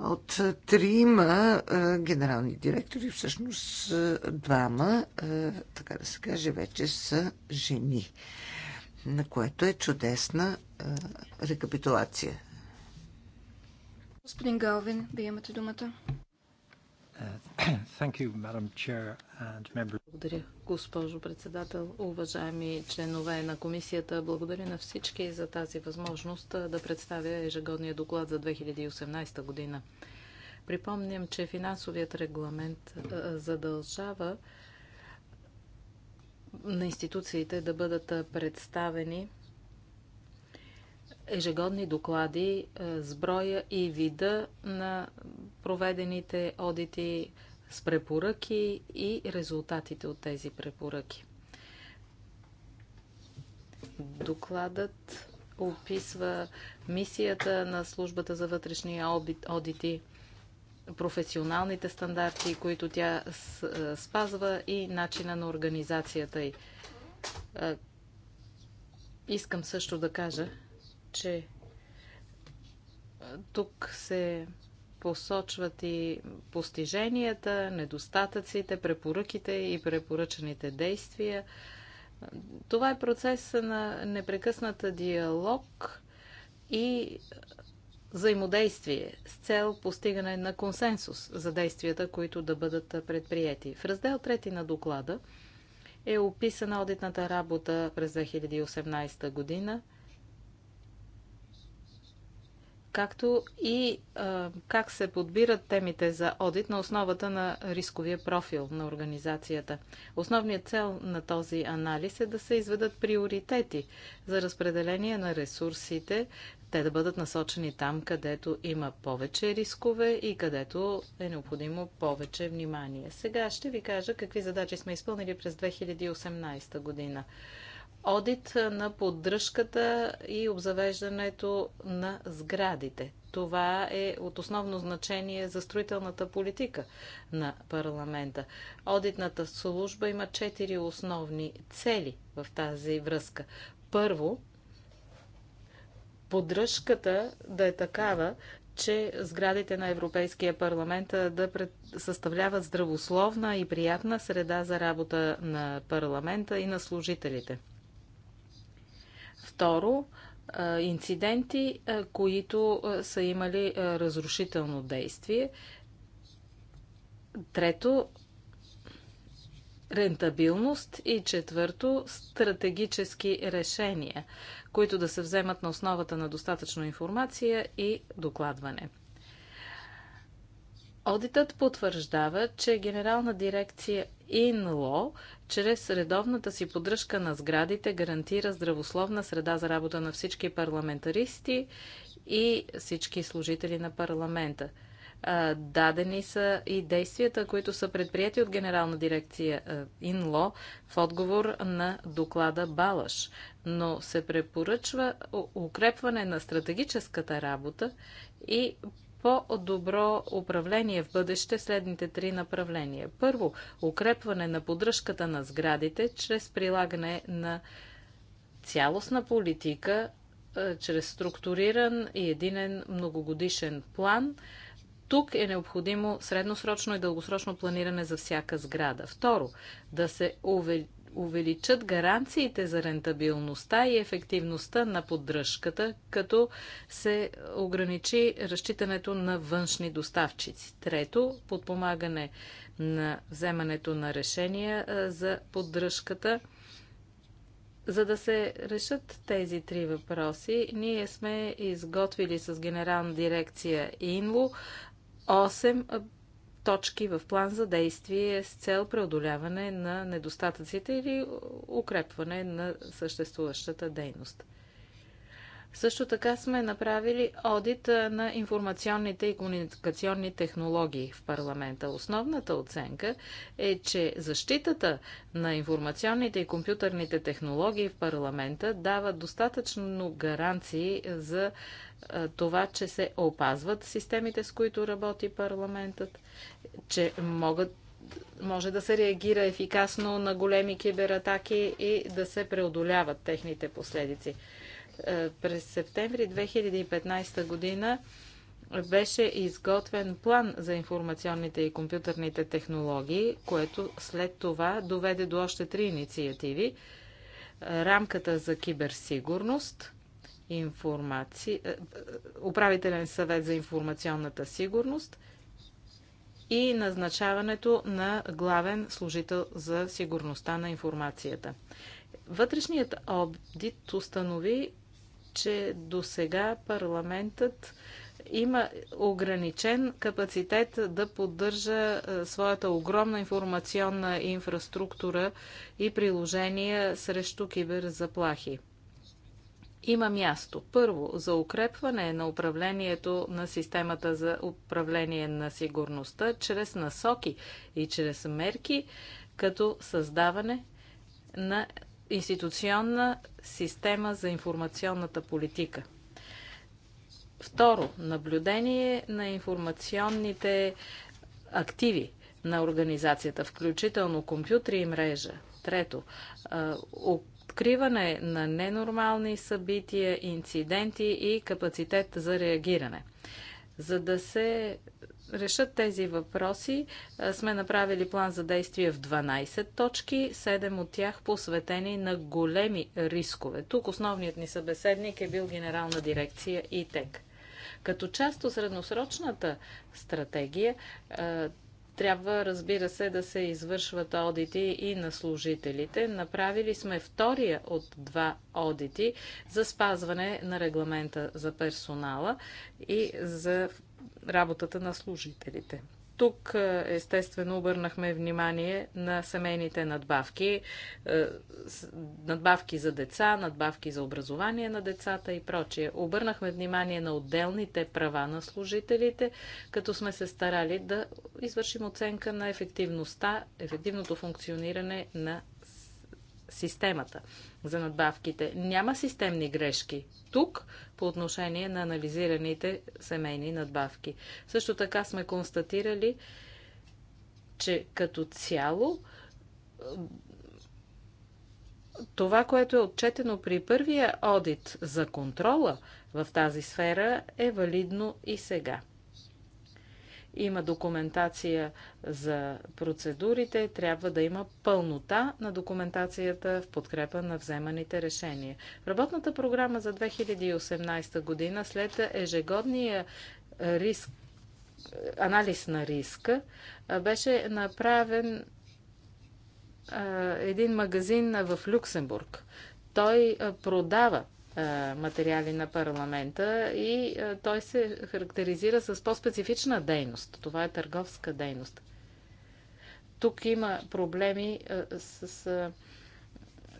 B: От трима генерални директори, всъщност двама, така да се каже, вече са жени, на което е чудесна рекапитулация.
C: Господин Галвин, вие имате думата.
B: Uh, [CLEARS THROAT]
C: благодаря,
A: госпожо председател. Уважаеми членове на комисията, благодаря на всички за тази възможност да представя ежегодния доклад за 2018 година. Припомням, че финансовият регламент задължава на институциите да бъдат представени ежегодни доклади е, с броя и вида на проведените одити с препоръки и резултатите от тези препоръки. Докладът описва мисията на службата за вътрешни одити, професионалните стандарти, които тя е, спазва и начина на организацията й. Е, искам също да кажа, че тук се посочват и постиженията, недостатъците, препоръките и препоръчаните действия. Това е процес на непрекъсната диалог и взаимодействие с цел постигане на консенсус за действията, които да бъдат предприяти. В раздел 3 на доклада е описана одитната работа през 2018 година – както и а, как се подбират темите за одит на основата на рисковия профил на организацията. Основният цел на този анализ е да се изведат приоритети за разпределение на ресурсите, те да бъдат насочени там, където има повече рискове и където е необходимо повече внимание. Сега ще ви кажа какви задачи сме изпълнили през 2018 година одит на поддръжката и обзавеждането на сградите. Това е от основно значение за строителната политика на парламента. Одитната служба има четири основни цели в тази връзка. Първо, поддръжката да е такава, че сградите на Европейския парламент да пред... съставляват здравословна и приятна среда за работа на парламента и на служителите. Второ, инциденти, които са имали разрушително действие. Трето, рентабилност и четвърто, стратегически решения, които да се вземат на основата на достатъчно информация и докладване. Одитът потвърждава, че Генерална дирекция ИНЛО чрез редовната си поддръжка на сградите гарантира здравословна среда за работа на всички парламентаристи и всички служители на парламента. Дадени са и действията, които са предприяти от Генерална дирекция ИНЛО в отговор на доклада Балаш, но се препоръчва укрепване на стратегическата работа и по-добро управление в бъдеще следните три направления. Първо, укрепване на поддръжката на сградите чрез прилагане на цялостна политика, е, чрез структуриран и единен многогодишен план. Тук е необходимо средносрочно и дългосрочно планиране за всяка сграда. Второ, да се увеличи увеличат гаранциите за рентабилността и ефективността на поддръжката, като се ограничи разчитането на външни доставчици. Трето, подпомагане на вземането на решения за поддръжката. За да се решат тези три въпроси, ние сме изготвили с генерална дирекция ИНЛО 8 точки в план за действие с цел преодоляване на недостатъците или укрепване на съществуващата дейност. Също така сме направили одит на информационните и комуникационни технологии в парламента. Основната оценка е, че защитата на информационните и компютърните технологии в парламента дава достатъчно гаранции за това, че се опазват системите, с които работи парламентът, че могат може да се реагира ефикасно на големи кибератаки и да се преодоляват техните последици. Е, през септември 2015 година беше изготвен план за информационните и компютърните технологии, което след това доведе до още три инициативи. Рамката за киберсигурност, информаци... Е, е, управителен съвет за информационната сигурност и назначаването на главен служител за сигурността на информацията. Вътрешният обдит установи, че до сега парламентът има ограничен капацитет да поддържа е, своята огромна информационна инфраструктура и приложения срещу киберзаплахи. Има място. Първо, за укрепване на управлението на системата за управление на сигурността чрез насоки и чрез мерки, като създаване на институционна система за информационната политика. Второ, наблюдение на информационните активи на организацията, включително компютри и мрежа. Трето, откриване на ненормални събития, инциденти и капацитет за реагиране. За да се решат тези въпроси, е, сме направили план за действие в 12 точки, 7 от тях посветени на големи рискове. Тук основният ни събеседник е бил Генерална дирекция ИТЕК. Като част от средносрочната стратегия, е, трябва, разбира се, да се извършват одити и на служителите. Направили сме втория от два одити за спазване на регламента за персонала и за работата на служителите. Тук е, естествено обърнахме внимание на семейните надбавки, е, надбавки за деца, надбавки за образование на децата и прочие. Обърнахме внимание на отделните права на служителите, като сме се старали да извършим оценка на ефективността, ефективното функциониране на системата за надбавките. Няма системни грешки тук по отношение на анализираните семейни надбавки. Също така сме констатирали, че като цяло това, което е отчетено при първия одит за контрола в тази сфера е валидно и сега има документация за процедурите, трябва да има пълнота на документацията в подкрепа на вземаните решения. Работната програма за 2018 година след ежегодния риск, анализ на риска беше направен един магазин в Люксембург. Той продава е, материали на парламента и е, той се характеризира с по-специфична дейност. Това е търговска дейност. Тук има проблеми е, с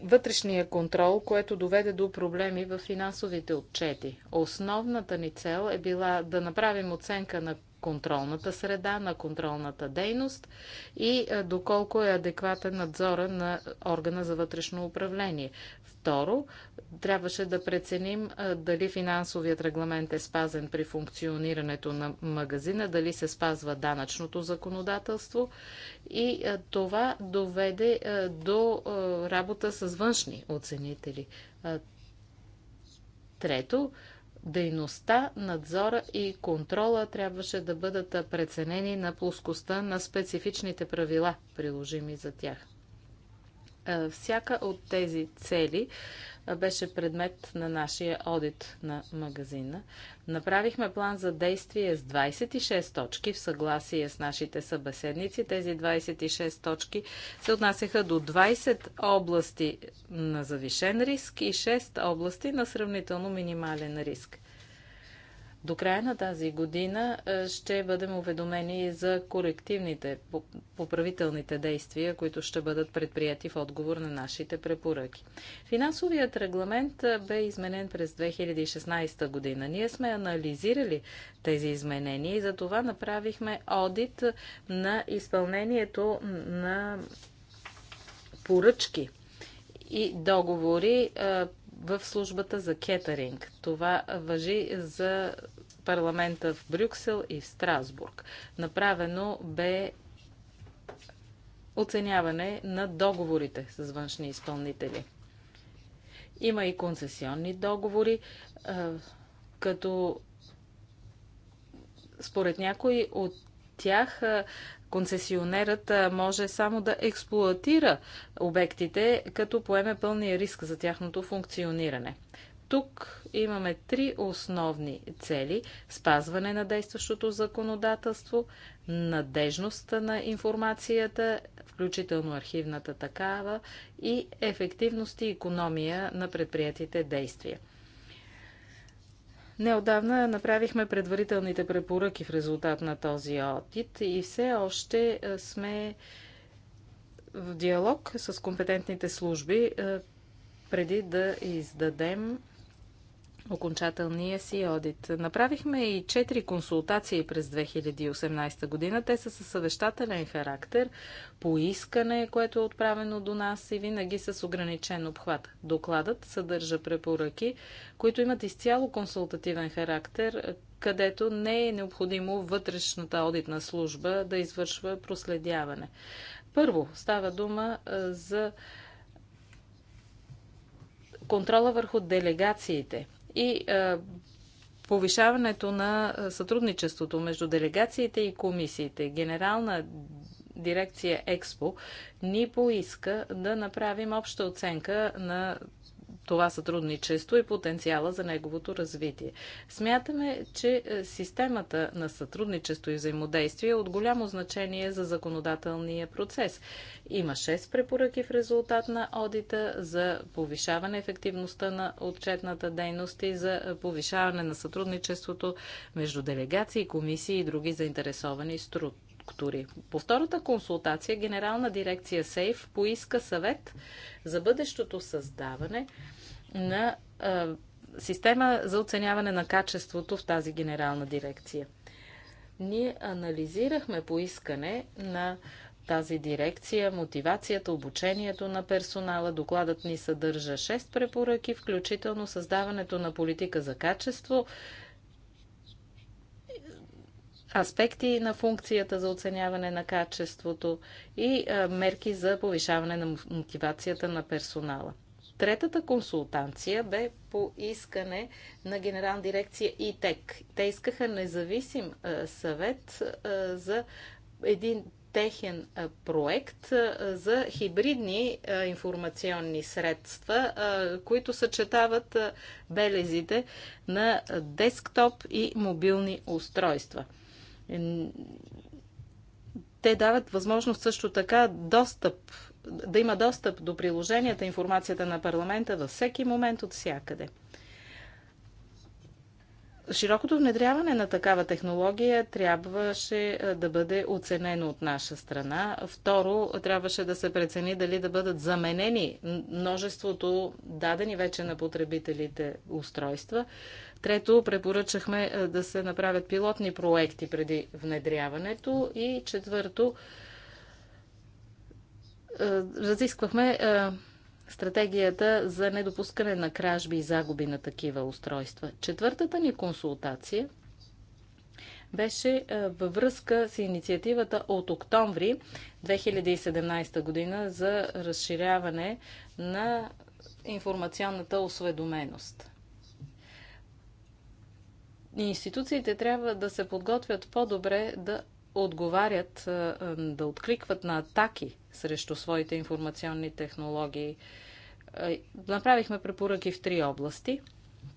A: вътрешния контрол, което доведе до проблеми в финансовите отчети. Основната ни цел е била да направим оценка на контролната среда, на контролната дейност и е, доколко е адекватен надзора на органа за вътрешно управление. Второ, трябваше да преценим е, дали финансовият регламент е спазен при функционирането на магазина, дали се спазва данъчното законодателство и е, това доведе до работа с външни оценители. Трето, дейността, надзора и контрола трябваше да бъдат преценени на плоскостта на специфичните правила, приложими за тях. Е, всяка от тези цели беше предмет на нашия одит на магазина. Направихме план за действие с 26 точки в съгласие с нашите събеседници. Тези 26 точки се отнасяха до 20 области на завишен риск и 6 области на сравнително минимален риск. До края на тази година е, ще бъдем уведомени за корективните, поправителните действия, които ще бъдат предприяти в отговор на нашите препоръки. Финансовият регламент е, бе изменен през 2016 година. Ние сме анализирали тези изменения и за това направихме одит е, на изпълнението на поръчки и договори в службата за кетеринг. Това въжи за парламента в Брюксел и в Страсбург. Направено бе оценяване на договорите с външни изпълнители. Има и концесионни договори, като според някои от тях концесионерът може само да експлуатира обектите, като поеме пълния риск за тяхното функциониране. Тук имаме три основни цели – спазване на действащото законодателство, надежност на информацията, включително архивната такава, и ефективност и економия на предприятите действия. Неодавна направихме предварителните препоръки в резултат на този одит и все още е, сме в диалог с компетентните служби е, преди да издадем окончателния си одит. Направихме и 4 консултации през 2018 година. Те са със съвещателен характер, по искане, което е отправено до нас и винаги с ограничен обхват. Докладът съдържа препоръки, които имат изцяло консултативен характер, където не е необходимо вътрешната одитна служба да извършва проследяване. Първо, става дума за контрола върху делегациите и повишаването на сътрудничеството между делегациите и комисиите. Генерална дирекция Експо ни поиска да направим обща оценка на това сътрудничество и потенциала за неговото развитие. Смятаме, че е, системата на сътрудничество и взаимодействие е от голямо значение за законодателния процес. Има 6 препоръки в резултат на одита за повишаване ефективността на отчетната дейност и за е, повишаване на сътрудничеството между делегации, комисии и други заинтересовани структури структури. По втората консултация Генерална дирекция СЕЙФ поиска съвет за бъдещото създаване на а, система за оценяване на качеството в тази генерална дирекция. Ние анализирахме поискане на тази дирекция, мотивацията, обучението на персонала. Докладът ни съдържа 6 препоръки, включително създаването на политика за качество, аспекти на функцията за оценяване на качеството и мерки за повишаване на мотивацията на персонала. Третата консултанция бе по искане на Генерална дирекция ИТЕК. Те искаха независим съвет за един техен проект за хибридни информационни средства, които съчетават белезите на десктоп и мобилни устройства. Е, те дават възможност също така достъп, да има достъп до приложенията, информацията на парламента във всеки момент от всякъде. Широкото внедряване на такава технология трябваше е, да бъде оценено от наша страна. Второ, трябваше да се прецени дали да бъдат заменени множеството дадени вече на потребителите устройства Трето, препоръчахме е, да се направят пилотни проекти преди внедряването. И четвърто, е, разисквахме е, стратегията за недопускане на кражби и загуби на такива устройства. Четвъртата ни консултация беше във връзка с инициативата от октомври 2017 година за разширяване на информационната осведоменост институциите трябва да се подготвят по-добре да отговарят, да откликват на атаки срещу своите информационни технологии. Направихме препоръки в три области.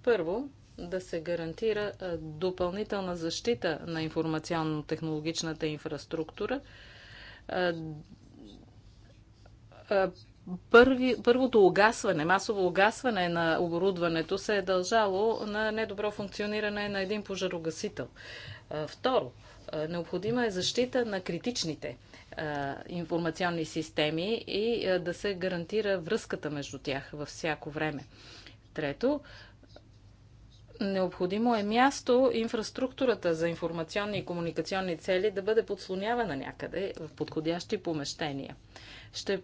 A: Първо, да се гарантира допълнителна защита на информационно-технологичната инфраструктура, първи, първото огасване, масово огасване на оборудването се е дължало на недобро функциониране на един пожарогасител. Второ, необходима е защита на критичните информационни системи и да се гарантира връзката между тях във всяко време. Трето, необходимо е място инфраструктурата за информационни и комуникационни цели да бъде подслонявана някъде в подходящи помещения. Ще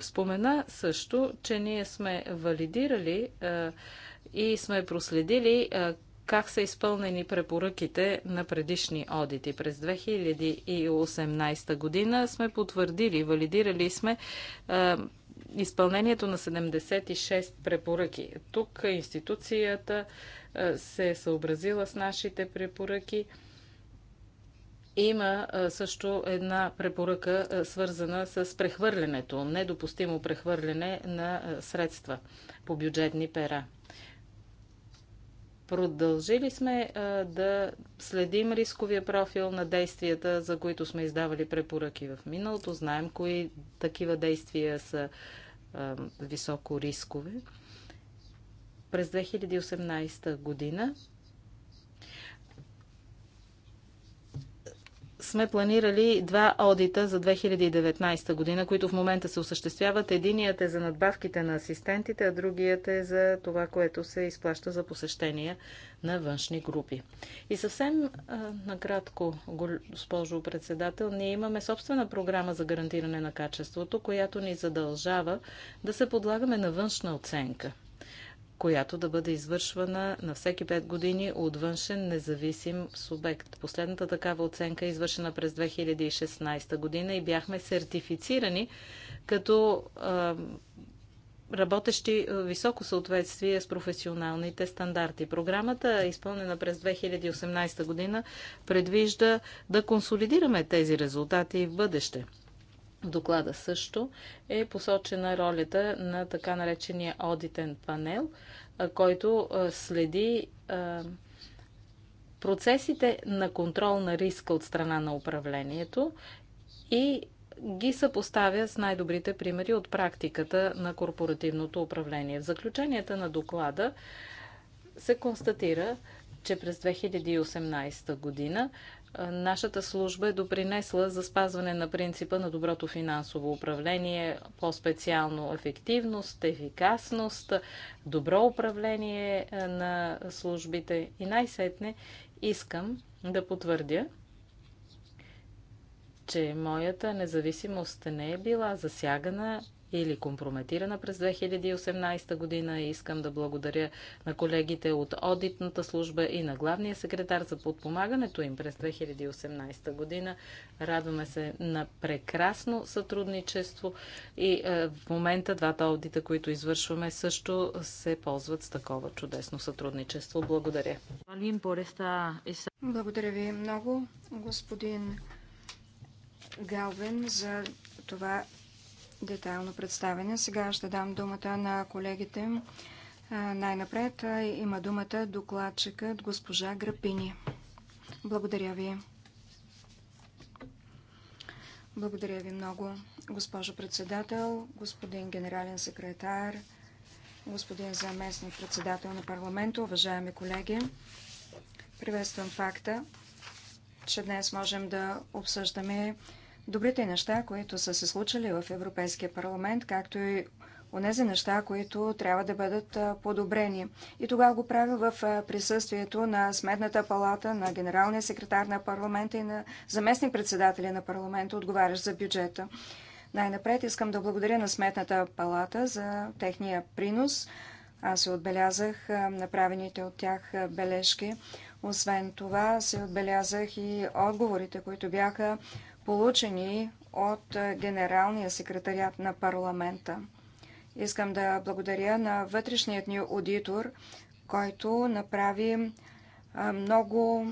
A: спомена също, че ние сме валидирали а, и сме проследили а, как са изпълнени препоръките на предишни одити. През 2018 година сме потвърдили, валидирали сме а, изпълнението на 76 препоръки. Тук институцията се е съобразила с нашите препоръки. Има също една препоръка, свързана с прехвърлянето, недопустимо прехвърляне на средства по бюджетни пера. Продължили сме да следим рисковия профил на действията, за които сме издавали препоръки в миналото. Знаем кои такива действия са високо рискове. През 2018 година сме планирали два одита за 2019 година, които в момента се осъществяват. Единият е за надбавките на асистентите, а другият е за това, което се изплаща за посещения на външни групи. И съвсем а, накратко, госпожо председател, ние имаме собствена програма за гарантиране на качеството, която ни задължава да се подлагаме на външна оценка – която да бъде извършвана на всеки 5 години от външен независим субект. Последната такава оценка е извършена през 2016 година и бяхме сертифицирани като а, работещи високо съответствие с професионалните стандарти. Програмата, изпълнена през 2018 година, предвижда да консолидираме тези резултати в бъдеще. В доклада също е посочена ролята на така наречения одитен панел, който следи процесите на контрол на риска от страна на управлението и ги съпоставя с най-добрите примери от практиката на корпоративното управление. В заключенията на доклада се констатира, че през 2018 година нашата служба е допринесла за спазване на принципа на доброто финансово управление, по-специално ефективност, ефикасност, добро управление на службите. И най-сетне искам да потвърдя, че моята независимост не е била засягана или компрометирана през 2018 година. Искам да благодаря на колегите от Одитната служба и на главния секретар за подпомагането им през 2018 година. Радваме се на прекрасно сътрудничество и е, в момента двата одита, които извършваме, също се ползват с такова чудесно сътрудничество. Благодаря.
C: Благодаря ви много, господин Галвен, за това детайлно представене. Сега ще дам думата на колегите. Най-напред има думата докладчикът госпожа Грапини. Благодаря ви. Благодаря ви много, госпожо председател, господин генерален секретар, господин заместник председател на парламента, уважаеми колеги. Приветствам факта, че днес можем да обсъждаме добрите неща, които са се случили в Европейския парламент, както и онези неща, които трябва да бъдат подобрени. И тогава го правя в присъствието на Сметната палата, на генералния секретар на парламента и на заместник председателя на парламента, отговарящ за бюджета. Най-напред искам да благодаря на Сметната палата за техния принос. Аз се отбелязах направените от тях бележки. Освен това, се отбелязах и отговорите, които бяха получени от Генералния секретарят на парламента. Искам да благодаря на вътрешният ни аудитор, който направи много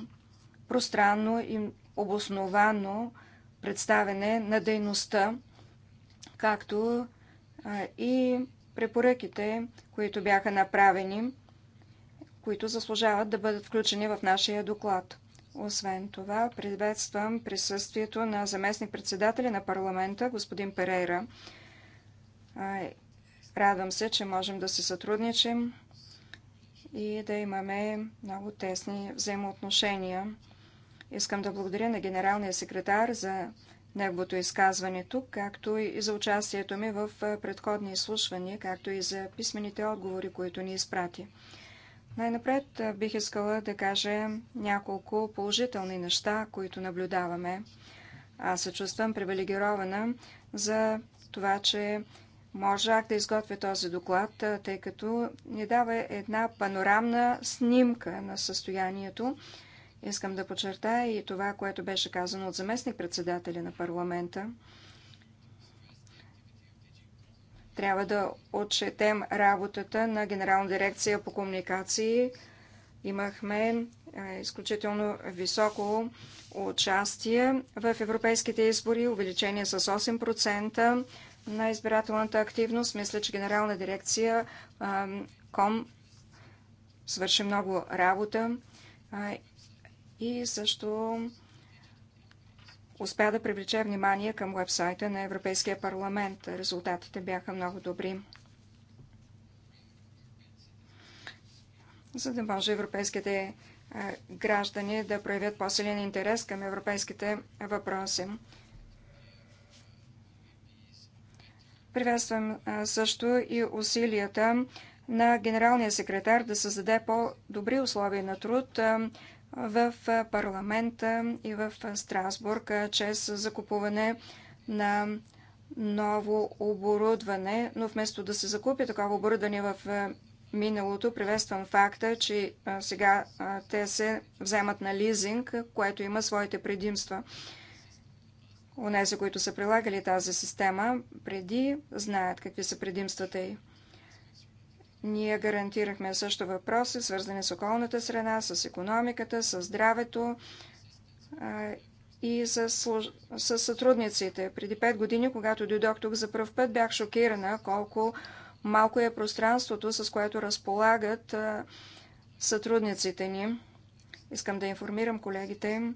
C: пространно и обосновано представене на дейността, както и препоръките, които бяха направени, които заслужават да бъдат включени в нашия доклад. Освен това, приветствам присъствието на заместник-председателя на парламента, господин Перейра. Радвам се, че можем да се сътрудничим и да имаме много тесни взаимоотношения. Искам да благодаря на генералния секретар за неговото изказване тук, както и за участието ми в предходни изслушвания, както и за писмените отговори, които ни изпрати. Най-напред бих искала да кажа няколко положителни неща, които наблюдаваме. Аз се чувствам привилегирована за това, че можах да изготвя този доклад, тъй като ни дава една панорамна снимка на състоянието. Искам да подчертая и това, което беше казано от заместник-председателя на парламента – трябва да отчетем работата на Генерална дирекция по комуникации. Имахме е, изключително високо участие в европейските избори, увеличение с 8% на избирателната активност. Мисля, че Генерална дирекция е, КОМ свърши много работа е, и също успя да привлече внимание към вебсайта на Европейския парламент. Резултатите бяха много добри. За да може европейските е, граждани да проявят по-силен интерес към европейските въпроси. Приветствам е, също и усилията на генералния секретар да създаде по-добри условия на труд е, в парламента и в Страсбург чрез закупуване на ново оборудване, но вместо да се закупи такова оборудване в миналото, приветствам факта, че сега те се вземат на лизинг, което има своите предимства. Онези, които са прилагали тази система преди, знаят какви са предимствата й. Ние гарантирахме също въпроси, свързани с околната среда, с економиката, с здравето и с, с сътрудниците. Преди 5 години, когато дойдох тук за първ път, бях шокирана колко малко е пространството, с което разполагат сътрудниците ни. Искам да информирам колегите,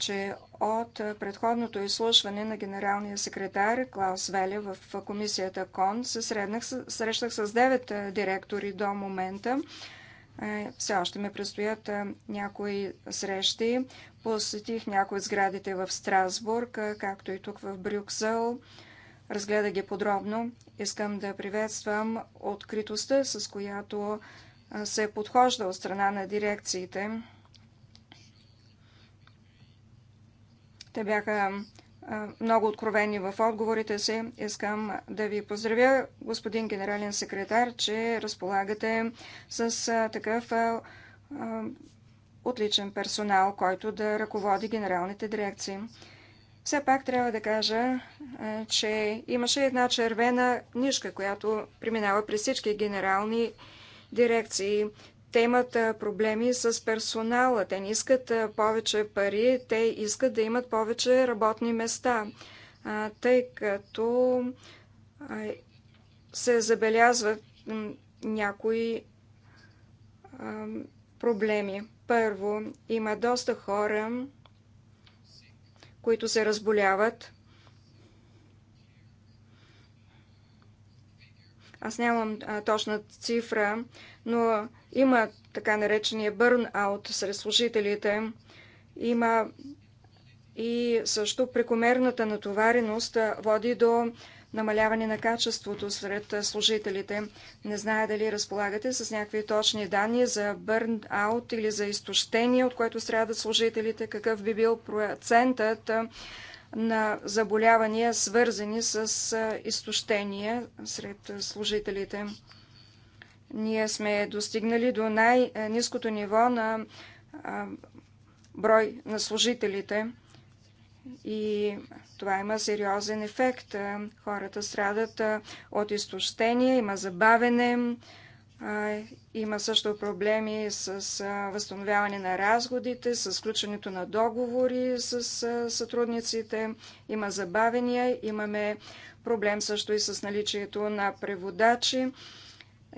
C: че от предходното изслушване на генералния секретар Клаус Веле в комисията КОН се среднах, срещах с девет директори до момента. Е, все още ме предстоят някои срещи. Посетих някои от сградите в Страсбург, както и тук в Брюксел. Разгледа ги подробно. Искам да приветствам откритостта, с която се подхожда от страна на дирекциите Те бяха много откровени в отговорите си. Искам да ви поздравя, господин генерален секретар, че разполагате с такъв отличен персонал, който да ръководи генералните дирекции. Все пак трябва да кажа, че имаше една червена нишка, която преминава през всички генерални дирекции те имат проблеми с персонала, те не искат повече пари, те искат да имат повече работни места, тъй като се забелязват някои проблеми. Първо, има доста хора, които се разболяват Аз нямам а, точна цифра, но има така наречения бърнаут сред служителите. Има и също прекомерната натовареност води до намаляване на качеството сред служителите. Не зная дали разполагате с някакви точни данни за бърнаут или за изтощение, от което страдат служителите, какъв би бил процентът на заболявания, свързани с изтощения сред служителите. Ние сме достигнали до най-низкото ниво на брой на служителите и това има сериозен ефект. Хората страдат от изтощение, има забавене, има също проблеми с възстановяване на разходите, с включването на договори с сътрудниците. Има забавения, имаме проблем също и с наличието на преводачи.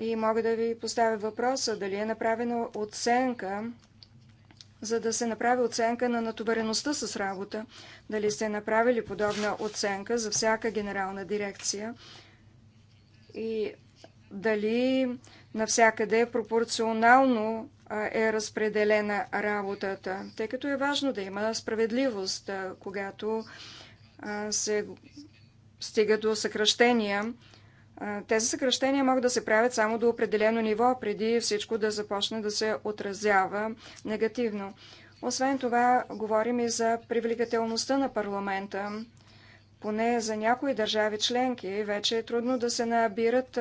C: И мога да ви поставя въпроса дали е направена оценка, за да се направи оценка на натовареността с работа. Дали сте направили подобна оценка за всяка генерална дирекция. И дали навсякъде пропорционално е разпределена работата, тъй като е важно да има справедливост, когато се стига до съкръщения. Тези съкръщения могат да се правят само до определено ниво, преди всичко да започне да се отразява негативно. Освен това, говорим и за привлекателността на парламента. Поне за някои държави членки вече е трудно да се набират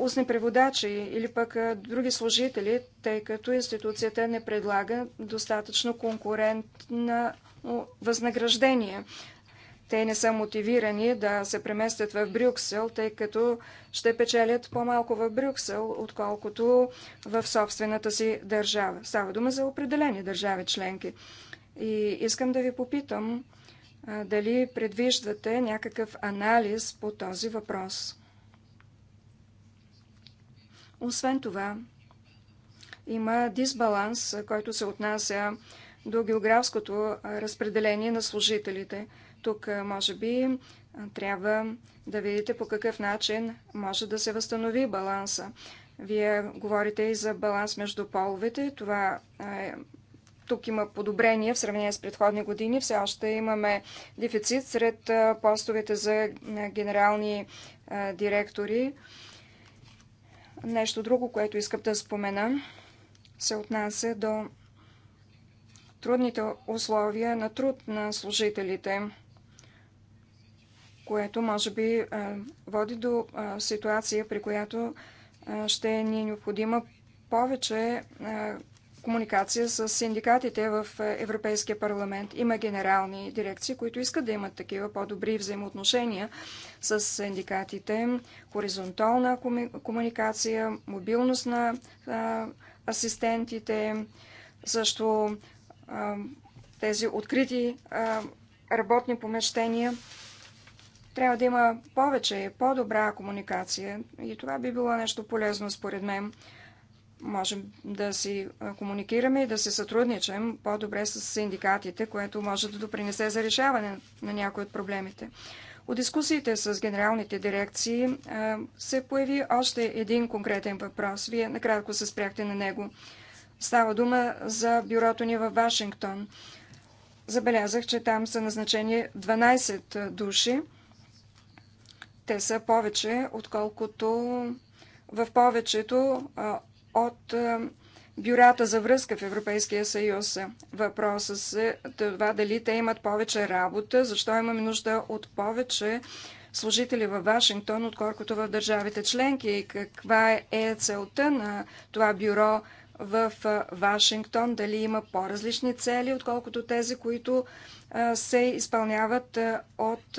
C: устни преводачи или пък други служители, тъй като институцията не предлага достатъчно конкурентно възнаграждение. Те не са мотивирани да се преместят в Брюксел, тъй като ще печелят по-малко в Брюксел, отколкото в собствената си държава. Става дума за определени държави членки. И искам да ви попитам дали предвиждате някакъв анализ по този въпрос. Освен това, има дисбаланс, който се отнася до географското разпределение на служителите. Тук, може би, трябва да видите по какъв начин може да се възстанови баланса. Вие говорите и за баланс между половете. Това е, тук има подобрение в сравнение с предходни години. Все още имаме дефицит сред постовете за генерални директори. Нещо друго, което искам да спомена, се отнася до трудните условия на труд на служителите, което може би е, води до е, ситуация, при която е, ще ни е необходима повече комуникация с синдикатите в Европейския парламент. Има генерални дирекции, които искат да имат такива по-добри взаимоотношения с синдикатите, хоризонтална комуникация, мобилност на асистентите, също тези открити работни помещения. Трябва да има повече, по-добра комуникация и това би било нещо полезно според мен можем да си комуникираме и да се сътрудничим по-добре с синдикатите, което може да допринесе за решаване на някои от проблемите. От дискусиите с генералните дирекции се появи още един конкретен въпрос. Вие накратко се спряхте на него. Става дума за бюрото ни във Вашингтон. Забелязах, че там са назначени 12 души. Те са повече, отколкото в повечето от е, бюрата за връзка в Европейския съюз. Въпросът се това дали те имат повече работа, защо имаме нужда от повече служители във Вашингтон, отколкото в държавите членки и каква е целта на това бюро в е, Вашингтон, дали има по-различни цели, отколкото тези, които е, се изпълняват от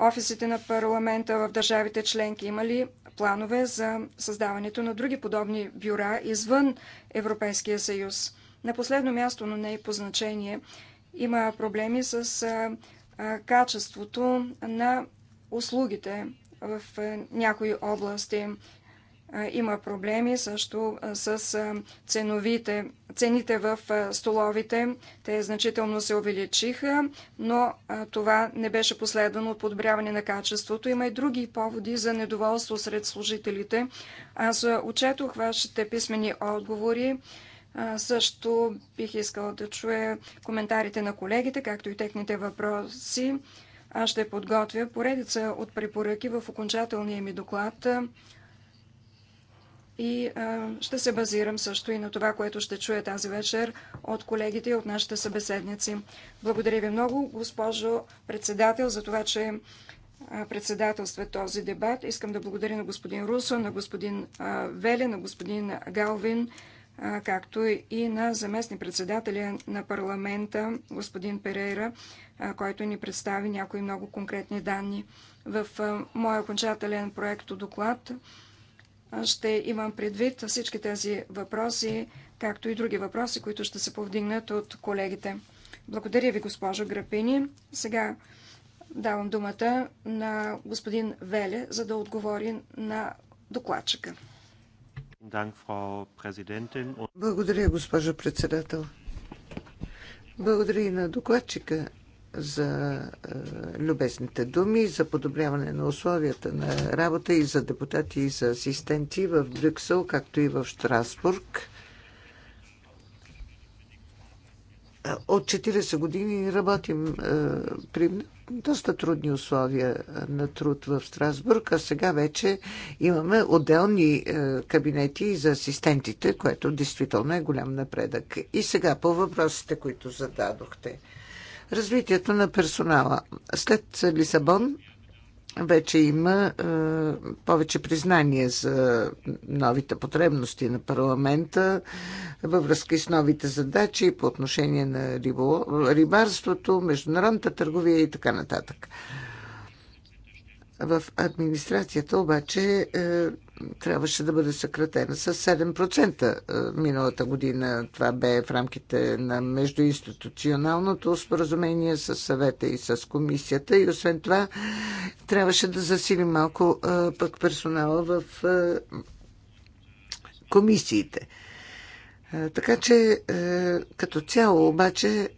C: офисите на парламента в държавите членки. Има ли планове за създаването на други подобни бюра извън Европейския съюз. На последно място, но не и по значение, има проблеми с качеството на услугите в някои области. Има проблеми също с ценовите, цените в столовите. Те значително се увеличиха, но това не беше последвано от подобряване на качеството. Има и други поводи за недоволство сред служителите. Аз отчетох вашите писмени отговори. Също бих искала да чуя коментарите на колегите, както и техните въпроси. Аз ще подготвя поредица от препоръки в окончателния ми доклад и а, ще се базирам също и на това, което ще чуя тази вечер от колегите и от нашите събеседници. Благодаря ви много, госпожо председател, за това, че председателства този дебат. Искам да благодаря на господин Русо, на господин Веле, на господин Галвин, както и на заместни председателя на парламента, господин Перейра, който ни представи някои много конкретни данни. В моя окончателен проект доклад доклад ще имам предвид всички тези въпроси, както и други въпроси, които ще се повдигнат от колегите. Благодаря ви, госпожо Грапини. Сега давам думата на господин Веле, за да отговори на докладчика.
A: Благодаря,
B: госпожо председател. Благодаря и на докладчика за е, любезните думи, за подобряване на условията на работа и за депутати и за асистенти в Брюксел, както и в Штрасбург. От 40 години работим е, при доста трудни условия на труд в Страсбург, а сега вече имаме отделни е, кабинети и за асистентите, което действително е голям напредък. И сега по въпросите, които зададохте. Развитието на персонала. След Лисабон вече има е, повече признание за новите потребности на парламента във връзка с новите задачи по отношение на рибо, рибарството, международната търговия и така нататък в администрацията обаче е, трябваше да бъде съкратена с 7% е, миналата година. Това бе в рамките на междуинституционалното споразумение с съвета и с комисията. И освен това трябваше да засили малко е, пък персонала в е, комисиите. Е, така че е, като цяло обаче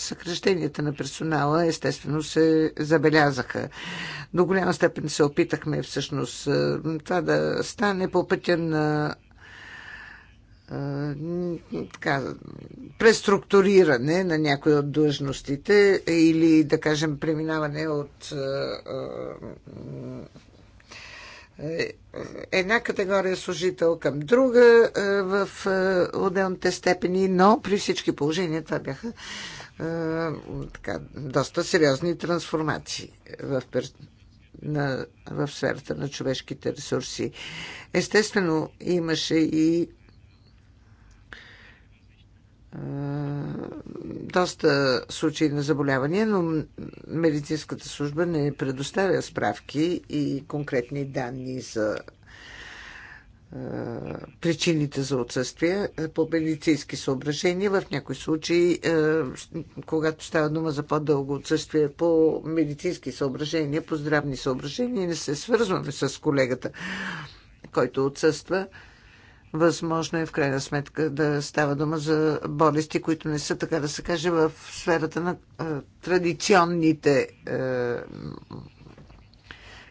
B: съкрещенията на персонала естествено се забелязаха. До голяма степен се опитахме всъщност е, това да стане по пътя на е, така, преструктуриране на някои от длъжностите или, да кажем, преминаване от е, една категория служител към друга в отделните степени, но при всички положения това бяха така, доста сериозни трансформации в, на, в сферата на човешките ресурси. Естествено, имаше и доста случаи на заболявания, но медицинската служба не предоставя справки и конкретни данни за причините за отсъствие по медицински съображения. В някои случаи, когато става дума за по-дълго отсъствие по медицински съображения, по здравни съображения, не се свързваме с колегата, който отсъства. Възможно е в крайна сметка да става дума за болести, които не са, така да се каже, в сферата на традиционните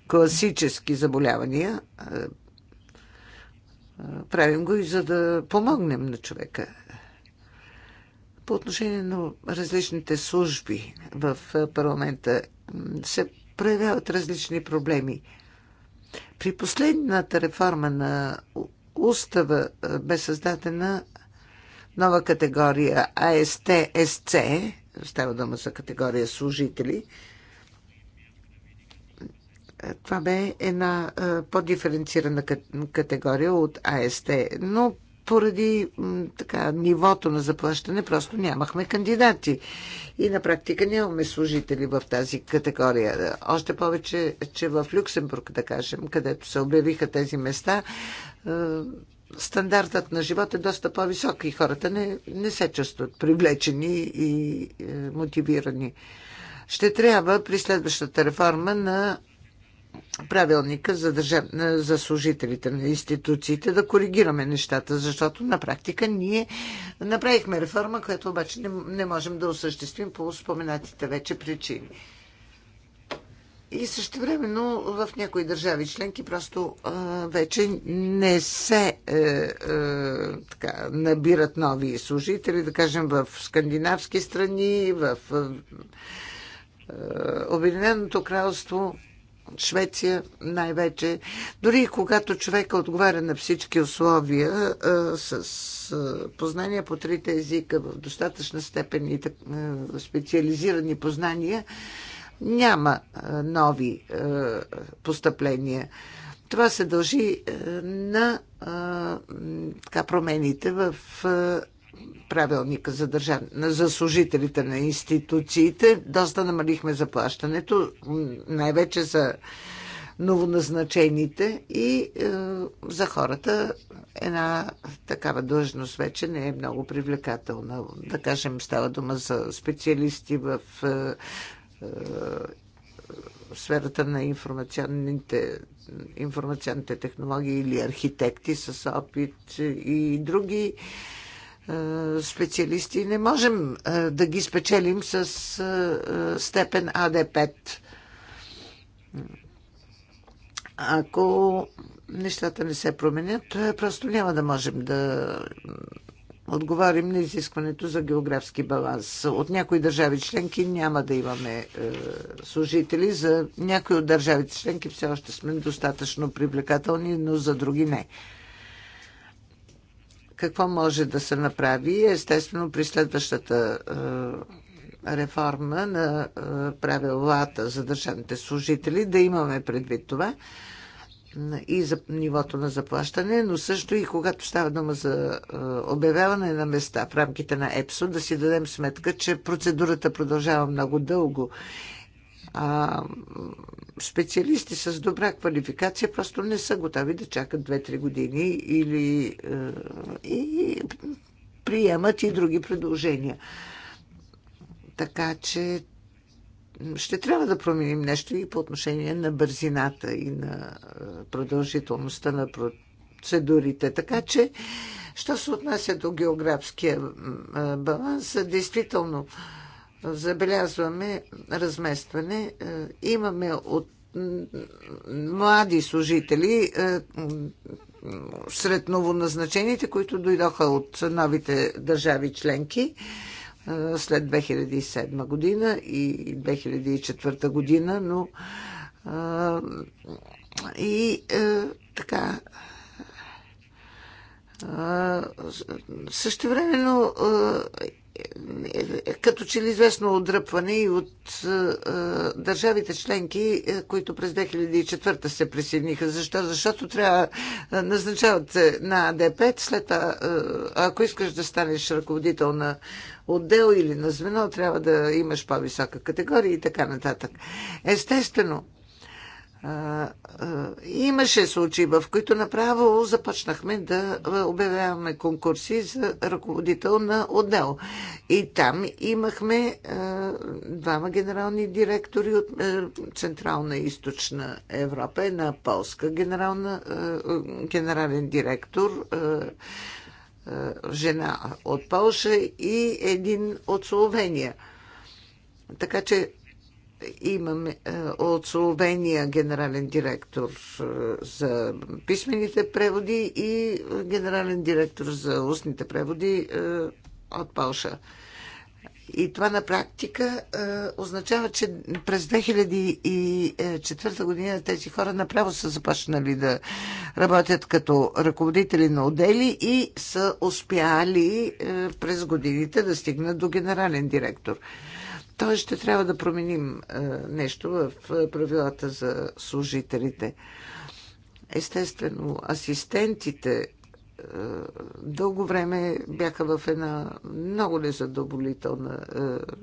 B: класически заболявания, Правим го и за да помогнем на човека. По отношение на различните служби в парламента се проявяват различни проблеми. При последната реформа на устава бе създадена нова категория АСТСЦ, става дума за категория служители – това бе една по-диференцирана категория от АСТ, но поради така, нивото на заплащане просто нямахме кандидати. И на практика нямаме служители в тази категория. Още повече, че в Люксембург, да кажем, където се обявиха тези места, стандартът на живот е доста по-висок и хората не, не се чувстват привлечени и е, мотивирани. Ще трябва при следващата реформа на правилника за, държав... за служителите на институциите да коригираме нещата, защото на практика ние направихме реформа, която обаче не, не можем да осъществим по споменатите вече причини. И също времено в някои държави членки просто а, вече не се е, е, така, набират нови служители, да кажем в скандинавски страни, в е, Обединеното кралство Швеция най-вече. Дори когато човека отговаря на всички условия с познания по трите езика в достатъчна степен и специализирани познания, няма нови постъпления. Това се дължи на така, промените в правилника за, държав... за служителите на институциите. Доста намалихме заплащането, най-вече за новоназначените и е, за хората една такава длъжност вече не е много привлекателна. Да кажем, става дума за специалисти в е, е, сферата на информационните, информационните технологии или архитекти с опит и други. Е, е, специалисти не можем е, да ги спечелим с е, степен АД5. Ако нещата не се променят, просто няма да можем да отговорим на изискването за географски баланс. От някои държави членки няма да имаме служители. За някои от държавите членки все още сме достатъчно привлекателни, но за други не какво може да се направи. Естествено, при следващата е, реформа на е, правилата за държавните служители да имаме предвид това и за нивото на заплащане, но също и когато става дума за е, обявяване на места в рамките на ЕПСО, да си дадем сметка, че процедурата продължава много дълго а, специалисти с добра квалификация просто не са готови да чакат 2-3 години или а, е, и приемат и други предложения. Така че ще трябва да променим нещо и по отношение на бързината и на е, продължителността на процедурите. Така че, що се отнася до географския е, баланс, действително забелязваме разместване. Е, имаме от млади служители е, сред новоназначените, които дойдоха от новите държави членки е, след 2007 година и 2004 година, но и така също времено като че ли известно отдръпване и от е, е държавите членки, е, които през 2004 се присъединиха. Защо? Защото трябва е, назначават на АД5, след това, е, ако искаш да станеш ръководител на отдел или на звено, трябва да имаш по-висока категория и така нататък. Естествено, Имаше случаи, в които направо започнахме да обявяваме конкурси за ръководител на отдел. И там имахме двама генерални директори от Централна и Източна Европа, една полска генерална, генерален директор, жена от Полша и един от Словения. Така че имаме е, от Словения генерален директор е, за писмените преводи и генерален директор за устните преводи е, от Полша. И това на практика е, означава, че през 2004 година тези хора направо са започнали да работят като ръководители на отдели и са успяли е, през годините да стигнат до генерален директор. Той ще трябва да променим е, нещо в е, правилата за служителите. Естествено, асистентите е, дълго време бяха в една много незадоволителна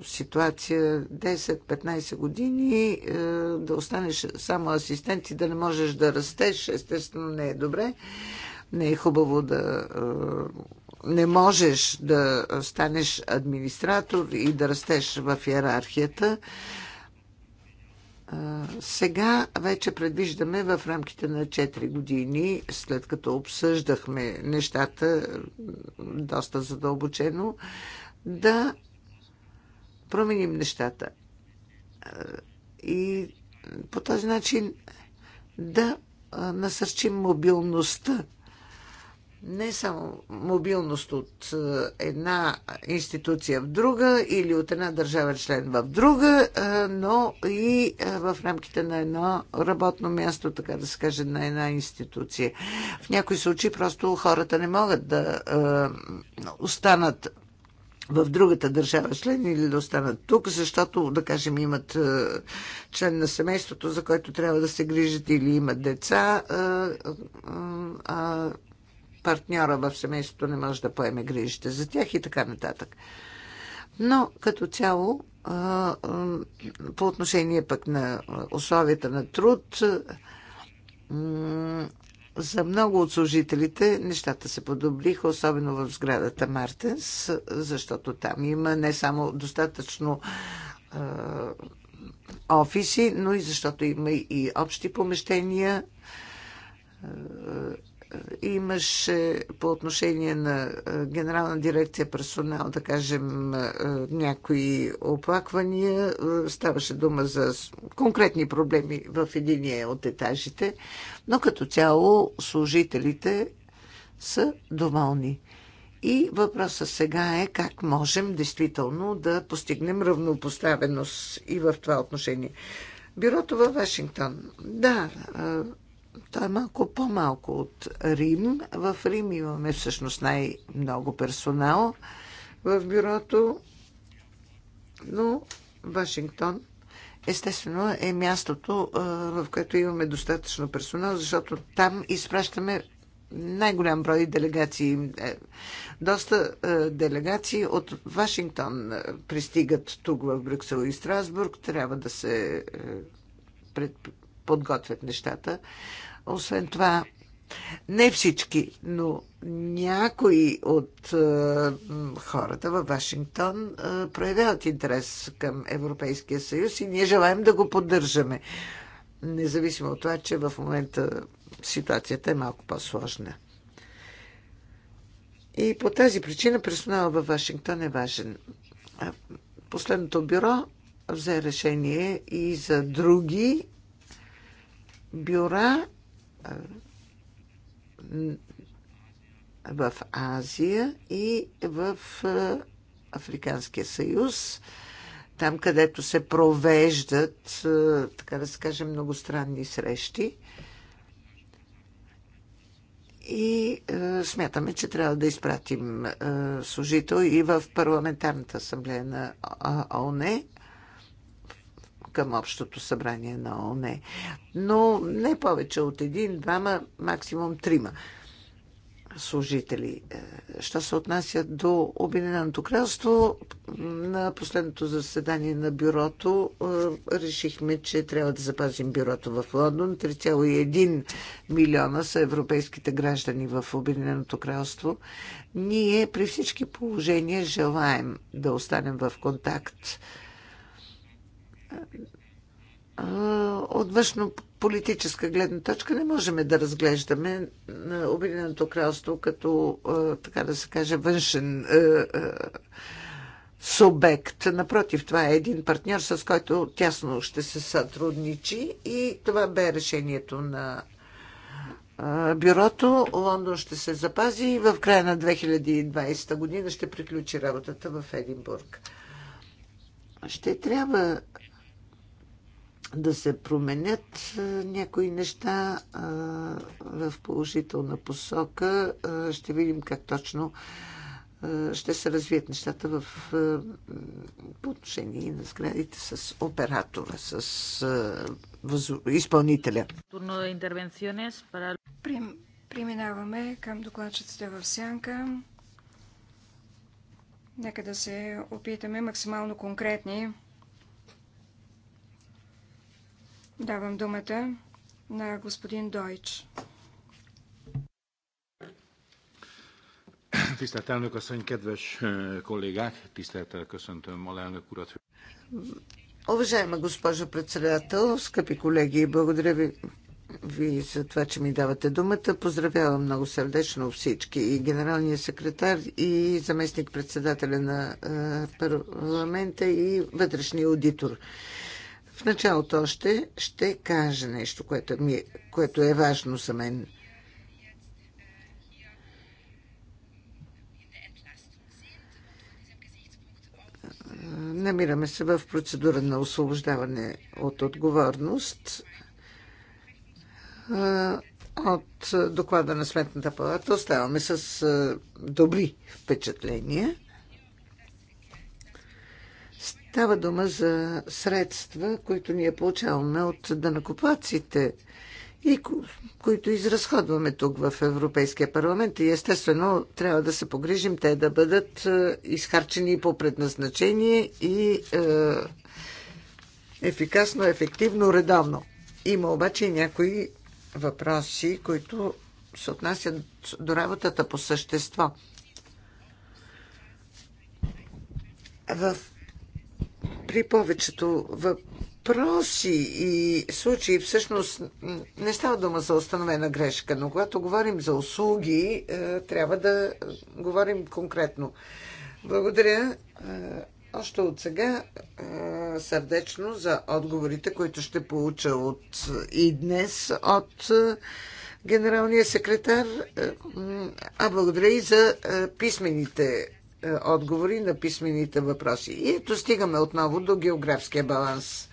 B: ситуация. 10-15 години да останеш само асистент и да не можеш да растеш, естествено не е добре. Не е хубаво да не можеш да станеш администратор и да растеш в иерархията. Сега вече предвиждаме в рамките на 4 години, след като обсъждахме нещата доста задълбочено, да променим нещата. И по този начин да насърчим мобилността не само мобилност от е, една институция в друга или от една държава член в друга, е, но и е, в рамките на едно работно място, така да се каже, на една институция. В някои случаи просто хората не могат да останат в другата държава член или да останат тук, защото, да кажем, имат член на семейството, за който трябва да се грижат или имат деца, партньора в семейството не може да поеме грижите за тях и така нататък. Но като цяло, по отношение пък на условията на труд, за много от служителите нещата се подобриха, особено в сградата Мартенс, защото там има не само достатъчно офиси, но и защото има и общи помещения имаше по отношение на Генерална дирекция персонал, да кажем, някои оплаквания. Ставаше дума за конкретни проблеми в единия от етажите, но като цяло служителите са доволни. И въпросът сега е как можем действително да постигнем равнопоставеност и в това отношение. Бюрото във Вашингтон. Да, той е малко по-малко от Рим. В Рим имаме всъщност най-много персонал в бюрото, но Вашингтон естествено е мястото, в което имаме достатъчно персонал, защото там изпращаме най-голям брой делегации. Е, доста делегации от Вашингтон пристигат тук в Брюксел и Страсбург. Трябва да се пред, подготвят нещата. Освен това, не всички, но някои от е, хората във Вашингтон е, проявяват интерес към Европейския съюз и ние желаем да го поддържаме. Независимо от това, че в момента ситуацията е малко по-сложна. И по тази причина персонала във Вашингтон е важен. Е, последното бюро взе решение и за други бюра в Азия и в Африканския съюз, там където се провеждат, така да се каже, многостранни срещи. И е, смятаме, че трябва да изпратим е, служител и в парламентарната асамблея на ООН към Общото събрание на ООН. Но не повече от един, двама, максимум трима служители. Е, що се отнася до Обединеното кралство, на последното заседание на бюрото е, решихме, че трябва да запазим бюрото в Лондон. 3,1 милиона са европейските граждани в Обединеното кралство. Ние при всички положения желаем да останем в контакт от външно-политическа гледна точка не можем да разглеждаме Обединеното кралство като, така да се каже, външен субект. Напротив, това е един партньор, с който тясно ще се сътрудничи и това бе решението на бюрото. Лондон ще се запази и в края на 2020 година ще приключи работата в Единбург. Ще трябва да се променят някои неща в положителна посока. Ще видим как точно ще се развият нещата в, по отношение на сградите с оператора, с изпълнителя.
C: Преминаваме към докладчиците в сянка. Нека да се опитаме максимално конкретни Давам думата на господин Дойч. Tisztelt elnök asszony, kedves eh, kollégák, tisztelettel eh, köszöntöm alelnök urat.
B: Уважаема госпожо председател, скъпи колеги, благодаря ви, ви за това, че ми давате думата. Поздравявам много сърдечно всички и генералния секретар, и заместник председателя на е, парламента, и вътрешния аудитор. В началото още ще кажа нещо, което, ми, е- което е важно за мен. Намираме се в процедура на освобождаване от отговорност от доклада на Сметната палата оставаме с добри впечатления. Става дума за средства, които ние получаваме от данакоплаците и ко които изразходваме тук в Европейския парламент. И естествено трябва да се погрижим те да бъдат е, изхарчени по предназначение и е, ефикасно, ефективно, редовно. Има обаче и някои въпроси, които се отнасят до работата по същество. В при повечето въпроси и случаи всъщност не става дума за установена грешка, но когато говорим за услуги, е, трябва да е, говорим конкретно. Благодаря е, още от сега сърдечно за отговорите, които ще получа от и днес от генералния секретар, а благодаря и за писмените е, отговори на писмените въпроси. И ето стигаме отново до географския баланс.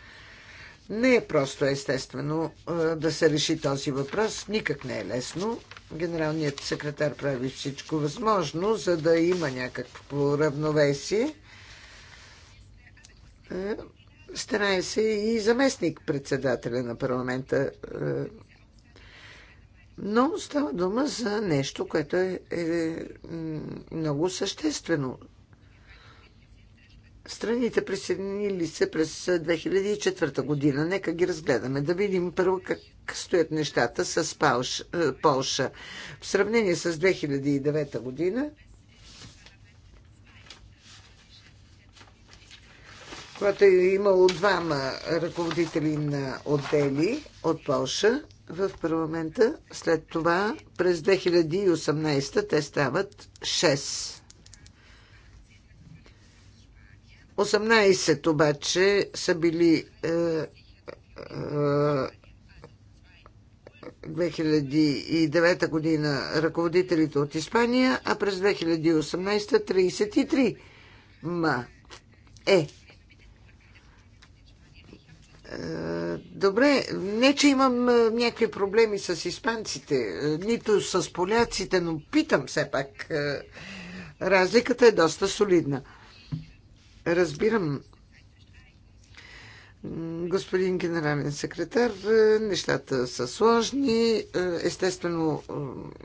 B: Не е просто естествено е, да се реши този въпрос. Никак не е лесно. Генералният секретар прави всичко възможно, за да има някакво равновесие. Е, старае се и заместник председателя на парламента но става дума за нещо, което е, е много съществено. Страните присъединили се през 2004 е, година. Нека ги разгледаме. Да видим първо как стоят нещата с е, Полша. В сравнение с 2009 година, когато е имало двама ръководители на отдели от Полша, в парламента. След това през 2018 те стават 6. 18 обаче са били е, е, 2009 година ръководителите от Испания, а през 2018 33. Ма. Е, Добре, не че имам някакви проблеми с испанците, нито с поляците, но питам все пак. Разликата е доста солидна. Разбирам, господин генерален секретар, нещата са сложни. Естествено,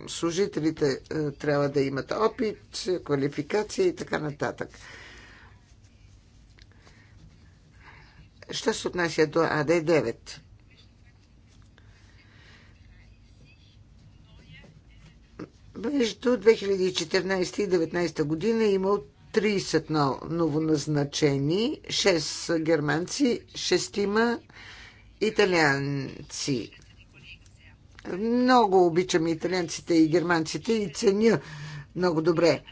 B: служителите трябва да имат опит, квалификация и така нататък. Що се отнася до АД-9? Между 2014 и 2019 година е имал 30 новоназначени, 6 германци, 6 италианци. Много обичам италианците и германците и ценя много добре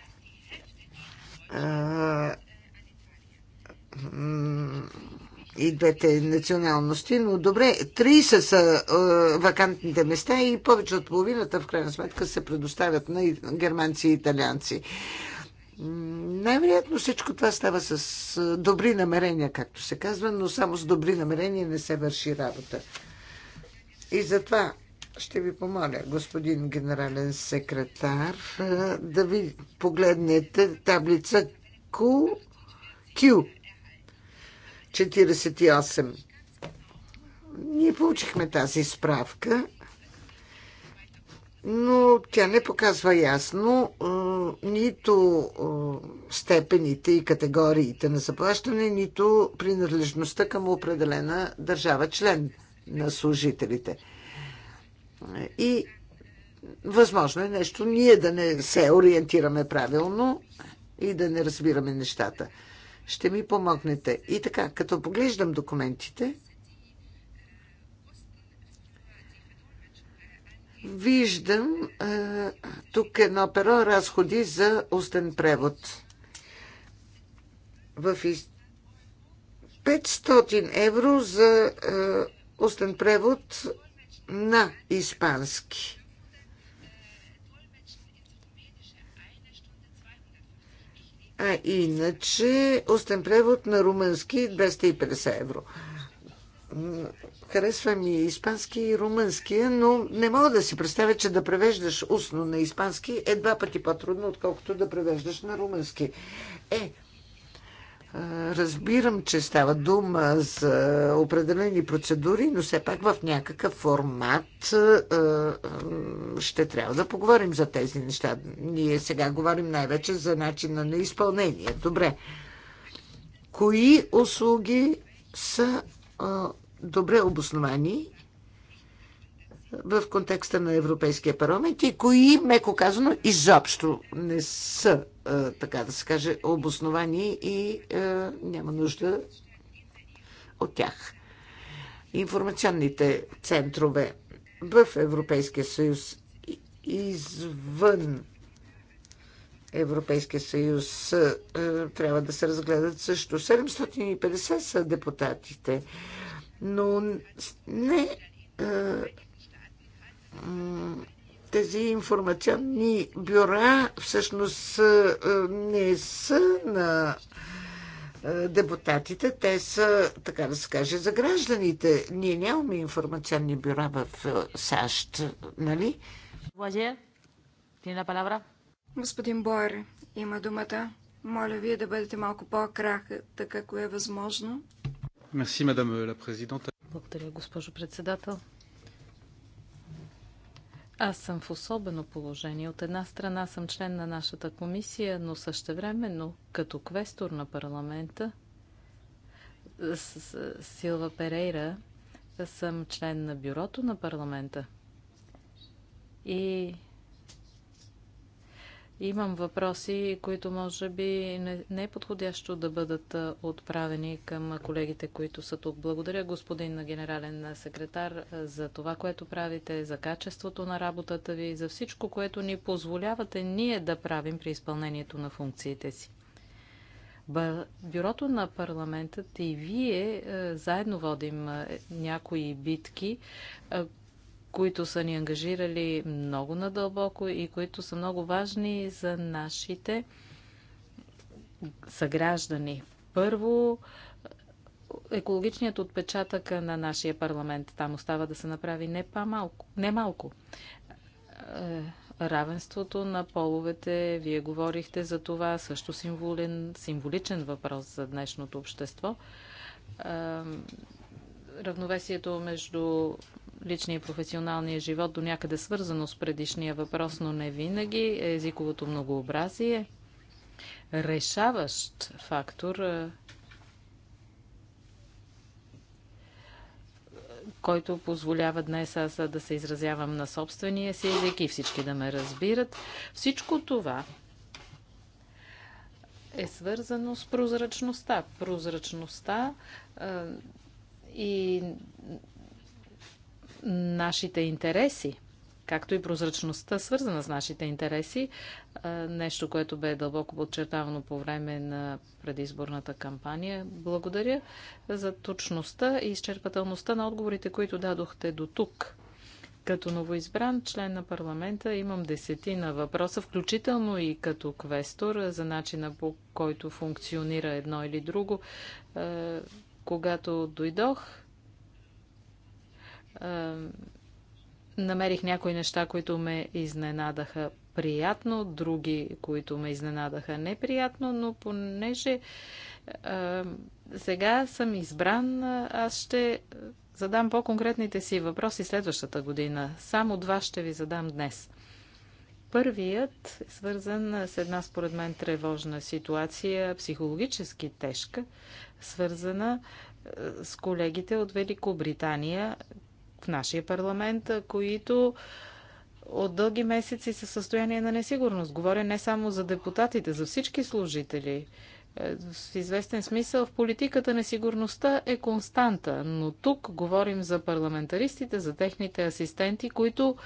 B: и двете националности, но добре, 30 са е, вакантните места и повече от половината в крайна сметка се предоставят на германци и италианци. Най-вероятно всичко това става с е, добри намерения, както се казва, но само с добри намерения не се върши работа. И затова ще ви помоля, господин генерален секретар, е, да ви погледнете таблица Q, Q 48. Ние получихме тази справка, но тя не показва ясно нито степените и категориите на заплащане, нито принадлежността към определена държава член на служителите. И възможно е нещо ние да не се ориентираме правилно и да не разбираме нещата ще ми помогнете. И така, като поглеждам документите, виждам е, тук едно перо разходи за устен превод. В 500 евро за е, устен превод на испански. А иначе устен превод на румънски 250 евро. Харесва ми испански и румънски, но не мога да си представя, че да превеждаш устно на испански е два пъти по-трудно, отколкото да превеждаш на румънски. Е, Разбирам, че става дума за определени процедури, но все пак в някакъв формат ще трябва да поговорим за тези неща. Ние сега говорим най-вече за начина на изпълнение. Добре. Кои услуги са добре обосновани в контекста на Европейския парламент и кои, меко казано, изобщо не са, е, така да се каже, обосновани и е, няма нужда от тях. Информационните центрове в Европейския съюз извън Европейския съюз е, трябва да се разгледат също. 750 са депутатите, но не тези информационни бюра всъщност е, не са на е, депутатите, те са, така да се каже, за гражданите. Ние нямаме информационни бюра в е, САЩ, нали?
C: Господин Бойер, има думата. Моля вие да бъдете малко по така ако е възможно.
A: Благодаря, госпожо председател. Аз съм в особено положение. От една страна съм член на нашата комисия, но също но като квестор на парламента с, с Силва Перейра съм член на бюрото на парламента. И Имам въпроси, които може би не е подходящо да бъдат отправени към колегите, които са тук. Благодаря, господин на генерален секретар, за това, което правите, за качеството на работата ви, за всичко, което ни позволявате ние да правим при изпълнението на функциите си. Бюрото на парламентът и вие заедно водим някои битки, които са ни ангажирали много надълбоко и които са много важни за нашите съграждани. Първо, екологичният отпечатък на нашия парламент. Там остава да се направи не, по-малко, не малко. Е, равенството на половете, вие говорихте за това, също символен, символичен въпрос за днешното общество. Равновесието между личния и професионалния живот до някъде свързано с предишния въпрос, но не винаги. Езиковото многообразие решаващ фактор, който позволява днес аз да се изразявам на собствения си език и всички да ме разбират. Всичко това е свързано с прозрачността. Прозрачността и нашите интереси, както и прозрачността, свързана с нашите интереси, нещо, което бе дълбоко подчертавано по време на предизборната кампания. Благодаря за точността и изчерпателността на отговорите, които дадохте до тук. Като новоизбран член на парламента имам десетина въпроса, включително и като квестор за начина по който функционира едно или друго. Когато дойдох, намерих някои неща, които ме изненадаха приятно, други, които ме изненадаха неприятно, но понеже а, сега съм избран, аз ще задам по-конкретните си въпроси следващата година. Само два ще ви задам днес. Първият е свързан с една, според мен, тревожна ситуация, психологически тежка, свързана с колегите от Великобритания, в нашия парламент, които от дълги месеци са в състояние на несигурност. Говоря не само за депутатите, за всички служители. Е, в известен смисъл в политиката несигурността е константа, но тук говорим за парламентаристите, за техните асистенти, които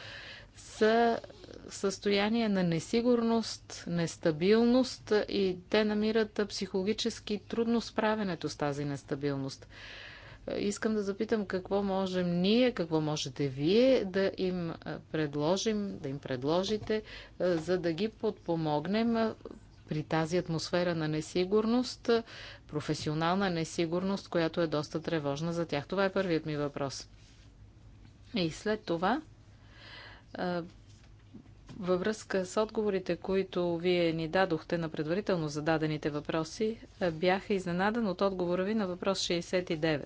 A: са в състояние на несигурност, нестабилност и те намират психологически трудно справенето с тази нестабилност. Искам да запитам какво можем ние, какво можете вие да им предложим, да им предложите, за да ги подпомогнем при тази атмосфера на несигурност, професионална несигурност, която е доста тревожна за тях. Това е първият ми въпрос. И след това, във връзка с отговорите, които вие ни дадохте на предварително зададените въпроси, бях изненадан от отговора ви на въпрос 69.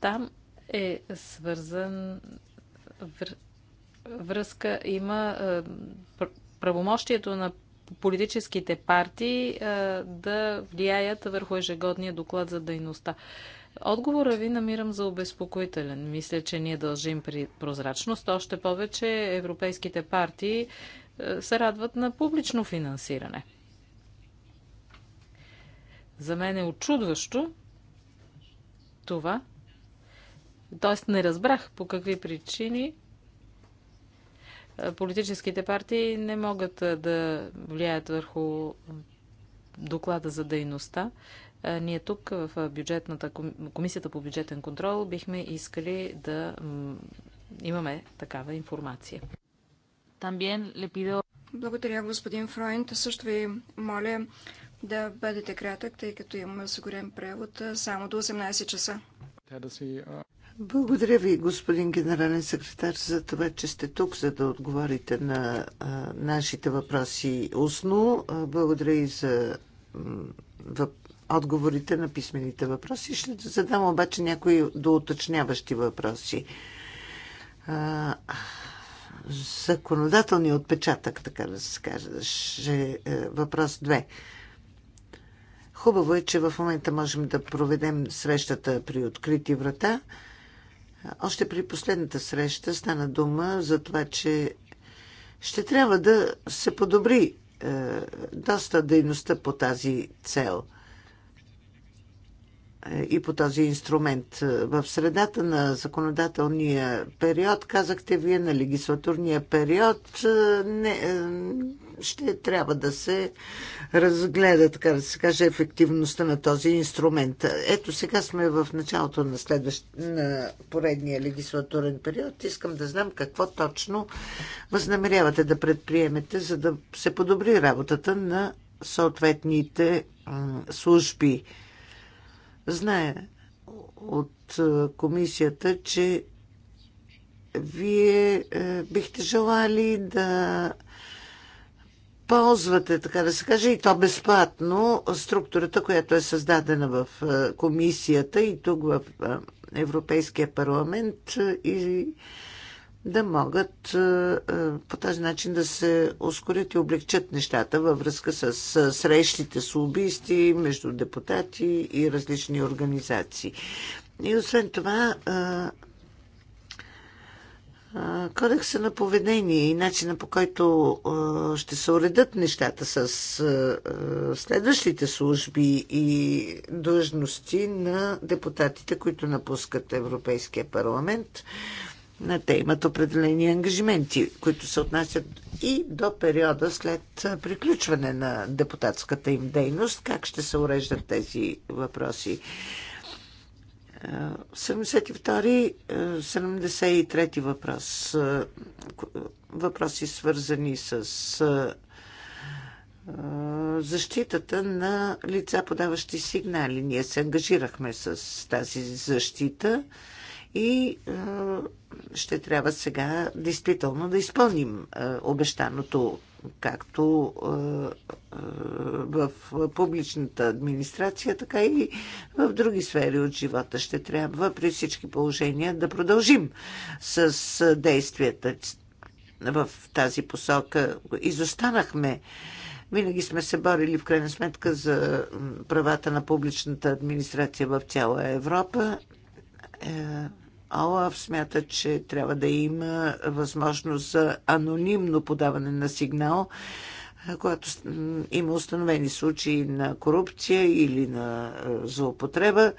A: Там е свързан връзка, има е, правомощието на политическите партии е, да влияят върху ежегодния доклад за дейността. Отговора ви намирам за обезпокоителен. Мисля, че ние дължим при прозрачност. Още повече европейските партии е, се радват на публично финансиране. За мен е очудващо това, Тоест не разбрах по какви причини политическите партии не могат да влияят върху доклада за дейността. Ние тук в бюджетната, комисията по бюджетен контрол бихме искали да имаме такава информация.
C: Благодаря, господин Фройнт. Също ви моля да бъдете кратък, тъй като имаме осигурен превод само до 18 часа.
B: Благодаря ви, господин генерален секретар, за това, че сте тук, за да отговорите на а, нашите въпроси устно. А, благодаря и за въп... отговорите на писмените въпроси. Ще задам обаче някои доуточняващи въпроси. А, законодателния отпечатък, така да се каже, ще, е, въпрос две. Хубаво е, че в момента можем да проведем срещата при открити врата – още при последната среща стана дума за това, че ще трябва да се подобри е, доста дейността по тази цел – и по този инструмент. В средата на законодателния период, казахте вие, на легислатурния период, е, не, е, ще трябва да се разгледа, така да се каже, ефективността на този инструмент. Ето сега сме в началото на, следващ, на поредния легислатурен период. Искам да знам какво точно възнамерявате да предприемете, за да се подобри работата на съответните служби Знае от е, комисията, че вие е, бихте желали да ползвате, така да се каже, и то безплатно, структурата, която е създадена в е, комисията и тук в Европейския парламент и да могат е, е, по този начин да се ускорят и облегчат нещата във връзка с е, срещите с убийсти между депутати и различни организации. И освен това, кодекса на поведение и начина по който ще се уредат нещата с следващите служби и длъжности на депутатите, които напускат Европейския парламент – на Те имат определени ангажименти, които се отнасят и до периода след приключване на депутатската им дейност. Как ще се уреждат тези въпроси? 72-73 въпрос. Въпроси свързани с защитата на лица, подаващи сигнали. Ние се ангажирахме с тази защита и ще трябва сега действително да изпълним обещаното както в публичната администрация, така и в други сфери от живота. Ще трябва при всички положения да продължим с действията в тази посока. Изостанахме. Винаги сме се борили в крайна сметка за правата на публичната администрация в цяла Европа е, ОЛАВ смята, че трябва да има възможност за анонимно подаване на сигнал, е, когато има установени случаи на корупция или на е, злоупотреба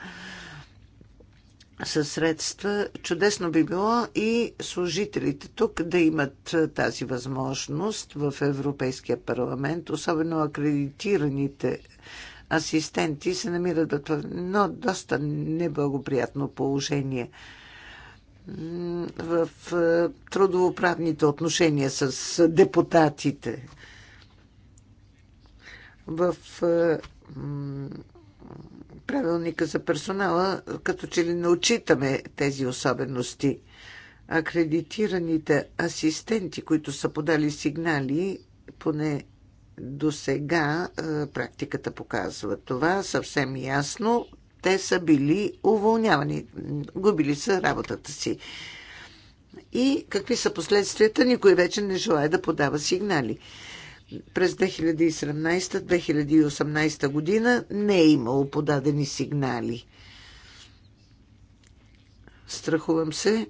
B: със средства. Чудесно би било и служителите тук да имат тази възможност в Европейския парламент, особено акредитираните асистенти се намират в едно доста неблагоприятно положение в е, трудовоправните отношения с депутатите. В е, правилника за персонала, като че ли не отчитаме тези особености. Акредитираните асистенти, които са подали сигнали, поне до сега е, практиката показва това съвсем ясно. Те са били уволнявани, губили са работата си. И какви са последствията? Никой вече не желая да подава сигнали. През 2017-2018 година не е имало подадени сигнали. Страхувам се,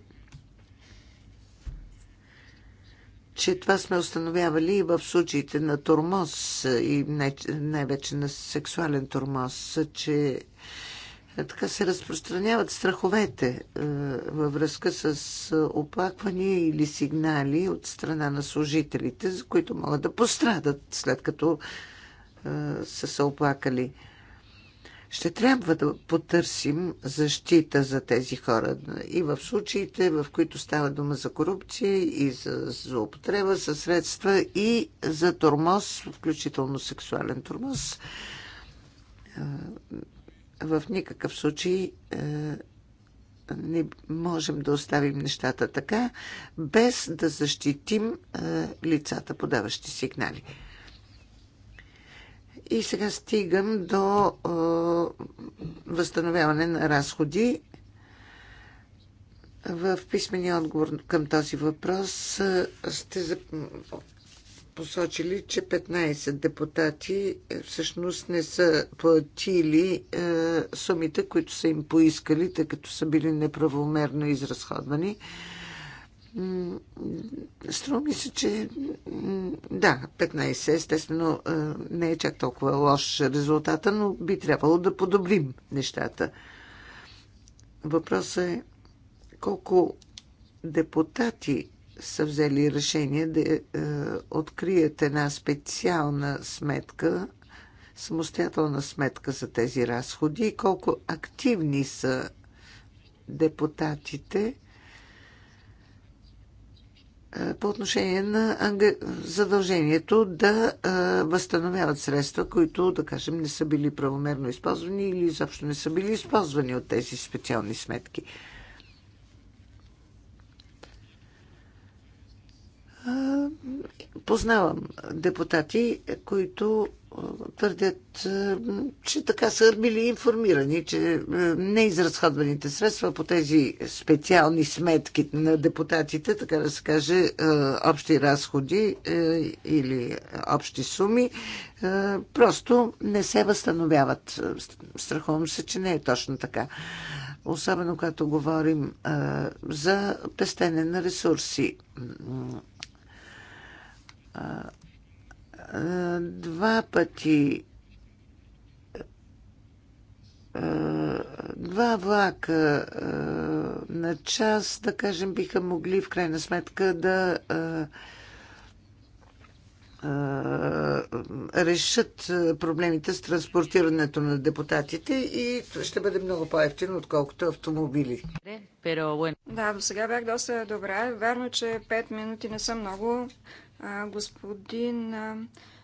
B: че това сме установявали и в случаите на тормоз и най-вече на сексуален тормоз, че е, така се разпространяват страховете е, във връзка с е, оплаквания или сигнали от страна на служителите, за които могат да пострадат след като са се оплакали ще трябва да потърсим защита за тези хора и в случаите, в които става дума за корупция и за злоупотреба за средства и за тормоз, включително сексуален тормоз. Е, в никакъв случай е, не можем да оставим нещата така, без да защитим е, лицата, подаващи сигнали. И сега стигам до възстановяване на разходи. В писмения отговор към този въпрос сте посочили, че 15 депутати е, всъщност не са платили сумите, които са им поискали, тъй като са били неправомерно изразходвани. Струва ми се, че да, 15 естествено не е чак толкова лош резултата, но би трябвало да подобрим нещата. Въпросът е колко депутати са взели решение да е, открият една специална сметка, самостоятелна сметка за тези разходи и колко активни са депутатите – е, по отношение на задължението да е, възстановяват средства, които, да кажем, не са били правомерно използвани или изобщо не са били използвани от тези специални сметки. Е, познавам депутати, които твърдят, е, че така са били информирани, че е, неизразходваните средства по тези специални сметки на депутатите, така да се каже, е, общи разходи или общи суми, просто не се възстановяват. Страхувам се, че не е точно така. Особено когато говорим за пестене на ресурси два пъти два влака на час, да кажем, биха могли в крайна сметка да решат проблемите с транспортирането на депутатите и ще бъде много по-ефтино, отколкото автомобили.
C: Да, до сега бях доста добра. Вярно, че 5 минути не са много, Господин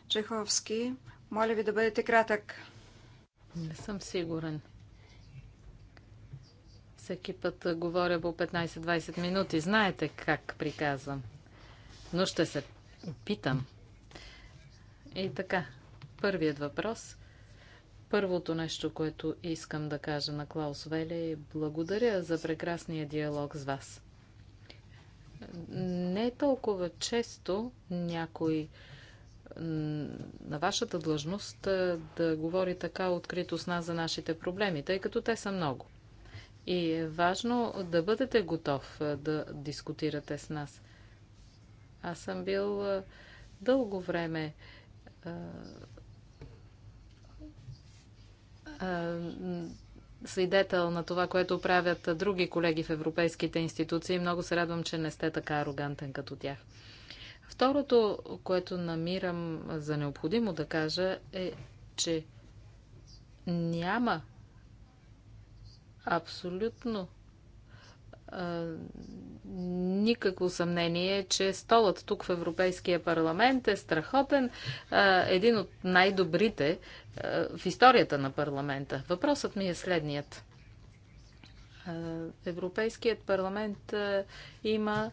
C: Чеховски, моля ви да бъдете кратък. Не съм сигурен. Всеки път говоря по
A: 15-20 минути. Знаете как приказвам. Но ще се питам. И така, първият въпрос. Първото нещо, което искам да кажа на Клаус Веле е благодаря за прекрасния диалог с вас. Не е толкова често някой на вашата длъжност да говори така открито с нас за нашите проблеми, тъй като те са много. И е важно да бъдете готов да дискутирате с нас. Аз съм бил дълго време свидетел на това, което правят други колеги в европейските институции. Много се радвам, че не сте така арогантен като тях. Второто, което намирам за необходимо да кажа е, че няма абсолютно никакво съмнение, че столът тук в Европейския парламент е страхотен, един от най-добрите в историята на парламента. Въпросът ми е следният. Европейският парламент има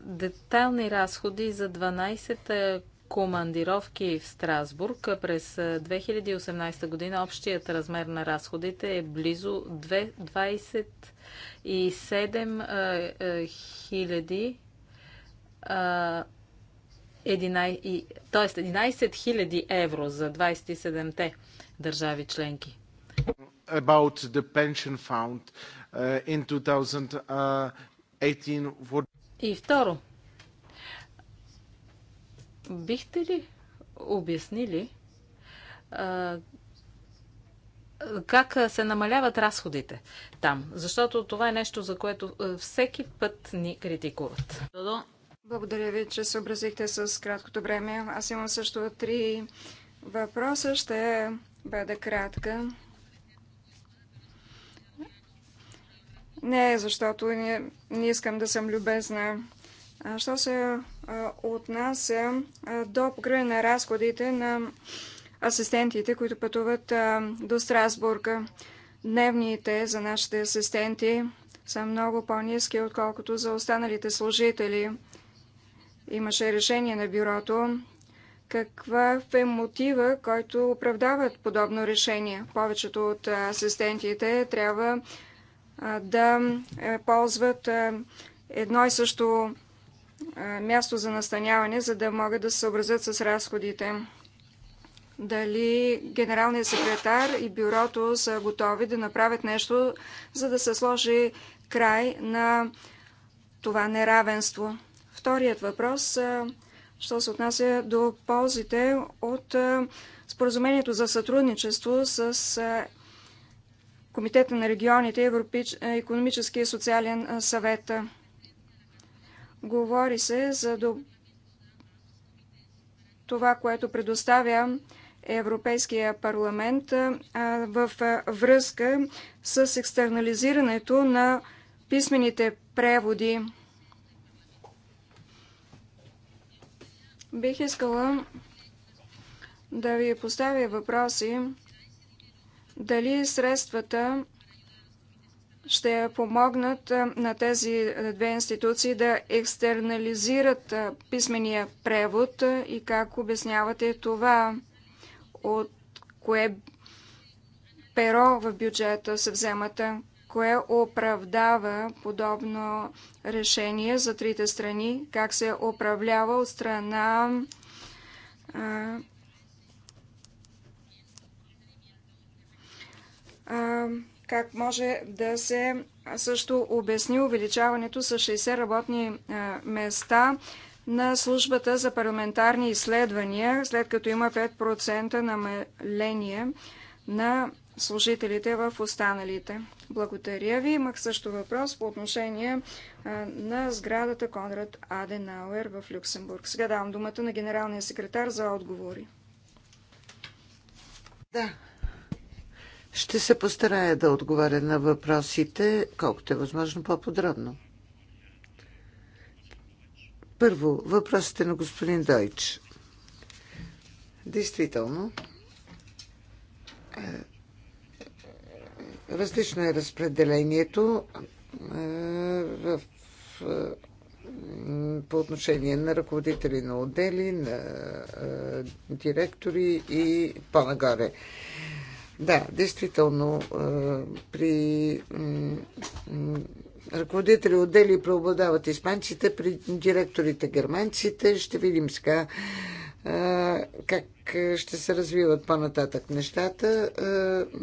A: детайлни разходи за 12 та командировки в Страсбург през 2018 година общият размер на разходите е близо 27 000 11, т.е. 11 000 евро за 27-те държави членки. About the pension fund uh, in
C: 2018 for...
A: И второ, Бихте ли обяснили а, как се намаляват разходите там? Защото това е нещо, за което всеки път ни критикуват.
C: Благодаря ви, че се образихте с краткото време. Аз имам също три въпроса. Ще бъда кратка. Не, защото не, не искам да съм любезна. Що се отнася до покриване на разходите на асистентите, които пътуват до Страсбурга, дневните за нашите асистенти са много по-низки, отколкото за останалите служители. Имаше решение на бюрото. Каква е мотива, който оправдават подобно решение? Повечето от асистентите трябва да е, ползват едно и също място за настаняване, за да могат да се съобразят с разходите. Дали генералният секретар и бюрото са готови да направят нещо, за да се сложи край на това неравенство. Вторият въпрос, що се отнася до ползите от споразумението за сътрудничество с Комитета на регионите, и економически и социален съвет. Говори се за до... това, което предоставя Европейския парламент в връзка с екстернализирането на писмените преводи. Бих искала да ви поставя въпроси дали средствата ще помогнат на тези две институции да екстернализират писмения превод и как обяснявате това, от кое перо в бюджета се вземат, кое оправдава подобно решение за трите страни, как се управлява от страна а, а, как може да се също обясни увеличаването с 60 работни е, места на службата за парламентарни изследвания, след като има 5% намаление на служителите в останалите. Благодаря ви. Имах също въпрос по отношение е, на сградата Конрад Аденауер в Люксембург. Сега давам думата на генералния секретар за отговори. Да,
B: ще се постарая да отговаря на въпросите, колкото е възможно по-подробно. Първо, въпросите на господин Дойч. Действително, е, различно е разпределението е, в, е, по отношение на ръководители на отдели, на директори и по-нагоре. Да, действително, е, при ръководители отдели преобладават испанците, при директорите германците. Ще видим сега е, как ще се развиват по-нататък нещата. Е,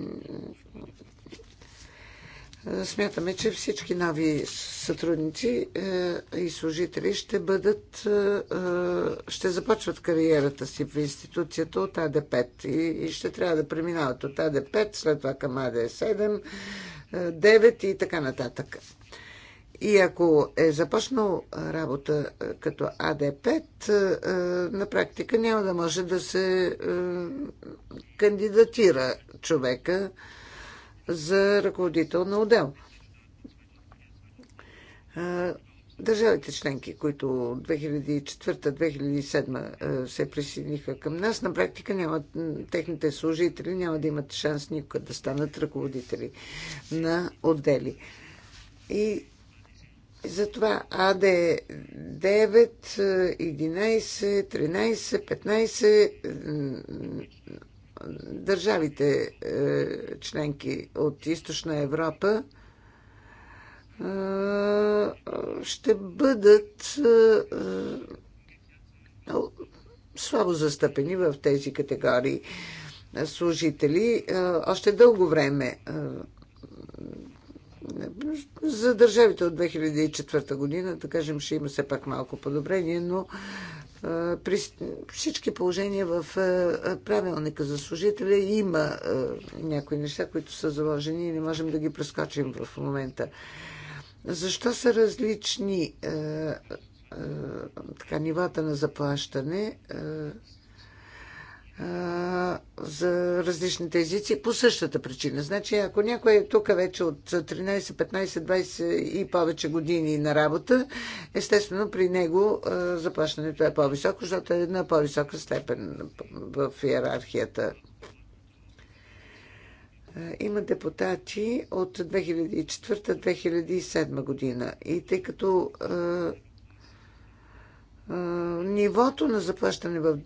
B: смятаме, че всички нови сътрудници е, и служители ще бъдат, е, е, ще започват кариерата си в институцията от АД5 и ще трябва да преминават от АД5, след това към АД7, 9 и така нататък. И ако е започнал работа като АД5, на практика няма да може да се кандидатира човека за ръководител на отдел. Държавите членки, които 2004-2007 се присъединиха към нас, на практика нямат, техните служители няма да имат шанс никога да станат ръководители на отдели. И затова АД 9, 11, 13, 15 държавите е, членки от източна Европа е, ще бъдат е, слабо застъпени в тези категории служители още дълго време. За държавите от 2004 година, да кажем, ще има все пак малко подобрение, но при всички положения в правилника за служителя има някои неща, които са заложени и не можем да ги прескочим в момента. Защо са различни така, нивата на заплащане? за различните езици по същата причина. Значи, ако някой е тук вече от 13, 15, 20 и повече години на работа, естествено при него заплащането е по-високо, защото е на по-висока степен в иерархията. Има депутати от 2004-2007 година. И тъй като нивото на заплащане в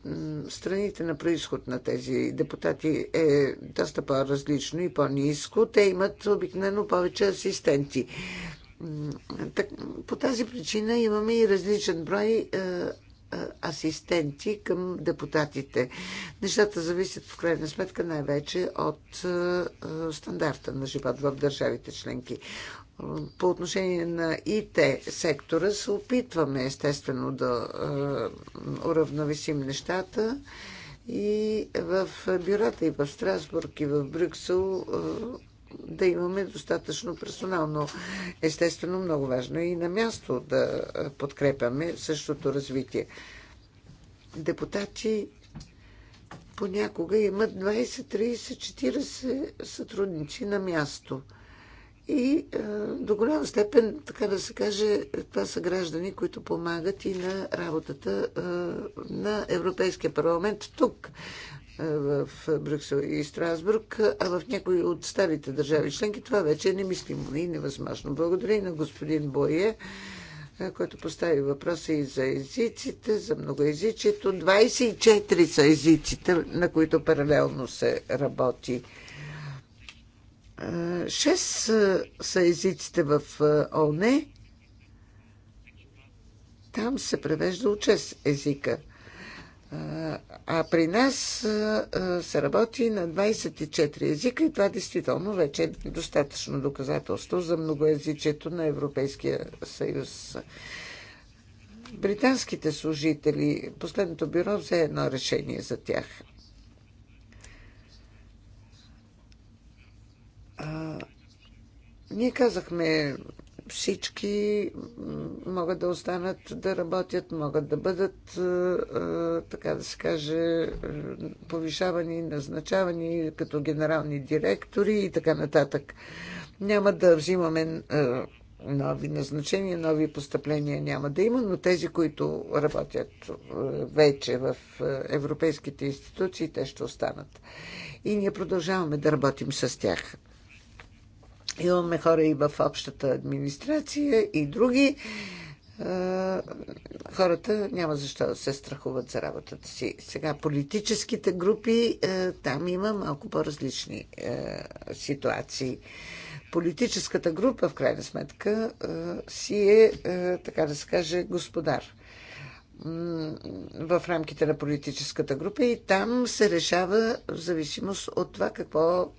B: страните на происход на тези депутати е доста по-различно и по-низко. Те имат обикновено повече асистенти. По тази причина имаме и различен брой асистенти към депутатите. Нещата зависят в крайна сметка най-вече от стандарта на живот в държавите членки по отношение на ИТ сектора се опитваме естествено да е, уравновесим нещата и в бюрата, и в Страсбург, и в Брюксел е, да имаме достатъчно персонал, но естествено много важно е и на място да подкрепяме същото развитие. Депутати понякога имат 20, 30, 40 сътрудници на място – и а, е, до голяма степен, така да се каже, това са граждани, които помагат и на работата а, е, на Европейския парламент тук е, в Брюксел и Страсбург, а в някои от старите държави членки това вече е немислимо и невъзможно. Благодаря и на господин Бое, който постави въпроса и за езиците, за многоязичието. 24 са езиците, на които паралелно се работи Шест са езиците в ОНЕ. Там се превежда от 6 езика. А при нас се работи на 24 езика и това действително вече е достатъчно доказателство за многоязичието на Европейския съюз. Британските служители, последното бюро взе едно решение за тях – А, ние казахме, всички могат да останат да работят, могат да бъдат, така да се каже, повишавани, назначавани като генерални директори и така нататък. Няма да взимаме нови назначения, нови постъпления няма да има, но тези, които работят вече в европейските институции, те ще останат. И ние продължаваме да работим с тях. Имаме хора и в общата администрация и други. Е, хората няма защо да се страхуват за работата си. Сега политическите групи, е, там има малко по-различни е, ситуации политическата група, в крайна сметка, си е, така да се каже, господар в рамките на политическата група и там се решава в зависимост от това какво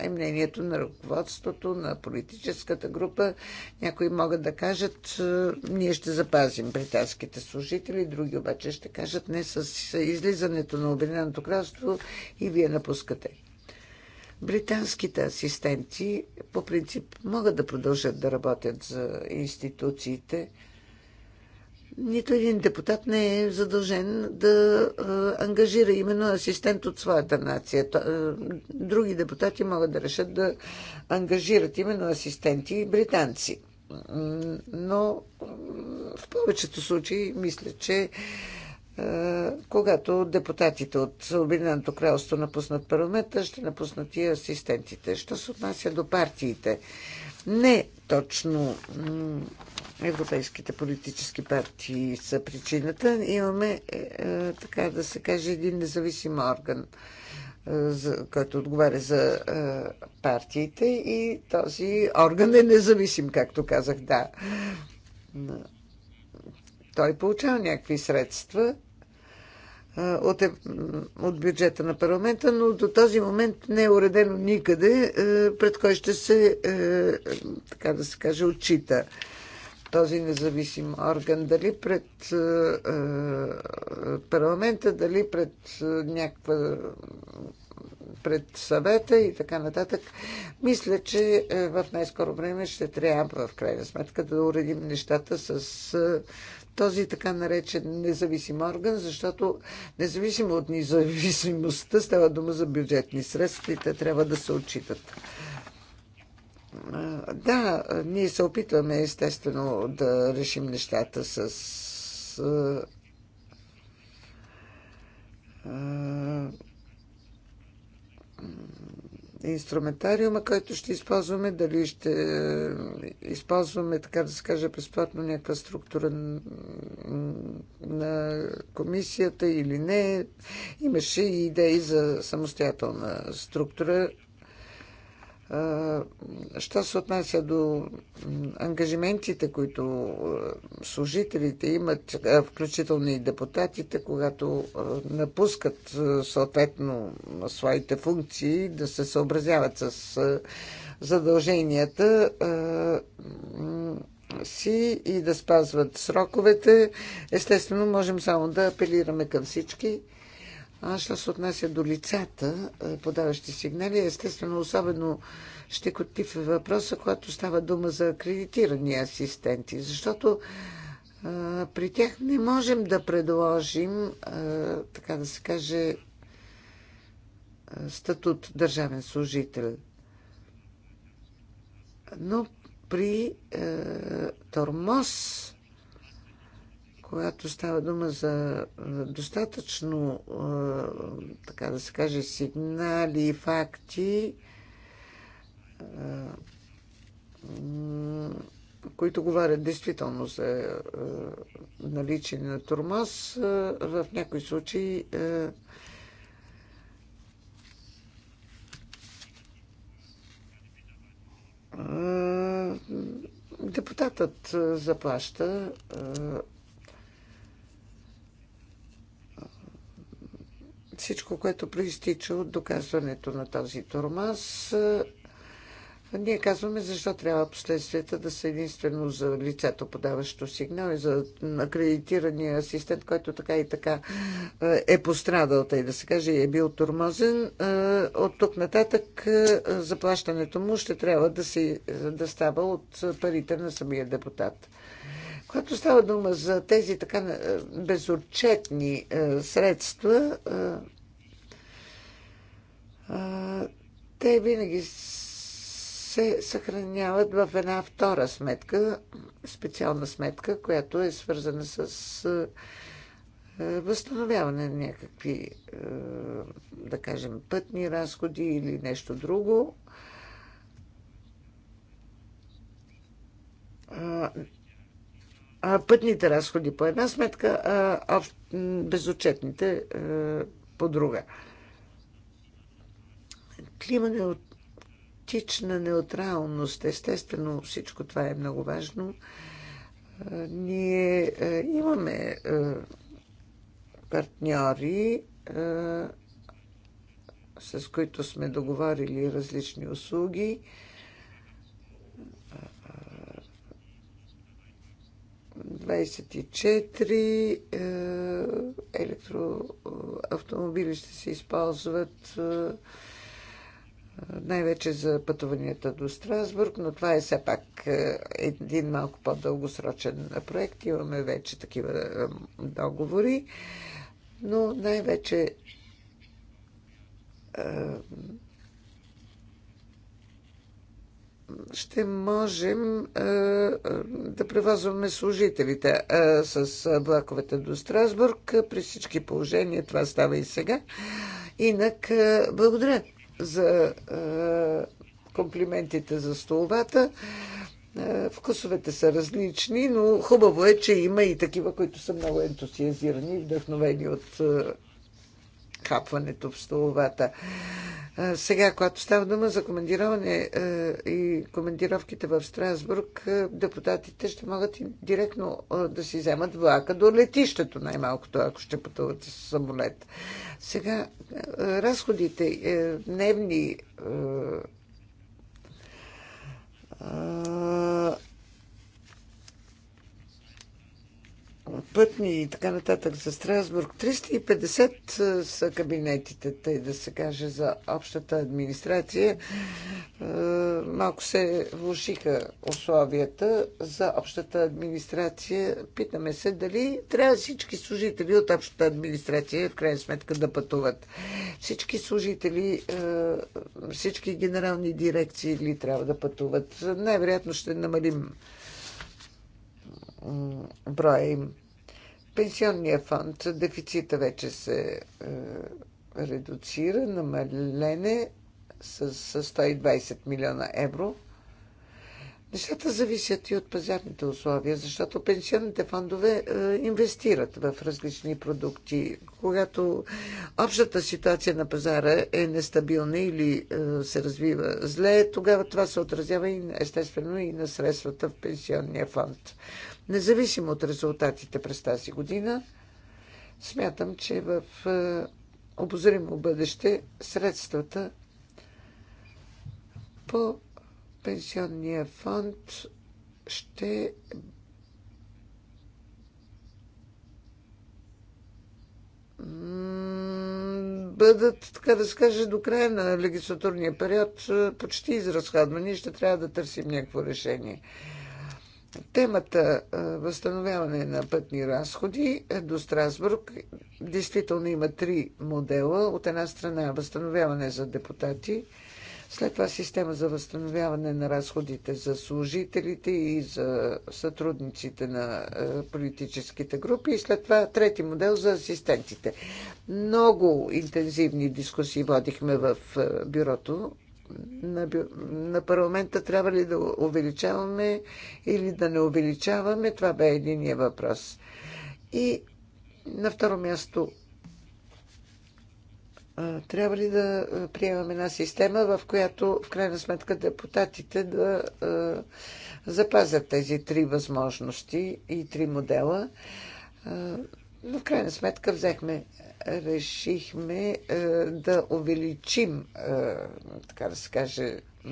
B: е мнението на ръководството, на политическата група. Някои могат да кажат, е, ние ще запазим британските служители, други обаче ще кажат, не с излизането на Обединеното кралство и вие напускате. Британските асистенти по принцип могат да продължат да работят за институциите – нито един депутат не е задължен да ангажира именно асистент от своята нация. Други депутати могат да решат да ангажират именно асистенти и британци. Но в повечето случаи мисля, че когато депутатите от Обединеното кралство напуснат парламента, ще напуснат и асистентите. Що се отнася до партиите? Не точно европейските политически партии са причината. Имаме, е, е, така да се каже, един независим орган, е, който отговаря за партиите и този орган е независим, както казах, да. Той получава някакви средства от, от бюджета на парламента, но до този момент не е уредено никъде, пред кой ще се, така да се каже, отчита този независим орган, дали пред е, е, парламента, дали пред е, някаква пред съвета и така нататък. Мисля, че в най-скоро време ще трябва в крайна сметка да уредим нещата с този така наречен независим орган, защото независимо от независимостта става дума за бюджетни средства и те трябва да се отчитат. Да, ние се опитваме естествено да решим нещата с инструментариума, който ще използваме, дали ще използваме, така да се каже, безплатно някаква структура на комисията или не. Имаше и идеи за самостоятелна структура Що се отнася до ангажиментите, които служителите имат, включително и депутатите, когато напускат съответно своите функции, да се съобразяват с задълженията си и да спазват сроковете, естествено можем само да апелираме към всички а що се отнася до лицата, е, подаващи сигнали, естествено, особено щекотлив е въпроса, когато става дума за акредитирани асистенти, защото а, е, при тях не можем да предложим, а, е, така да се каже, статут държавен служител. Но при а, тормоз когато става дума за достатъчно, така да се каже, сигнали и факти, които говорят действително за наличие на тормоз, в някои случаи депутатът заплаща всичко, което проистича от доказването на този тормоз. Е, ние казваме защо трябва последствията да са единствено за лицето, подаващо сигнал и за акредитирания асистент, който така и така е, е пострадал, тъй да се каже, и е бил тормозен. Е, от тук нататък заплащането му ще трябва да, си, да става от парите на самия депутат. Когато става дума за тези така е, безотчетни е, средства, е, те винаги се съхраняват в една втора сметка, специална сметка, която е свързана с възстановяване на някакви, да кажем, пътни разходи или нещо друго пътните разходи по една сметка, а безотчетните по друга. неотична неутралност, естествено всичко това е много важно. Ние имаме партньори, с които сме договорили различни услуги. 24 е, електроавтомобили е, ще се използват е, най-вече за пътуванията до Страсбург, но това е все пак един малко по-дългосрочен проект. Имаме вече такива договори, но най-вече ще можем а, е, е, да превозваме служителите а, е, с влаковете до Страсбург. При всички положения това става и сега. Инак, а, благодаря за комплиментите за столовата. Вкусовете са различни, но хубаво е, че има и такива, които са много ентусиазирани и вдъхновени от хапването в столовата. Сега, когато става дума за командироване и командировките в Страсбург, депутатите ще могат и директно да си вземат влака до летището, най-малкото, ако ще пътуват с самолет. Сега, разходите, дневни пътни и така нататък за Страсбург. 350 са кабинетите, тъй да се каже, за общата администрация. Малко се влушиха условията за общата администрация. Питаме се дали трябва всички служители от общата администрация в крайна сметка да пътуват. Всички служители, всички генерални дирекции ли трябва да пътуват? Най-вероятно ще намалим броя им. Пенсионния фонд, дефицита вече се е, редуцира, намалене с, с 120 милиона евро. Нещата зависят и от пазарните условия, защото пенсионните фондове е, инвестират в различни продукти. Когато общата ситуация на пазара е нестабилна или е, се развива зле, тогава това се отразява и естествено и на средствата в пенсионния фонд. Независимо от резултатите през тази година, смятам, че в е, обозримо бъдеще средствата по пенсионния фонд ще бъдат, така да скажа, до края на легислатурния период е, почти изразходвани и ще трябва да търсим някакво решение. Темата възстановяване на пътни разходи е, до Страсбург действително има три модела. От една страна възстановяване за депутати, след това система за възстановяване на разходите за служителите и за сътрудниците на политическите групи и след това трети модел за асистентите. Много интензивни дискусии водихме в бюрото на, на парламента трябва ли да увеличаваме или да не увеличаваме, това бе единия въпрос. И на второ място, трябва ли да приемаме една система, в която в крайна сметка депутатите да запазят тези три възможности и три модела? Но в крайна сметка взехме решихме е, да увеличим, е, така да се каже, е,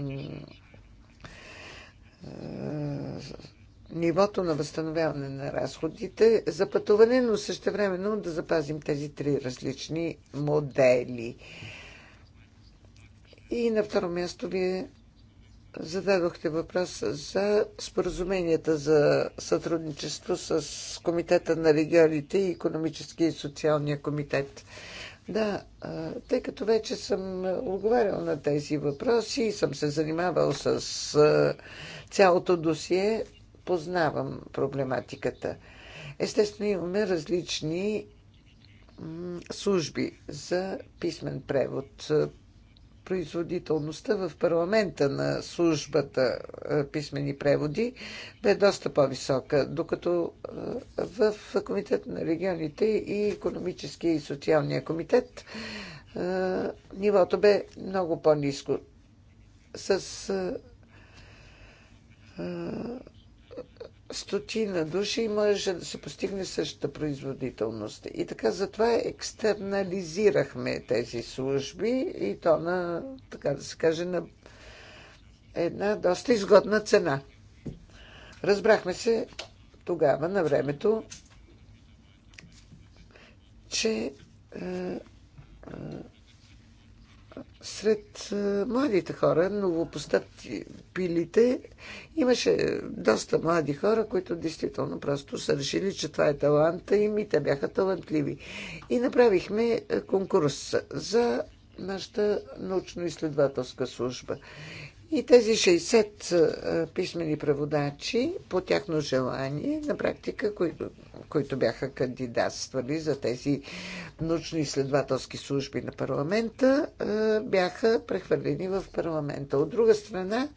B: нивото на възстановяване на разходите за пътуване, но също времено да запазим тези три различни модели. И на второ място вие зададохте въпрос за споразуменията за сътрудничество с Комитета на регионите и Економическия и социалния комитет. Да, тъй като вече съм отговарял на тези въпроси и съм се занимавал с цялото досие, познавам проблематиката. Естествено, имаме различни служби за писмен превод производителността в парламента на службата е, писмени преводи бе доста по-висока, докато е, в Комитет на регионите и економическия и социалния комитет е, нивото бе много по-низко. С стотина души можеше да се постигне същата производителност. И така затова екстернализирахме тези служби и то на, така да се каже, на една доста изгодна цена. Разбрахме се тогава, на времето, че е, е, сред е, младите хора, новопостъпилите, имаше доста млади хора, които действително просто са решили, че това е таланта им и те бяха талантливи. И направихме е, конкурс за нашата научно-изследователска служба. И тези 60 е, писмени преводачи, по тяхно желание, на практика, които които бяха кандидатствали за тези научно-изследователски служби на парламента, е, бяха прехвърлени в парламента. От друга страна,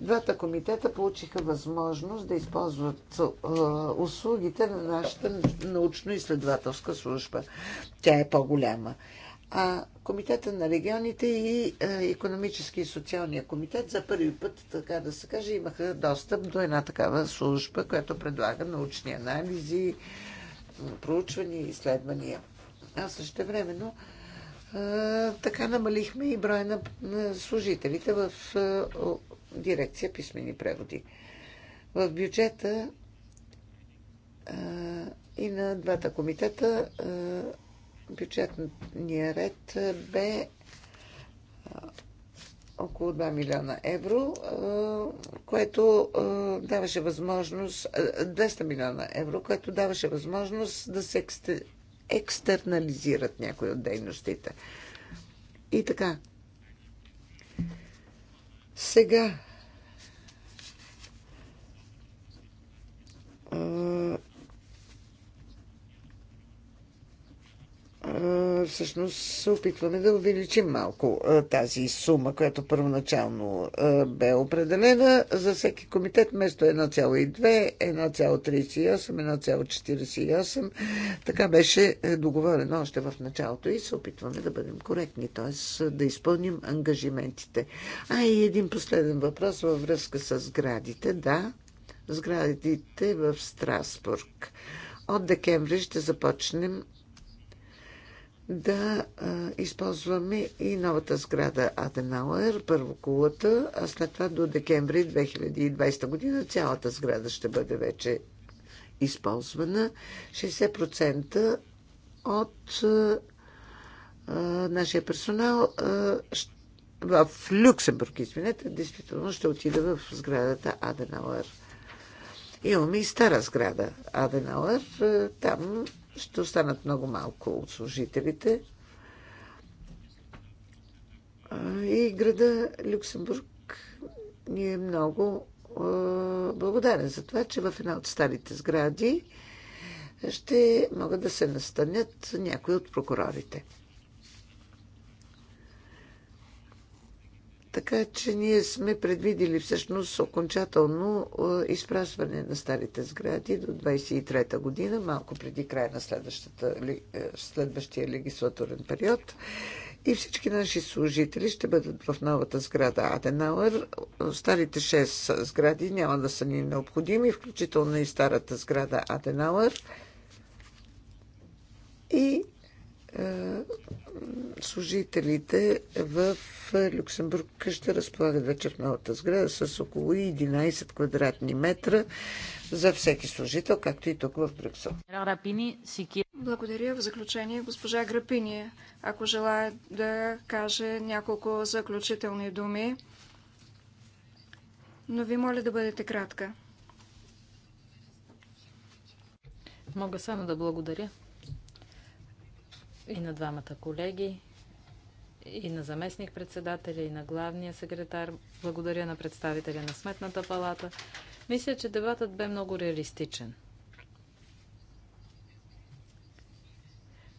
B: двата комитета получиха възможност да използват е, услугите на нашата научно-изследователска служба. Тя е по-голяма а Комитета на регионите и е, Економически и социалния комитет за първи път, така да се каже, имаха достъп до една такава служба, която предлага научни анализи, проучвания и изследвания. А също времено е, така намалихме и броя на служителите в е, дирекция писмени преводи. В бюджета и на двата комитета бюджетния ред бе около 2 милиона евро, което даваше възможност 200 милиона евро, което даваше възможност да се екстернализират някои от дейностите. И така. Сега всъщност се опитваме да увеличим малко тази сума, която първоначално бе определена. За всеки комитет вместо 1,2, 1,38, 1,48. Така беше е, договорено още в началото и се опитваме да бъдем коректни, т.е. да изпълним ангажиментите. А и един последен въпрос във връзка с сградите. Да, сградите в Страсбург. От декември ще започнем да а, използваме и новата сграда Аденауер, първо кулата, а след това до декември 2020 година цялата сграда ще бъде вече използвана. 60% от а, а, нашия персонал а, в Люксембург, извинете, действително ще отиде в сградата Аденауер. Имаме и стара сграда Аденауер. Там ще останат много малко от служителите. И града Люксембург ни е много благодарен за това, че в една от старите сгради ще могат да се настанят някои от прокурорите. Така че ние сме предвидили всъщност окончателно е, изпразване на старите сгради до 23-та година, малко преди края на следващата, е, следващия легислатурен период. И всички наши служители ще бъдат в новата сграда Аденауер. Старите 6 сгради няма да са ни необходими, включително и старата сграда Аденауер. И е, служителите в Люксембург ще разполагат вече в новата сграда с около 11 квадратни метра за всеки служител, както и тук в Брюксел.
C: Благодаря. В заключение госпожа Грапини, ако желая да каже няколко заключителни думи, но ви моля да бъдете кратка. Мога само да благодаря
A: и на двамата колеги, и на заместник-председателя, и на главния секретар. Благодаря на представителя на Сметната палата. Мисля, че дебатът бе много реалистичен.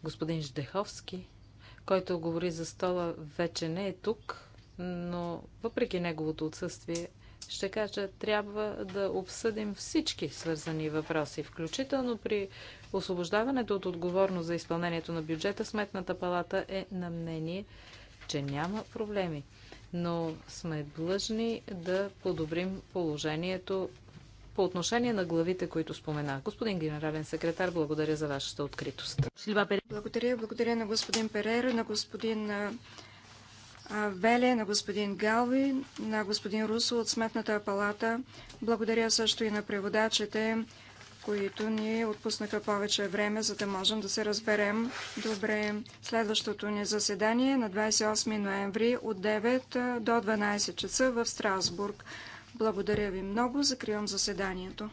A: Господин Ждеховски, който говори за стола, вече не е тук, но въпреки неговото отсъствие, ще кажа, трябва да обсъдим всички свързани въпроси, включително при освобождаването от отговорност за изпълнението на бюджета, Сметната палата е на мнение, че няма проблеми. Но сме длъжни да подобрим положението по отношение на главите,
C: които спомена. Господин генерален секретар, благодаря за вашата откритост. Благодаря, благодаря на господин Перера, на господин Веле, на господин Галви, на господин Русо от Сметната палата. Благодаря също и на преводачите, които ни отпуснаха повече време, за да можем да се разберем добре. Следващото ни заседание на 28 ноември от 9 до 12 часа в Страсбург. Благодаря ви много. Закривам заседанието.